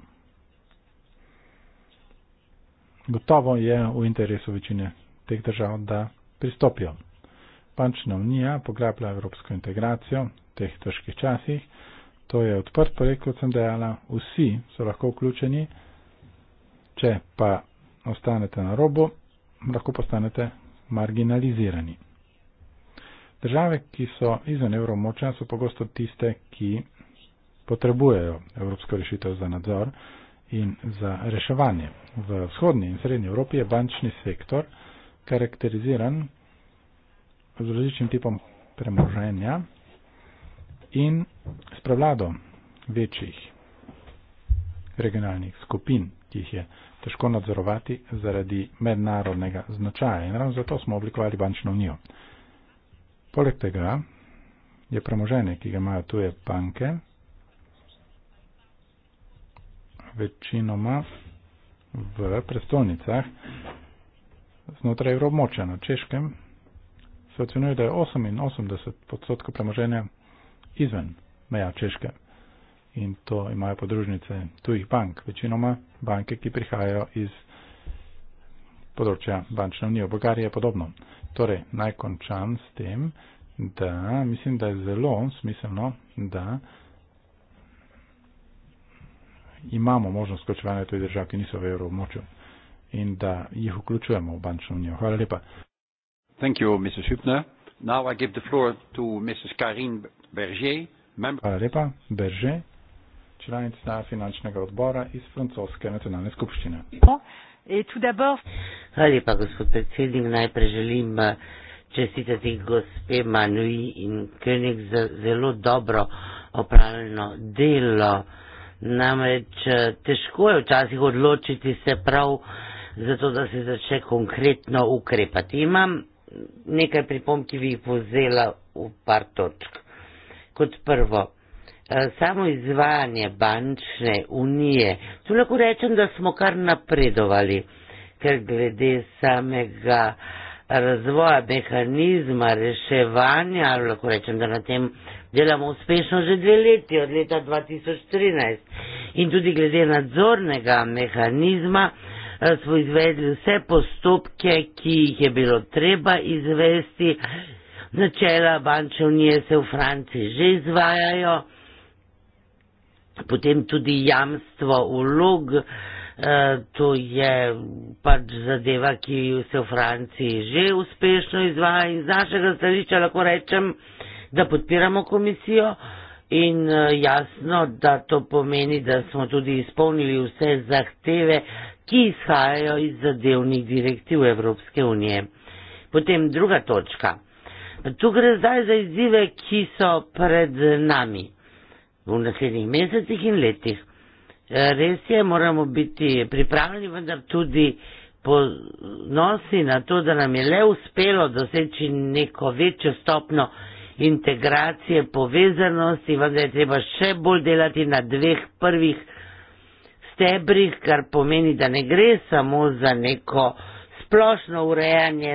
A: Gotovo je v interesu večine teh držav, da pristopijo. Pančna unija poglablja evropsko integracijo v teh težkih časih. To je odprt projekt, kot sem dejala. Vsi so lahko vključeni, če pa ostanete na robu, lahko postanete marginalizirani. Države, ki so izven evromoča, so pogosto tiste, ki potrebujejo evropsko rešitev za nadzor in za reševanje. V vzhodnji in srednji Evropi je bančni sektor karakteriziran z različnim tipom premoženja in s prevlado večjih regionalnih skupin, ki jih je težko nadzorovati zaradi mednarodnega značaja. In ravno zato smo oblikovali bančno unijo. Poleg tega je premoženje, ki ga imajo tuje banke, večinoma v prestolnicah znotraj evromočja na Češkem se ocenuje, da je 88 odstotkov premoženja izven meja Češke in to imajo podružnice tujih bank, večinoma banke, ki prihajajo iz področja bančne unije, v Bogarije podobno. Torej, naj končam s tem, da mislim, da je zelo smiselno, da imamo možnost vključevanja tudi držav, ki niso v evroobmočju in da jih vključujemo v bančno unijo. Hvala lepa. Thank you, Mrs. Hübner. Now I give the floor to Mrs. Karin Berger. Member... Hvala lepa. Berger, članica finančnega odbora iz francoske nacionalne skupščine. Hvala
D: lepa, gospod predsednik. Najprej želim eh, čestitati gospe Manui in Königs za zelo dobro opravljeno delo. Namreč eh, težko je včasih odločiti se prav, zato da se začne konkretno ukrepati. Imam nekaj pripomb, ki bi jih povzela v par točk. Kot prvo, eh, samo izvajanje bančne unije. Tu lahko rečem, da smo kar napredovali, ker glede samega razvoja mehanizma reševanja, lahko rečem, da na tem delamo uspešno že dve leti, od leta 2013. In tudi glede nadzornega mehanizma eh, smo izvedli vse postopke, ki jih je bilo treba izvesti. Načela bančne unije se v Franciji že izvajajo, potem tudi jamstvo ulog, eh, to je pač zadeva, ki se v Franciji že uspešno izvaja in z našega stališča lahko rečem, da podpiramo komisijo in eh, jasno, da to pomeni, da smo tudi izpolnili vse zahteve, ki izhajajo iz zadevnih direktiv Evropske unije. Potem druga točka. Tu gre zdaj za izzive, ki so pred nami v naslednjih mesecih in letih. Eh, res je, moramo biti pripravljeni, vendar tudi ponosi na to, da nam je le uspelo doseči neko večjo stopno integracije, povezanosti, vendar je treba še bolj delati na dveh prvih stebrih, kar pomeni, da ne gre samo za neko splošno urejanje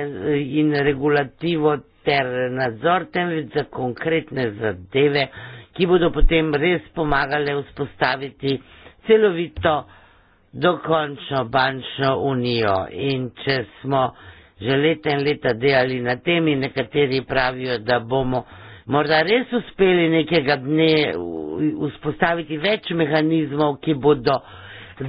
D: in regulativo ter nadzor, temveč za konkretne zadeve, ki bodo potem res pomagale vzpostaviti celovito, dokončno bančno unijo. In če smo že leta in leta delali na tem in nekateri pravijo, da bomo morda res uspeli nekega dne vzpostaviti več mehanizmov, ki bodo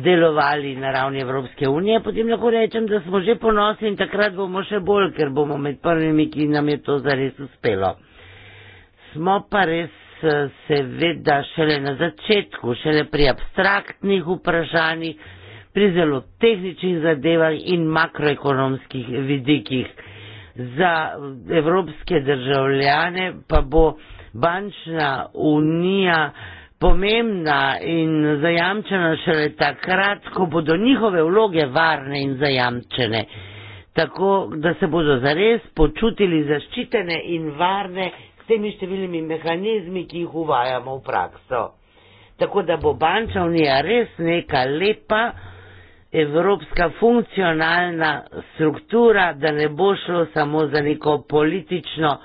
D: delovali na ravni Evropske unije, potem lahko rečem, da smo že ponosni in takrat bomo še bolj, ker bomo med prvimi, ki nam je to zares uspelo. Smo pa res eh, seveda šele na začetku, šele pri abstraktnih vprašanjih, pri zelo tehničnih zadevah in makroekonomskih vidikih. Za evropske državljane pa bo bančna unija pomembna in zajamčena šele takrat, ko bodo njihove vloge varne in zajamčene, tako da se bodo zares počutili zaščitene in varne s temi številnimi mehanizmi, ki jih uvajamo v prakso. Tako da bo bančna unija res neka lepa, evropska funkcionalna struktura, da ne bo šlo samo za neko politično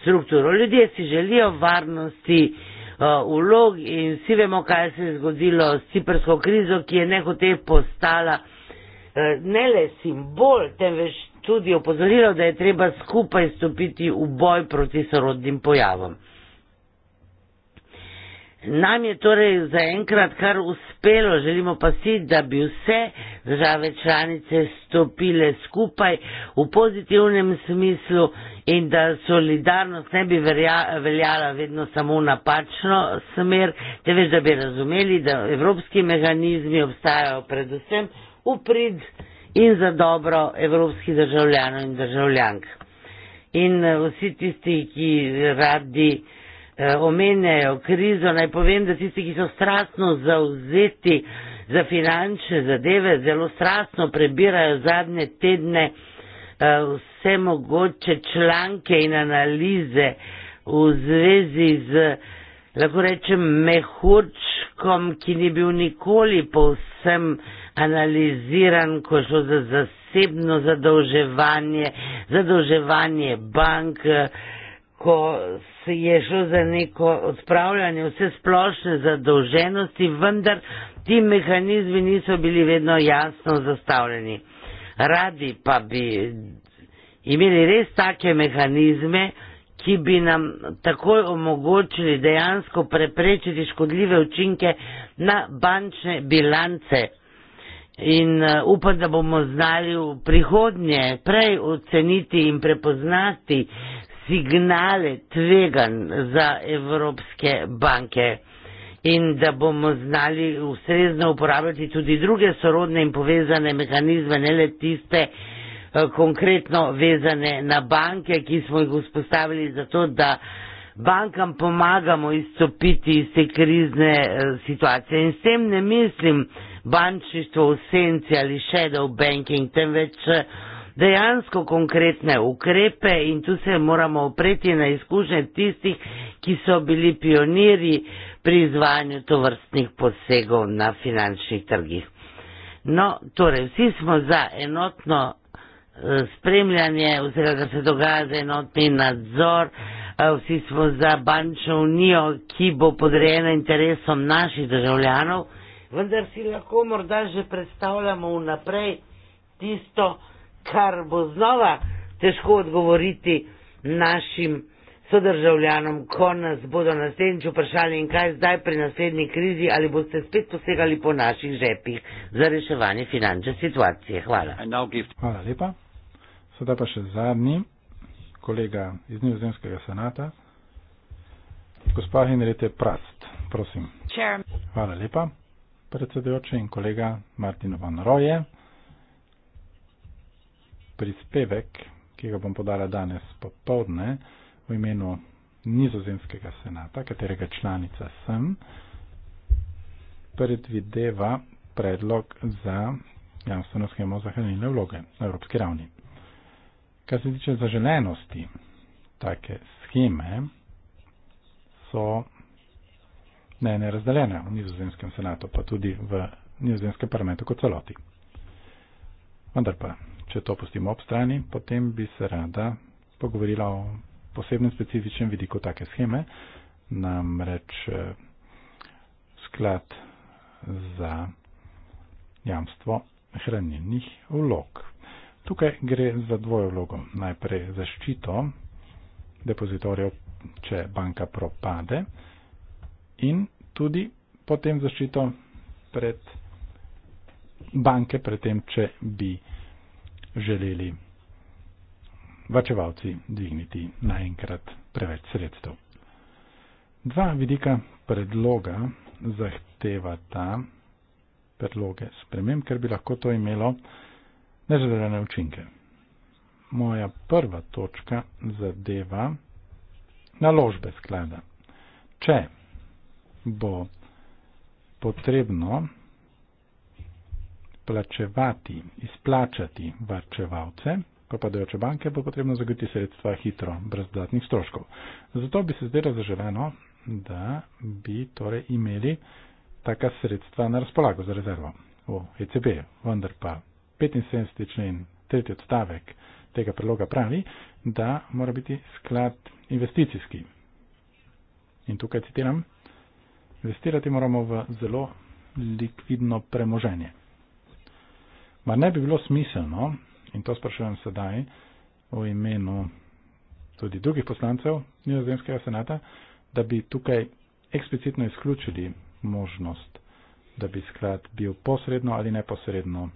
D: strukturo. Ljudje si želijo varnosti uh, vlog in vsi vemo, kaj se je zgodilo s ciprsko krizo, ki je nehote postala uh, ne le simbol, temveč tudi opozorilo, da je treba skupaj stopiti v boj proti sorodnim pojavom. Nam je torej zaenkrat kar uspelo, želimo pa si, da bi vse države članice stopile skupaj v pozitivnem smislu in da solidarnost ne bi veljala vedno samo v napačno smer, teveč da bi razumeli, da evropski mehanizmi obstajajo predvsem v prid in za dobro evropskih državljanov in državljank. In eh, vsi tisti, ki radi. Eh, omenjajo krizo, naj povem, da tisti, ki so strastno zauzeti za finančne zadeve, zelo strastno prebirajo zadnje tedne eh, vse mogoče članke in analize v zvezi z, lahko rečem, mehurčkom, ki ni bil nikoli povsem analiziran, ko šlo za zasebno zadolževanje, zadolževanje bank. Eh, ko se je šlo za neko odpravljanje vse splošne zadolženosti, vendar ti mehanizmi niso bili vedno jasno zastavljeni. Radi pa bi imeli res take mehanizme, ki bi nam takoj omogočili dejansko preprečiti škodljive učinke na bančne bilance. In eh, upam, da bomo znali v prihodnje prej oceniti in prepoznati, signale tvegan za evropske banke in da bomo znali ustrezno uporabljati tudi druge sorodne in povezane mehanizme, ne le tiste eh, konkretno vezane na banke, ki smo jih vzpostavili zato, da bankam pomagamo izstopiti iz te krizne eh, situacije. In s tem ne mislim bančništvo v senci ali shadow banking, temveč eh, dejansko konkretne ukrepe in tu se moramo opreti na izkušnje tistih, ki so bili pioniri pri izvajanju tovrstnih posegov na finančnih trgih. No, torej, vsi smo za enotno eh, spremljanje vsega, kar se dogaja, za enotni nadzor, eh, vsi smo za bančno unijo, ki bo podrejena interesom naših državljanov, vendar si lahko morda že predstavljamo vnaprej tisto, kar bo znova težko odgovoriti našim sodržavljanom, ko nas bodo naslednjič vprašali in kaj zdaj pri naslednji krizi, ali boste spet posegali po naših žepih za reševanje finančne situacije. Hvala.
A: Hvala lepa. Sedaj pa še zadnji kolega iz Nizozemskega senata. Gospa Henrete Prast, prosim. Chairman. Hvala lepa, predsedujoči in kolega Martin Van Roje prispevek, ki ga bom podala danes popovdne v imenu nizozemskega senata, katerega članica sem, predvideva predlog za jamstveno schemo za hranilne vloge na evropski ravni. Kar se tiče zaželenosti take scheme, so ne ne razdaljene v nizozemskem senatu, pa tudi v nizozemskem parlamentu kot celoti. Vendar pa če to pustimo ob strani, potem bi se rada pogovorila o posebnem specifičnem vidiku take scheme, namreč eh, sklad za jamstvo hranjenih vlog. Tukaj gre za dvoje vlogo. Najprej zaščito depozitorjev, če banka propade in tudi potem zaščito pred banke, pred tem, če bi želeli vačevalci dvigniti naenkrat preveč sredstev. Dva vidika predloga zahtevata predloge sprememb, ker bi lahko to imelo neželene učinke. Moja prva točka zadeva naložbe sklada. Če bo potrebno odplačevati, izplačati varčevalce, ko pa dojoče banke, bo potrebno zagotiti sredstva hitro, brez dodatnih stroškov. Zato bi se zdelo zaželeno, da bi torej imeli taka sredstva na razpolago za rezervo v ECB, vendar pa 75. člen, tretji odstavek tega preloga pravi, da mora biti sklad investicijski. In tukaj citiram, investirati moramo v zelo likvidno premoženje. Mar ne bi bilo smiselno, in to sprašujem sedaj v imenu tudi drugih poslancev Nizozemskega senata, da bi tukaj eksplicitno izključili možnost, da bi sklad bil posredno ali neposredno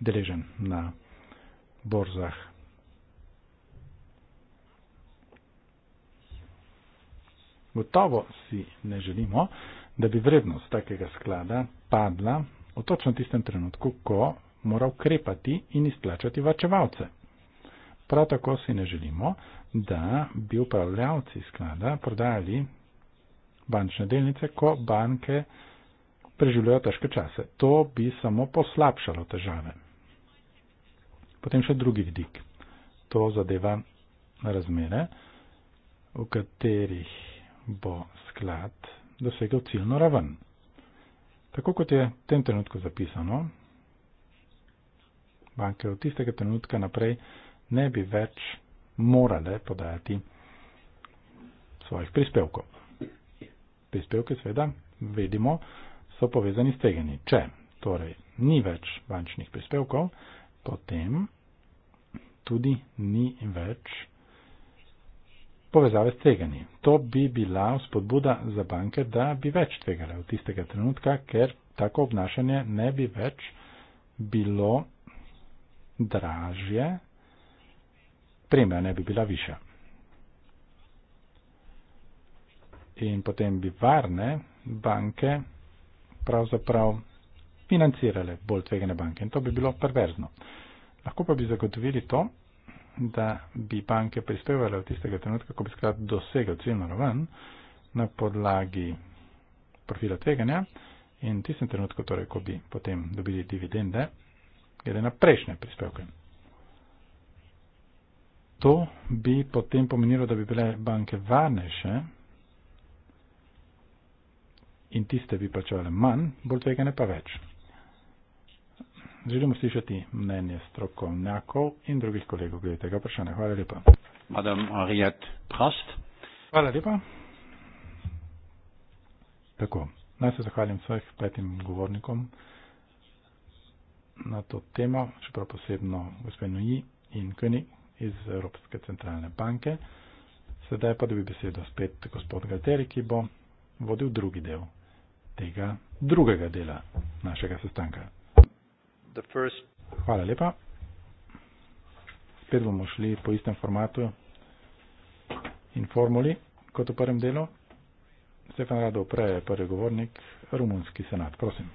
A: deležen na borzah. Gotovo si ne želimo, da bi vrednost takega sklada padla v točno tistem trenutku, ko mora ukrepati in izplačati vačevalce. Prav tako si ne želimo, da bi upravljavci sklada prodajali bančne delnice, ko banke preživljajo težke čase. To bi samo poslabšalo težave. Potem še drugi vidik. To zadeva razmere, v katerih bo sklad dosegel ciljno raven tako kot je v tem trenutku zapisano, banke od tistega trenutka naprej ne bi več morale podajati svojih prispevkov. Prispevke, seveda, vedimo, so povezani s tveganji. Če torej ni več bančnih prispevkov, potem tudi ni več povezave s tveganjem. To bi bila spodbuda za banke, da bi več tvegale od tistega trenutka, ker tako obnašanje ne bi več bilo dražje, premija ne bi bila viša. In potem bi varne banke pravzaprav financirale bolj tvegane banke. In to bi bilo perverzno. Lahko pa bi zagotovili to, da bi banke prispevali v tistega trenutka, ko bi sklad dosegel ciljno raven na podlagi profila tveganja in v tistem trenutku, torej, ko bi potem dobili dividende, glede na prejšnje prispevke. To bi potem pomenilo, da bi bile banke varnejše in tiste bi plačevali manj, bolj tvegane pa več. Želimo slišati mnenje strokovnjakov in drugih kolegov glede tega vprašanja. Hvala lepa. Hvala lepa. Tako, naj se zahvalim svojih petim govornikom na to temo, čeprav posebno gospodinu Ji in Kni iz Evropske centralne banke. Sedaj pa dobi besedo spet gospod Galteri, ki bo vodil drugi del tega drugega dela našega sestanka. Hvala lepa. Spet bomo šli po istem formatu in formuli kot v prvem delu. Stefan Rado Pre je prvi govornik, rumunski senat. Prosim.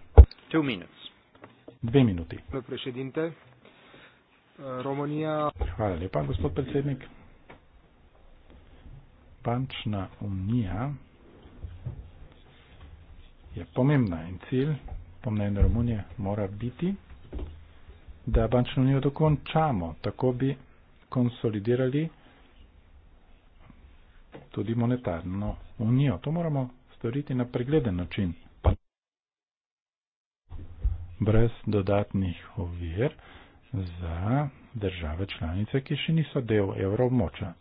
A: Dve minuti.
C: Romunija.
A: Hvala lepa, gospod predsednik. Bančna unija je pomembna in cilj, po mnenju Romunije, mora biti da bančno unijo dokončamo. Tako bi konsolidirali tudi monetarno unijo. To moramo storiti na pregleden način, pa brez dodatnih ovir za države članice, ki še niso del evromoča.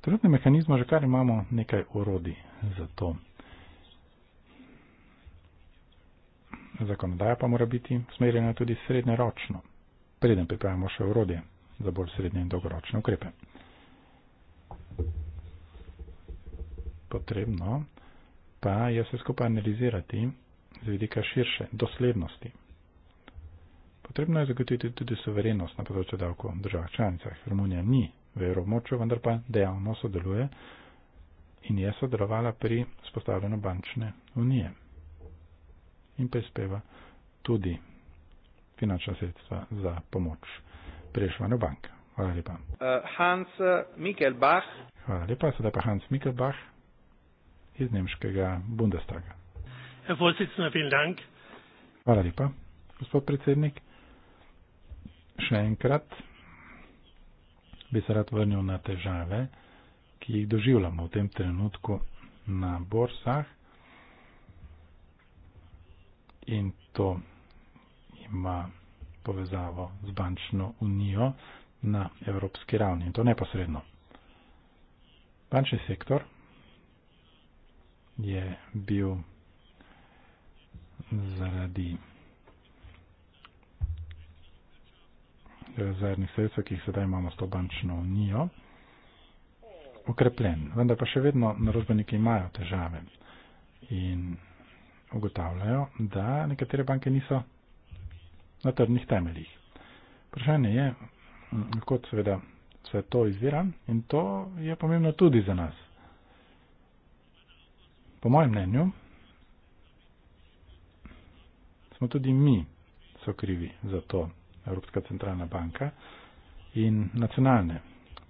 A: Trenutni mehanizmo, že kar imamo nekaj orodij za to. zakonodaja pa mora biti smerjena tudi srednjeročno, preden pripravimo še urodje za bolj srednje in dolgoročne ukrepe. Potrebno pa je vse skupaj analizirati z vidika širše doslednosti. Potrebno je zagotoviti tudi soverenost na področju davkov v državah članicah. Romunija ni v evromočju, vendar pa dejavno sodeluje in je sodelovala pri spostavljanju bančne unije in prispeva tudi finančna sredstva za pomoč prejšvano bank. Hvala lepa. Eh, Hans eh, Mikkelbach. Hvala lepa, sedaj pa Hans Mikkelbach iz Nemškega Bundestaga. Hvala lepa, gospod predsednik. Še enkrat bi se rad vrnil na težave, ki jih doživljamo v tem trenutku na borsah in to ima povezavo z bančno unijo na evropski ravni in to neposredno. Bančni sektor je bil zaradi rezervnih sredstev, ki jih sedaj imamo s to bančno unijo, ukrepljen. Vendar pa še vedno naročbeniki imajo težave in ugotavljajo, da nekatere banke niso na trdnih temeljih. Vprašanje je, kot seveda vse to izvira in to je pomembno tudi za nas. Po mojem mnenju smo tudi mi so krivi za to Evropska centralna banka in nacionalne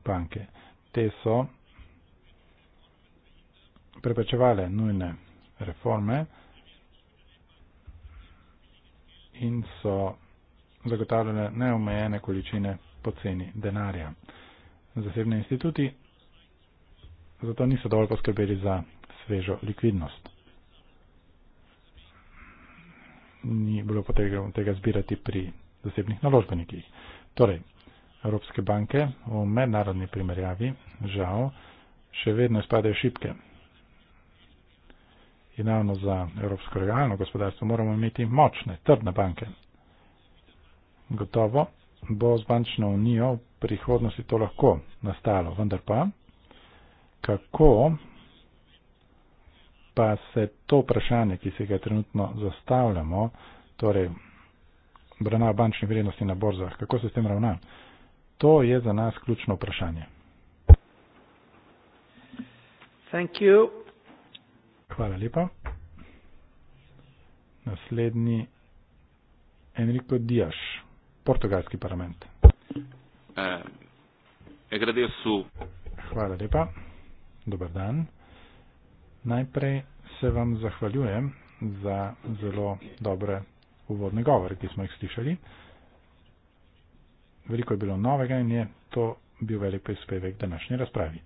A: banke. Te so preprečevale nujne reforme, in so zagotavljale neomejene količine poceni denarja. Zasebni instituti zato niso dovolj poskrbeli za svežo likvidnost. Ni bilo potrebno tega zbirati pri zasebnih naložbenikih. Torej, Evropske banke v mednarodni primerjavi žal še vedno izpadajo šipke in ravno za evropsko realno gospodarstvo moramo imeti močne, trdne banke. Gotovo bo z bančno unijo v prihodnosti to lahko nastalo, vendar pa kako pa se to vprašanje, ki se ga trenutno zastavljamo, torej brana bančnih vrednosti na borzah, kako se s tem ravna, to je za nas ključno vprašanje.
B: Thank you.
A: Hvala lepa. Naslednji Enrico Dias, portugalski parlament. Eh, agradecu. Hvala lepa. Dobar dan. Najprej se vam zahvaljujem za zelo dobre uvodne govore, ki smo jih slišali. Veliko je bilo novega in je to bil velik prispevek današnje razpravi.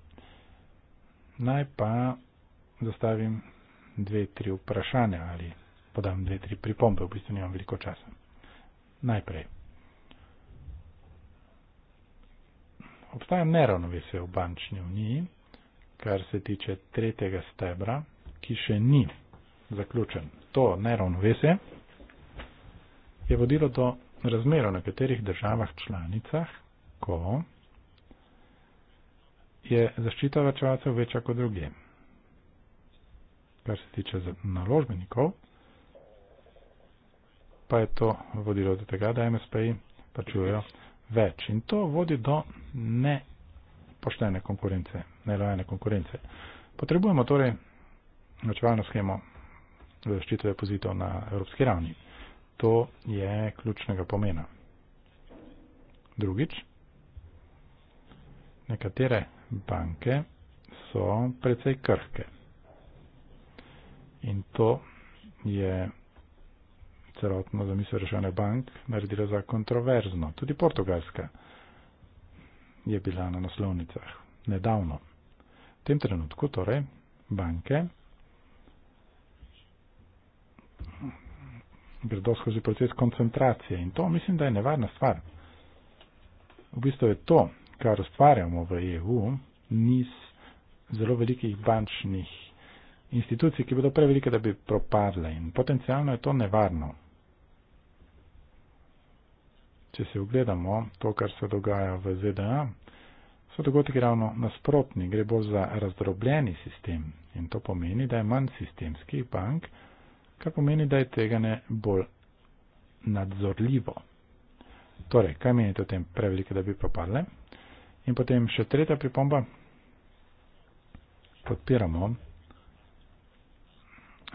A: Naj pa zastavim dve, tri vprašanja ali podam dve, tri pripombe, v bistvu nimam veliko časa. Najprej. Obstaja neravnovesje v bančni uniji, kar se tiče tretjega stebra, ki še ni zaključen. To neravnovesje je vodilo do razmero na katerih državah članicah, ko je zaščita vrčevalcev večja kot drugim kar se tiče naložbenikov, pa je to vodilo do tega, da MSP-ji plačujejo več. In to vodi do nepoštene konkurence, nelojene konkurence. Potrebujemo torej načevalno schemo za zaščito depozitov na evropski ravni. To je ključnega pomena. Drugič, nekatere banke so precej krhke in to je celotno zamisel rešene bank naredila za kontroverzno. Tudi Portugalska je bila na naslovnicah nedavno. V tem trenutku torej banke gredo skozi proces koncentracije in to mislim, da je nevarna stvar. V bistvu je to, kar ustvarjamo v EU, niz zelo velikih bančnih institucij, ki bodo prevelike, da bi propadle in potencialno je to nevarno. Če se ogledamo to, kar se dogaja v ZDA, so dogodki ravno nasprotni, gre bolj za razdrobljeni sistem in to pomeni, da je manj sistemskih bank, kar pomeni, da je tega ne bolj nadzorljivo. Torej, kaj menite o tem prevelike, da bi propadle? In potem še tretja pripomba. Podpiramo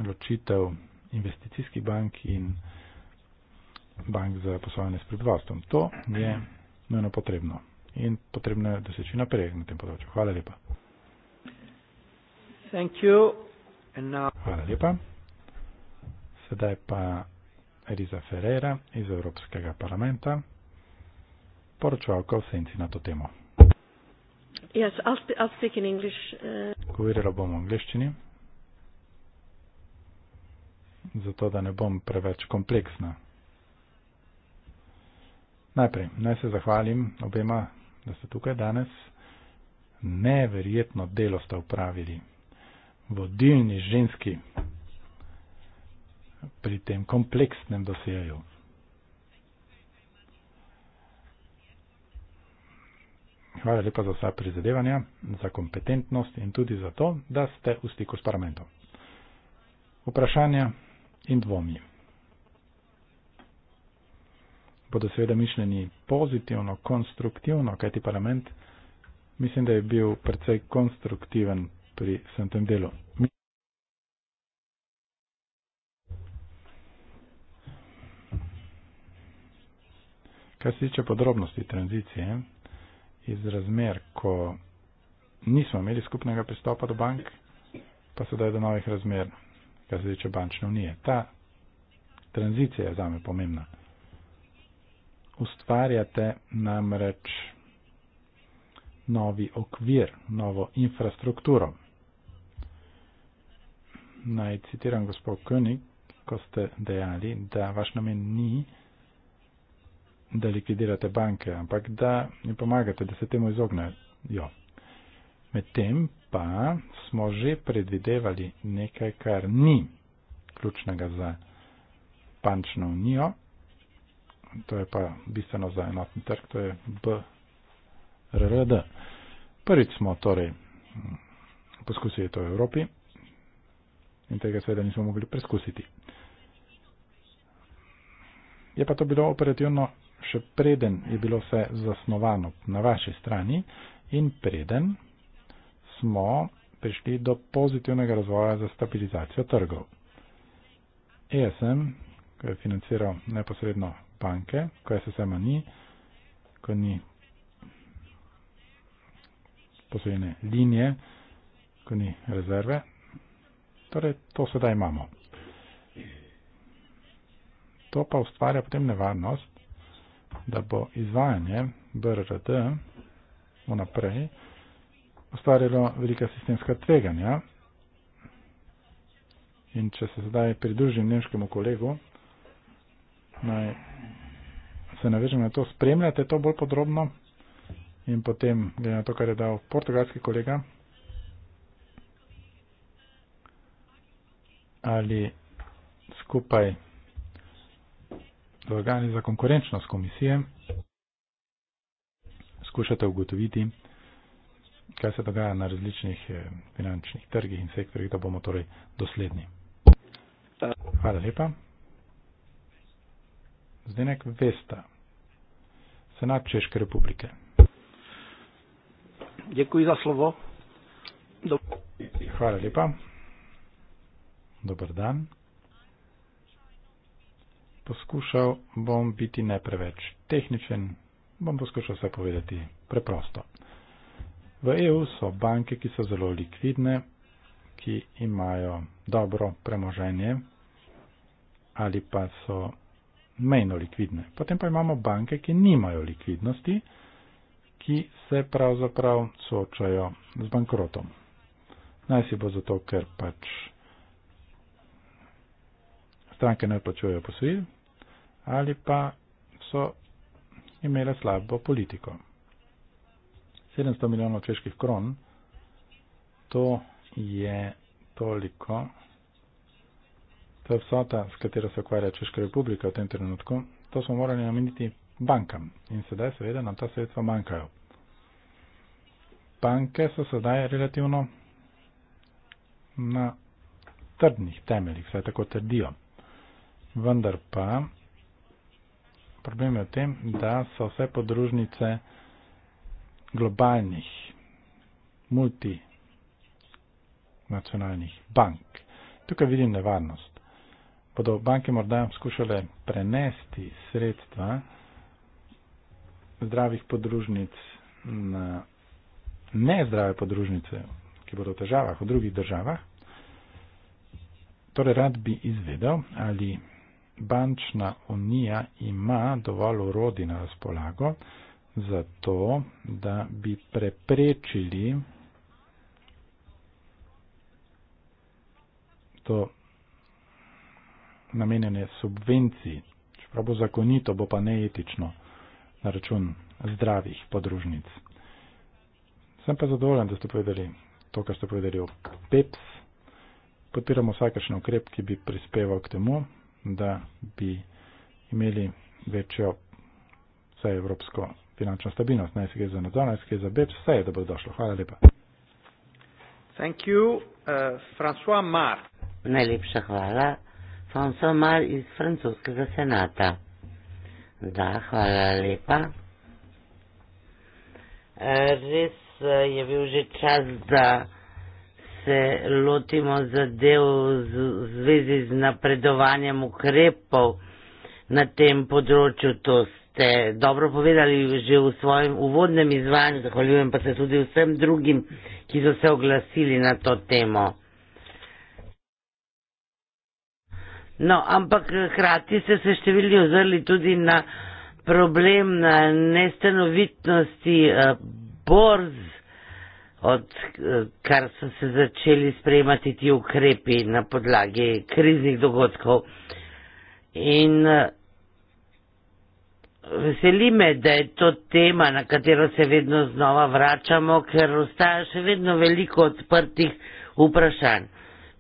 A: ločitev investicijskih bank in bank za poslovanje s prebivalstvom. To je nujno potrebno in potrebno je, da se čim naprej na tem področju. Hvala lepa.
B: Thank you. Now... Hvala
A: lepa. Sedaj pa Riza Ferreira iz Evropskega parlamenta, poročevalka v senci na to temo.
B: Yes, I'll, I'll speak in English. Uh.
A: Govorila bom v angliščini zato da ne bom preveč kompleksna. Najprej naj se zahvalim obema, da ste tukaj danes. Neverjetno delo ste upravili. Vodilni ženski pri tem kompleksnem dosjeju. Hvala lepa za vsa prizadevanja, za kompetentnost in tudi za to, da ste v stiku s parlamentom. Vprašanja? in dvomi. Bodo seveda mišljeni pozitivno, konstruktivno, kajti parlament mislim, da je bil precej konstruktiven pri vsem tem delu. Kar se tiče podrobnosti tranzicije iz razmer, ko nismo imeli skupnega pristopa do bank, pa sedaj do novih razmer, kar se tiče bančne unije. Ta tranzicija je zame pomembna. Ustvarjate namreč novi okvir, novo infrastrukturo. Naj citiram gospod König, ko ste dejali, da vaš namen ni, da likvidirate banke, ampak da jim pomagate, da se temu izognejo. Medtem pa smo že predvidevali nekaj, kar ni ključnega za pančno unijo, to je pa bistveno za enotni trg, to je BRRD. Prvič smo torej poskusili to v Evropi in tega seveda nismo mogli preskusiti. Je pa to bilo operativno še preden je bilo vse zasnovano na vaši strani in preden smo prišli do pozitivnega razvoja za stabilizacijo trgov. ESM, ko je financiral neposredno banke, ko je SSM-a ni, ko ni posebne linije, ko ni rezerve, torej to sedaj imamo. To pa ustvarja potem nevarnost, da bo izvajanje BRD vnaprej ustvarjalo velika sistemska tveganja. In če se zdaj pridružim nemškemu kolegu, naj se navežem na to, spremljate to bolj podrobno in potem glede na to, kar je dal portugalski kolega, ali skupaj z organi za konkurenčnost komisije skušate ugotoviti, kaj se dogaja na različnih eh, finančnih trgih in sektorjih, da bomo torej dosledni. Hvala lepa. Zdaj nek Vesta, senat Češke republike. Děkuji za slovo. Dob Hvala lepa. Dobar dan. Poskušal bom biti ne preveč tehničen, bom poskušal vse povedati preprosto. V EU so banke, ki so zelo likvidne, ki imajo dobro premoženje ali pa so mejno likvidne. Potem pa imamo banke, ki nimajo likvidnosti, ki se pravzaprav soočajo z bankrotom. Naj si bo zato, ker pač stranke ne plačujejo posojil ali pa so imele slabo politiko. 700 milijonov čeških kron. To je toliko. To je vsota, s katero se ukvarja Češka republika v tem trenutku. To smo morali nameniti bankam in sedaj seveda nam ta sredstva manjkajo. Banke so sedaj relativno na trdnih temeljih, saj tako trdijo. Vendar pa problem je v tem, da so vse podružnice globalnih multinacionalnih bank. Tukaj vidim nevarnost. Bodo banke morda skušale prenesti sredstva zdravih podružnic na nezdrave podružnice, ki bodo v težavah v drugih državah. Torej, rad bi izvedel, ali bančna unija ima dovolj urodi na razpolago, zato, da bi preprečili to namenjene subvenciji, čeprav bo zakonito, bo pa neetično na račun zdravih podružnic. Sem pa zadovoljen, da ste povedali to, kar ste povedali o PEPS. Podpiramo vsakršen ukrep, ki bi prispeval k temu, da bi imeli večjo vse evropsko finančno stabilnost, naj se gre za nadzor, naj se gre za beč, vse je dobrodošlo. Hvala lepa.
D: Thank you, uh, Mar. Najlepša hvala. François Mar iz francoskega senata. Da, hvala lepa. Eh, res eh, je bil že čas, da se lotimo zadev v zvezi z napredovanjem ukrepov na tem področju. To ste dobro povedali že v svojem uvodnem izvajanju, zahvaljujem pa se tudi vsem drugim, ki so se oglasili na to temo. No, ampak hkrati ste se številni ozrli tudi na problem na nestanovitnosti eh, borz, od eh, kar so se začeli sprejemati ti ukrepi na podlagi kriznih dogodkov. In eh, Veseli me, da je to tema, na katero se vedno znova vračamo, ker ostaja še vedno veliko odprtih vprašanj.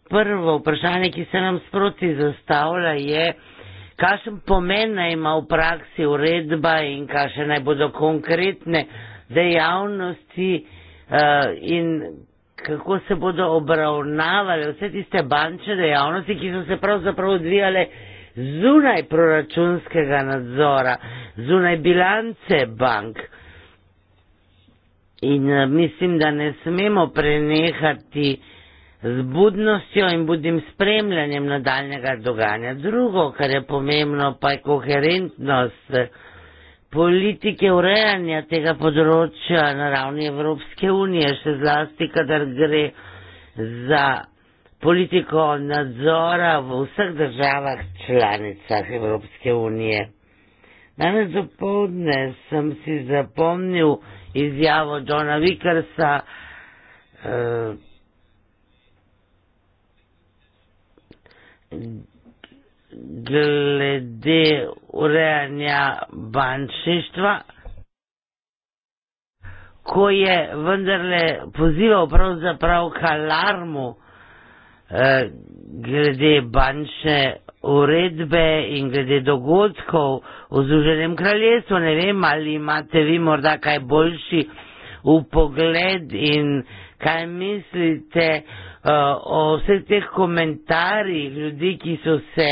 D: Prvo vprašanje, ki se nam sproti zastavlja, je, kakšen pomen naj ima v praksi uredba in kakšne naj bodo konkretne dejavnosti eh, in kako se bodo obravnavale vse tiste bančne dejavnosti, ki so se pravzaprav odvijale. Prav zunaj proračunskega nadzora, zunaj bilance bank. In eh, mislim, da ne smemo prenehati z budnostjo in budim spremljanjem nadaljnega dogajanja. Drugo, kar je pomembno, pa je koherentnost eh, politike urejanja tega področja na ravni Evropske unije, še zlasti, kadar gre za politiko nadzora v vseh državah članicah Evropske unije. Danes dopoledne sem si zapomnil izjavo Johna Vickersa, eh, glede urejanja bančništva, ko je vendarle pozival pravzaprav k alarmu, Eh, glede bančne uredbe in glede dogodkov v Združenem kraljestvu. Ne vem, ali imate vi morda kaj boljši v pogled in kaj mislite uh, o vseh teh komentarjih ljudi, ki so se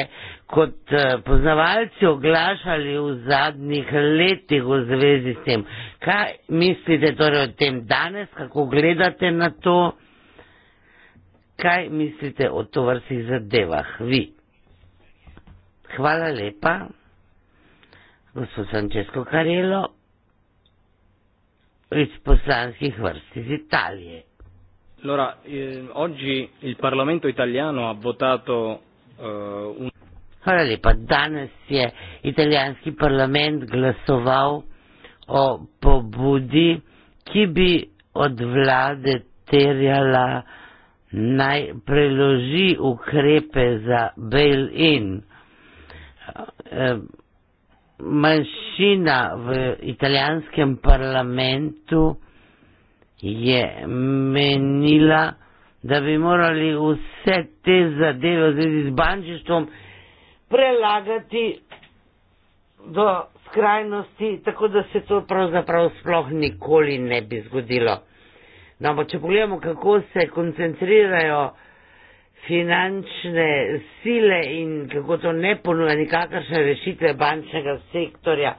D: kot uh, poznavalci oglašali v zadnjih letih v zvezi s tem. Kaj mislite torej o tem danes, kako gledate na to? kaj mislite o tovrstnih zadevah vi. Hvala lepa, gospod Sančesko Karelo, iz poslanskih vrst iz Italije.
C: Allora, eh, oggi il Parlamento italiano ha votato
D: eh, un... Hvala lepa. Danes je italijanski parlament glasoval o pobudi, ki bi od vlade terjala eh, naj preloži ukrepe za bail-in. Eh, manjšina v italijanskem parlamentu je menila, da bi morali vse te zadeve v zvezi z bančištvom prelagati do skrajnosti, tako da se to pravzaprav sploh nikoli ne bi zgodilo. No, pa če pogledamo, kako se koncentrirajo finančne sile in kako to ne ponuja nikakršne rešitve bančnega sektorja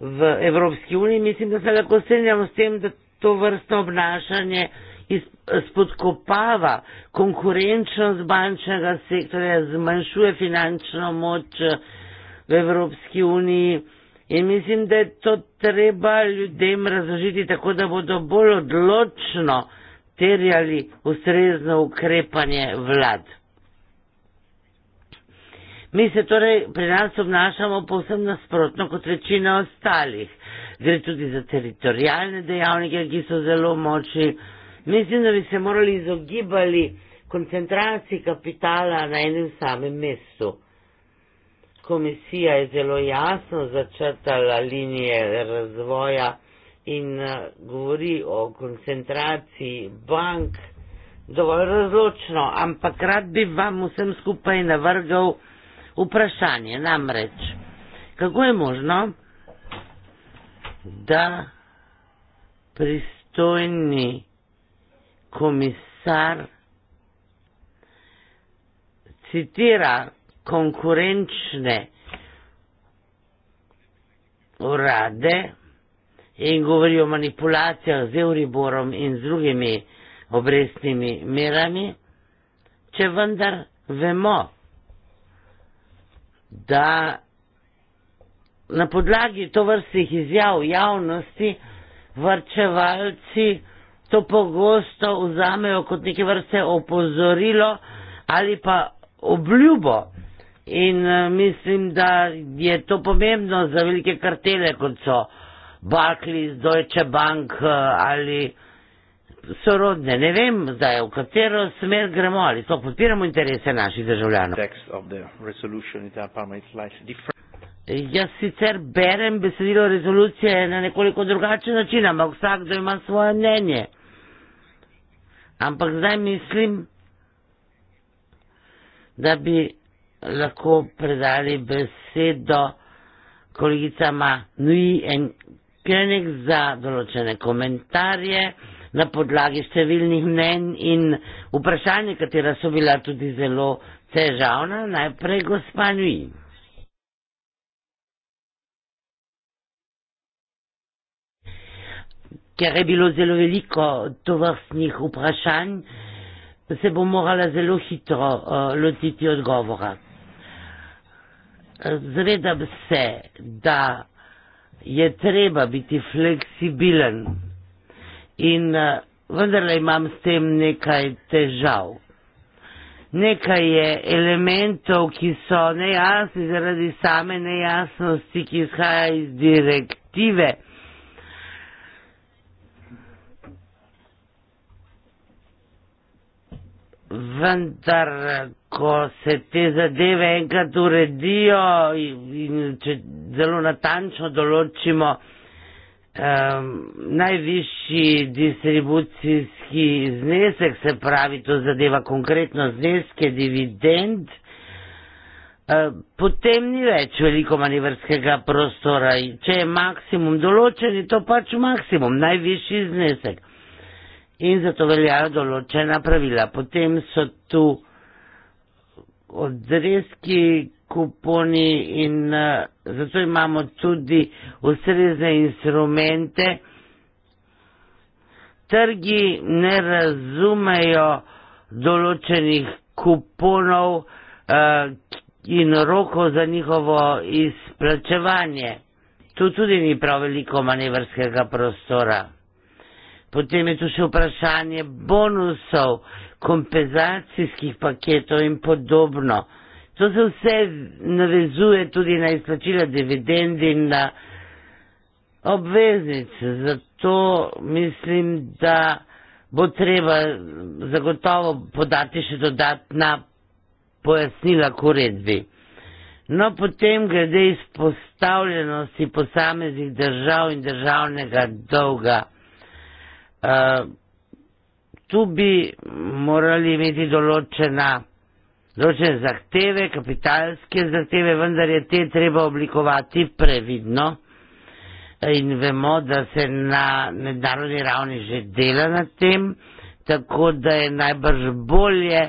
D: v Evropski uniji, mislim, da se lahko strinjamo s tem, da to vrsto obnašanje spodkopava konkurenčnost bančnega sektorja, zmanjšuje finančno moč v Evropski uniji. In mislim, da je to treba ljudem razložiti tako, da bodo bolj odločno terjali ustrezno ukrepanje vlad. Mi se torej pri nas obnašamo povsem nasprotno kot večina ostalih. Gre tudi za teritorijalne dejavnike, ki so zelo močni. Mislim, da bi se morali izogibali koncentraciji kapitala na enem samem mestu komisija je zelo jasno začrtala linije razvoja in eh, govori o koncentraciji bank dovolj razločno, ampak rad bi vam vsem skupaj navrgal vprašanje. Namreč, kako je možno, da pristojni komisar citira konkurenčne urade in govori o manipulacijah z Euriborom in z drugimi obrestnimi merami, če vendar vemo, da na podlagi to vrstih izjav javnosti vrčevalci to pogosto vzamejo kot neke vrste opozorilo ali pa obljubo, in eh, mislim, da je to pomembno za velike kartele, kot so Barclays, Deutsche Bank eh, ali sorodne. Ne vem zdaj, v katero smer gremo, ali to podpiramo interese naših državljanov. Jaz sicer berem besedilo rezolucije na nekoliko drugačen način, ampak vsak da ima svoje mnenje. Ampak zdaj mislim, da bi lahko predali besedo kolegicama Nui in Kenek za določene komentarje na podlagi številnih mnen in vprašanj, katera so bila tudi zelo težavna. Najprej gospa Nui. Ker je bilo zelo veliko tovrstnih vprašanj, se bom morala zelo hitro uh, lotiti odgovora zavedam se, da je treba biti fleksibilen in eh, vendarle imam s tem nekaj težav. Nekaj je elementov, ki so nejasni zaradi same nejasnosti, ki izhaja iz direktive. vendar, ko se te zadeve enkrat uredijo in, in če zelo natančno določimo um, najvišji distribucijski znesek, se pravi, to zadeva konkretno zneske dividend, eh, Potem ni več veliko manevrskega prostora. Če je maksimum določen, je to pač maksimum, najvišji znesek in zato veljajo določena pravila. Potem so tu odrezki, kuponi in eh, zato imamo tudi ustrezne instrumente. Trgi ne razumejo določenih kuponov uh, in rokov za njihovo izplačevanje. Tu tudi ni prav veliko manevrskega prostora potem je tu še vprašanje bonusov, kompenzacijskih paketov in podobno. To se vse navezuje tudi na izplačila dividend in na obveznice. Zato mislim, da bo treba zagotovo podati še dodatna pojasnila k uredbi. No, potem glede izpostavljenosti posameznih držav in državnega dolga tu bi morali imeti določena, določene zahteve, kapitalske zahteve, vendar je te treba oblikovati previdno in vemo, da se na mednarodni ravni že dela na tem, tako da je najbrž bolje,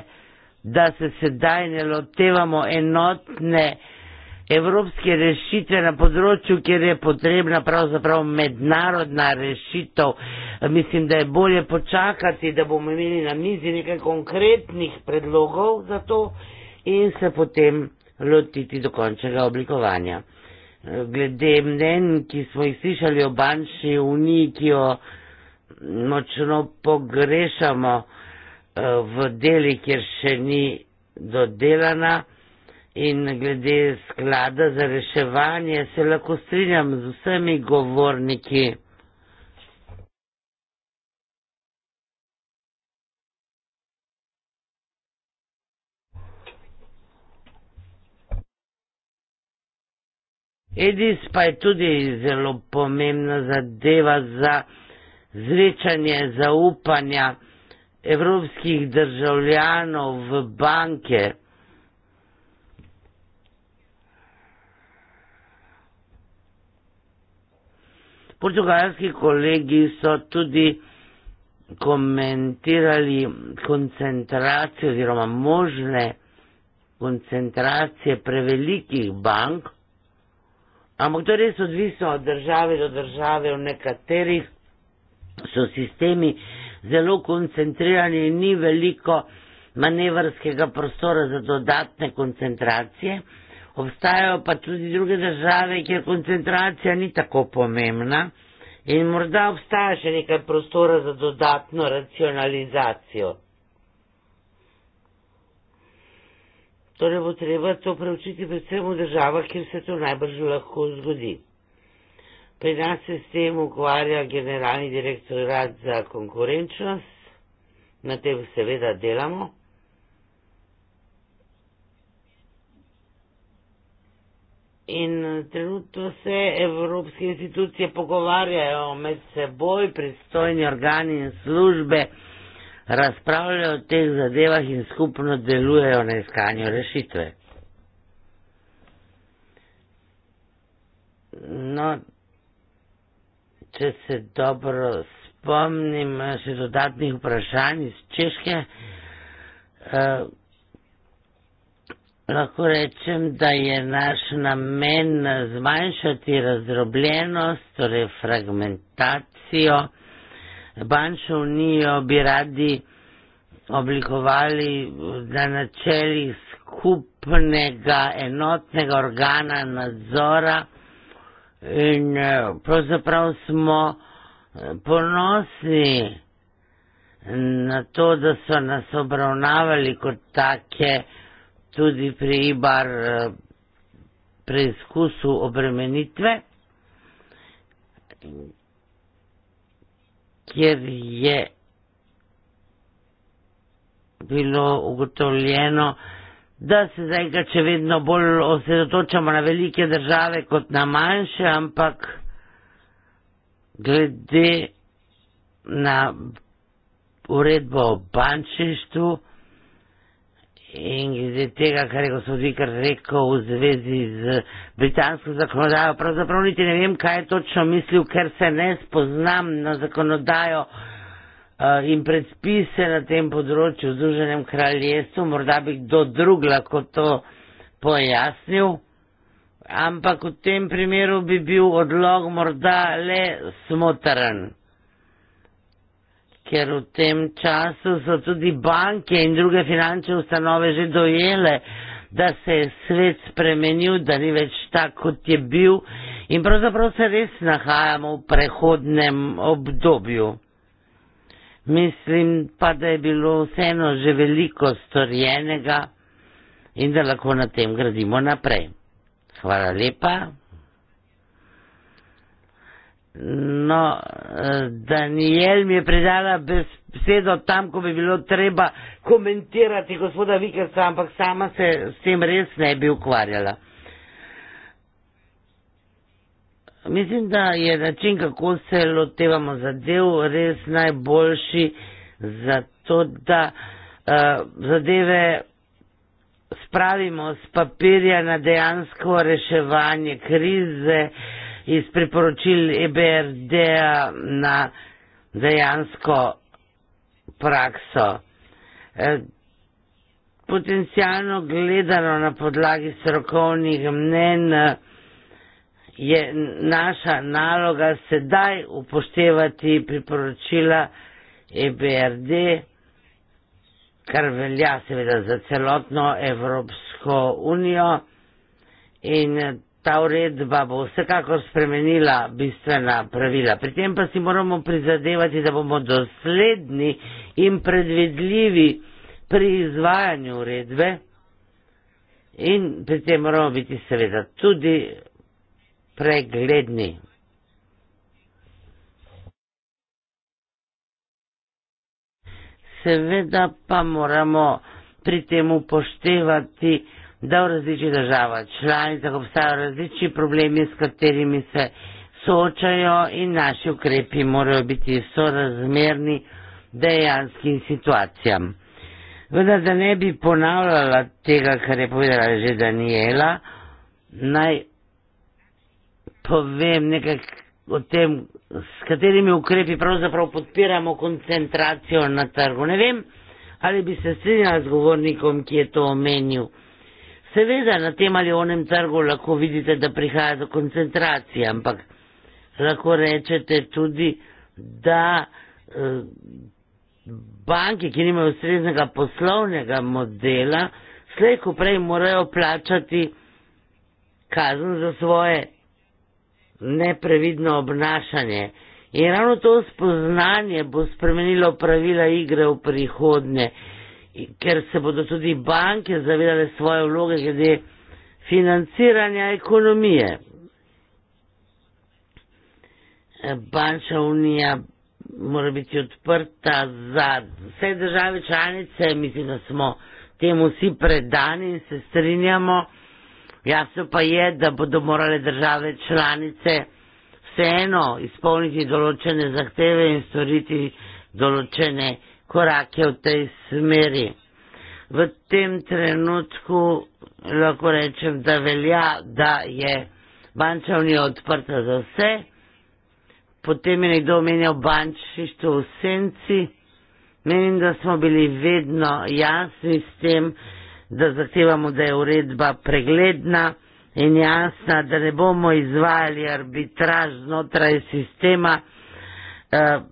D: da se sedaj ne lotevamo enotne evropske rešitve na področju, kjer je potrebna pravzaprav mednarodna rešitev. Mislim, da je bolje počakati, da bomo imeli na mizi nekaj konkretnih predlogov za to in se potem lotiti do končnega oblikovanja. Glede mnen, ki smo jih slišali o bančni uniji, ki jo močno pogrešamo eh, v deli, kjer še ni dodelana, In glede sklada za reševanje, se lahko strinjam z vsemi govorniki. Edis pa je tudi zelo pomembna zadeva za zrečanje zaupanja evropskih državljanov v banke. Portugalski kolegi so tudi komentirali koncentracijo oziroma možne koncentracije prevelikih bank, ampak to res odvisno od države do države, v nekaterih so sistemi zelo koncentrirani in ni veliko manevrskega prostora za dodatne koncentracije obstajajo pa tudi druge države, kjer koncentracija ni tako pomembna in morda obstaja še nekaj prostora za dodatno racionalizacijo. Torej bo treba to preučiti predvsem v državah, kjer se to najbrž lahko zgodi. Pri nas se s tem ukvarja generalni direktorat za konkurenčnost, na tem seveda delamo. In eh, trenutno se evropske institucije pogovarjajo med seboj, pristojni organi in službe razpravljajo o teh zadevah in skupno delujejo na iskanju rešitve. No, če se dobro spomnim še dodatnih vprašanj iz Češke, eh, lahko rečem, da je naš namen zmanjšati razdrobljenost, torej fragmentacijo. Bančno unijo bi radi oblikovali na načelih skupnega enotnega organa nadzora in pravzaprav smo eh, ponosni na to, da so nas obravnavali kot take tudi pri ibar eh, preizkusu obremenitve, kjer je bilo ugotovljeno, da se zdaj ga če vedno bolj osredotočamo na velike države kot na manjše, ampak glede na uredbo o bančništvu, In glede tega, kar je gospod Vikar rekel v zvezi z britansko zakonodajo, pravzaprav niti ne vem, kaj je točno mislil, ker se ne spoznam na zakonodajo uh, in predpise na tem področju v Združenem kraljestvu, morda bi kdo drug lahko to pojasnil, ampak v tem primeru bi bil odlog morda le smotren ker v tem času so tudi banke in druge finančne ustanove že dojele, da se je svet spremenil, da ni več tak, kot je bil in pravzaprav se res nahajamo v prehodnem obdobju. Mislim pa, da je bilo vseeno že veliko storjenega in da lahko na tem gradimo naprej. Hvala lepa. No, Daniel mi je predala besedo tam, ko bi bilo treba komentirati gospoda Vikersa, ampak sama se s tem res ne bi ukvarjala. Mislim, da je način, kako se lotevamo zadev, res najboljši, zato da uh, zadeve spravimo z papirja na dejansko reševanje krize. Uh, iz priporočil EBRD-ja na dejansko prakso. E, Potencijalno gledano na podlagi strokovnih mnen e, je naša naloga sedaj upoštevati priporočila EBRD, kar velja seveda za celotno Evropsko unijo in ta uredba bo vsekakor spremenila bistvena pravila. Pri tem pa si moramo prizadevati, da bomo dosledni in predvidljivi pri izvajanju uredbe. In pri tem moramo biti seveda tudi pregledni. Seveda pa moramo pri tem upoštevati da v različnih državah članicah obstajajo različni problemi, s katerimi se soočajo in naši ukrepi morajo biti sorazmerni dejanskim situacijam. Vendar, da ne bi ponavljala tega, kar je povedala že Daniela, naj povem nekaj o tem, s katerimi ukrepi pravzaprav podpiramo koncentracijo na trgu. Ne vem, ali bi se strinjala z govornikom, ki je to omenil. Seveda na tem ali onem trgu lahko vidite, da prihaja do koncentracije, ampak lahko rečete tudi, da eh, banke, ki nimajo ustreznega poslovnega modela, slej ko prej morajo plačati kazen za svoje neprevidno obnašanje. In ravno to spoznanje bo spremenilo pravila igre v prihodnje ker se bodo tudi banke zavedale svoje vloge glede financiranja ekonomije. Bančna unija mora biti odprta za vse države članice, mislim, da smo temu vsi predani in se strinjamo. Jasno pa je, da bodo morale države članice vseeno izpolniti določene zahteve in storiti določene korake v tej smeri. V tem trenutku lahko rečem, da velja, da je banča unija odprta za vse. Potem je nekdo omenjal bančištvo v senci. Menim, da smo bili vedno jasni s tem, da zahtevamo, da je uredba pregledna in jasna, da ne bomo izvajali arbitraž znotraj sistema. Uh,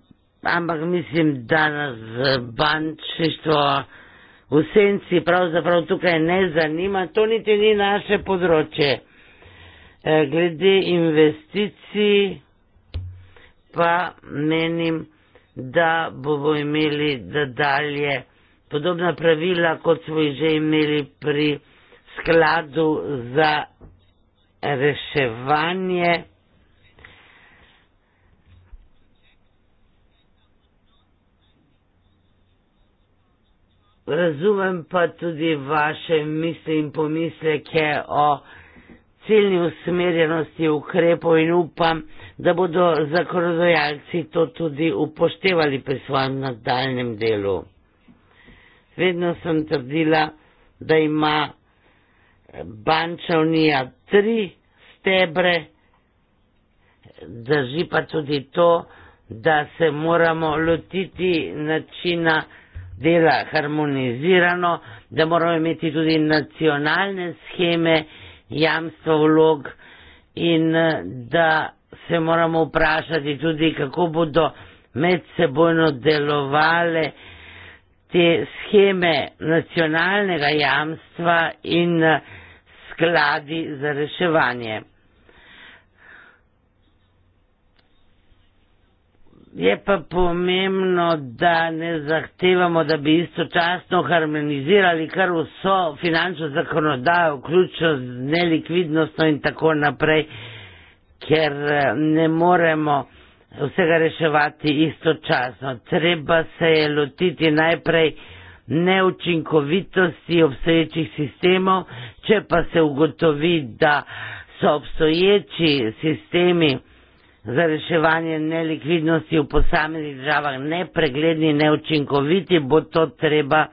D: ampak mislim, da nas bančištvo v senci pravzaprav tukaj ne zanima, to niti ni naše področje. E, glede investicij pa menim, da bomo imeli nadalje podobna pravila, kot smo jih že imeli pri skladu za reševanje. razumem pa tudi vaše misli in pomisleke o ciljni usmerjenosti ukrepov in upam, da bodo zakonodajalci to tudi upoštevali pri svojem nadaljem delu. Vedno sem trdila, da ima bančevnija tri stebre, drži pa tudi to, da se moramo lotiti načina, dela harmonizirano, da moramo imeti tudi nacionalne scheme jamstva vlog in eh, da se moramo vprašati tudi, kako bodo medsebojno delovale te scheme nacionalnega jamstva in eh, skladi za reševanje. Je pa pomembno, da ne zahtevamo, da bi istočasno harmonizirali kar vso finančno zakonodajo, vključno z nelikvidnostno in tako naprej, ker eh, ne moremo vsega reševati istočasno. Treba se je lotiti najprej neučinkovitosti obstoječih sistemov, če pa se ugotovi, da so obstoječi sistemi za reševanje nelikvidnosti v posameznih državah nepregledni, neučinkoviti, bo to treba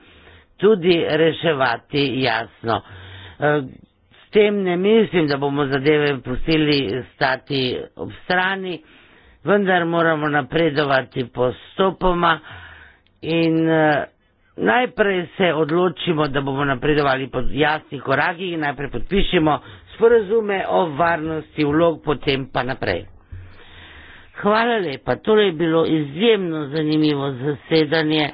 D: tudi reševati jasno. E, s tem ne mislim, da bomo zadeve pustili stati ob strani, vendar moramo napredovati postopoma in e, najprej se odločimo, da bomo napredovali pod jasnih koragih, najprej podpišemo sporazume o varnosti vlog, potem pa naprej hvala lepa, tole je bilo izjemno zanimivo zasedanje.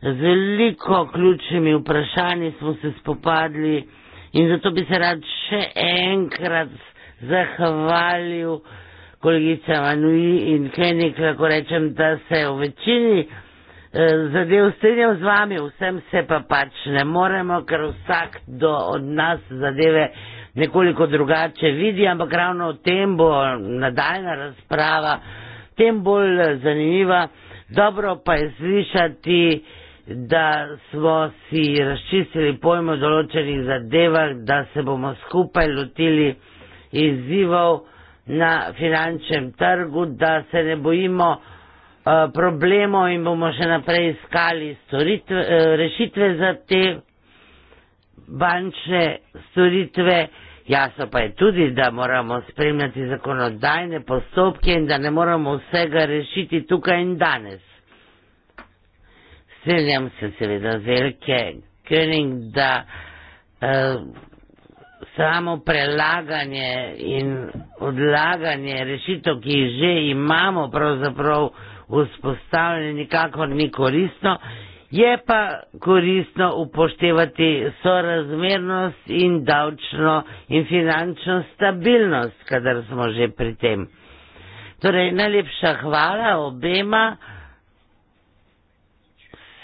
D: Z veliko ključnimi vprašanji smo se spopadli in zato bi se rad še enkrat zahvalil kolegica Manuji in Henik, lahko rečem, da se v večini eh, zadev strinjam z vami, vsem se pa pač ne moremo, ker vsak do od nas zadeve nekoliko drugače vidi, ampak ravno o tem bo nadaljna razprava, tem bolj zanimiva. Dobro pa je slišati, da smo si razčistili pojmo določenih zadevah, da se bomo skupaj lotili izzivov na finančnem trgu, da se ne bojimo eh, problemov in bomo še naprej iskali storitve, eh, rešitve za te bančne storitve, jasno pa je tudi, da moramo spremljati zakonodajne postopke in da ne moramo vsega rešiti tukaj in danes. Strenjam se seveda z velike kening, da eh, samo prelaganje in odlaganje rešitev, ki jih že imamo, pravzaprav vzpostavljeni, nikakor ni koristno Je pa koristno upoštevati sorazmernost in davčno in finančno stabilnost, kadar smo že pri tem. Torej, najlepša hvala obema.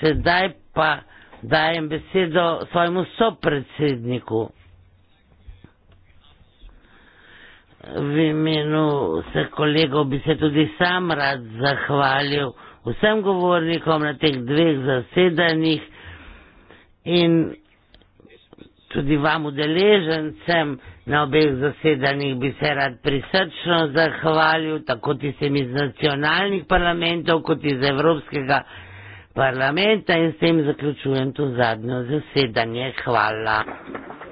D: Sedaj pa dajem besedo svojemu sopredsedniku. V imenu vseh kolegov bi se tudi sam rad zahvalil vsem govornikom na teh dveh zasedanjih in tudi vam udeležencem na obeh zasedanjih bi se rad prisrčno zahvalil, tako ti sem iz nacionalnih parlamentov kot iz Evropskega parlamenta in s tem zaključujem to zadnjo zasedanje. Hvala.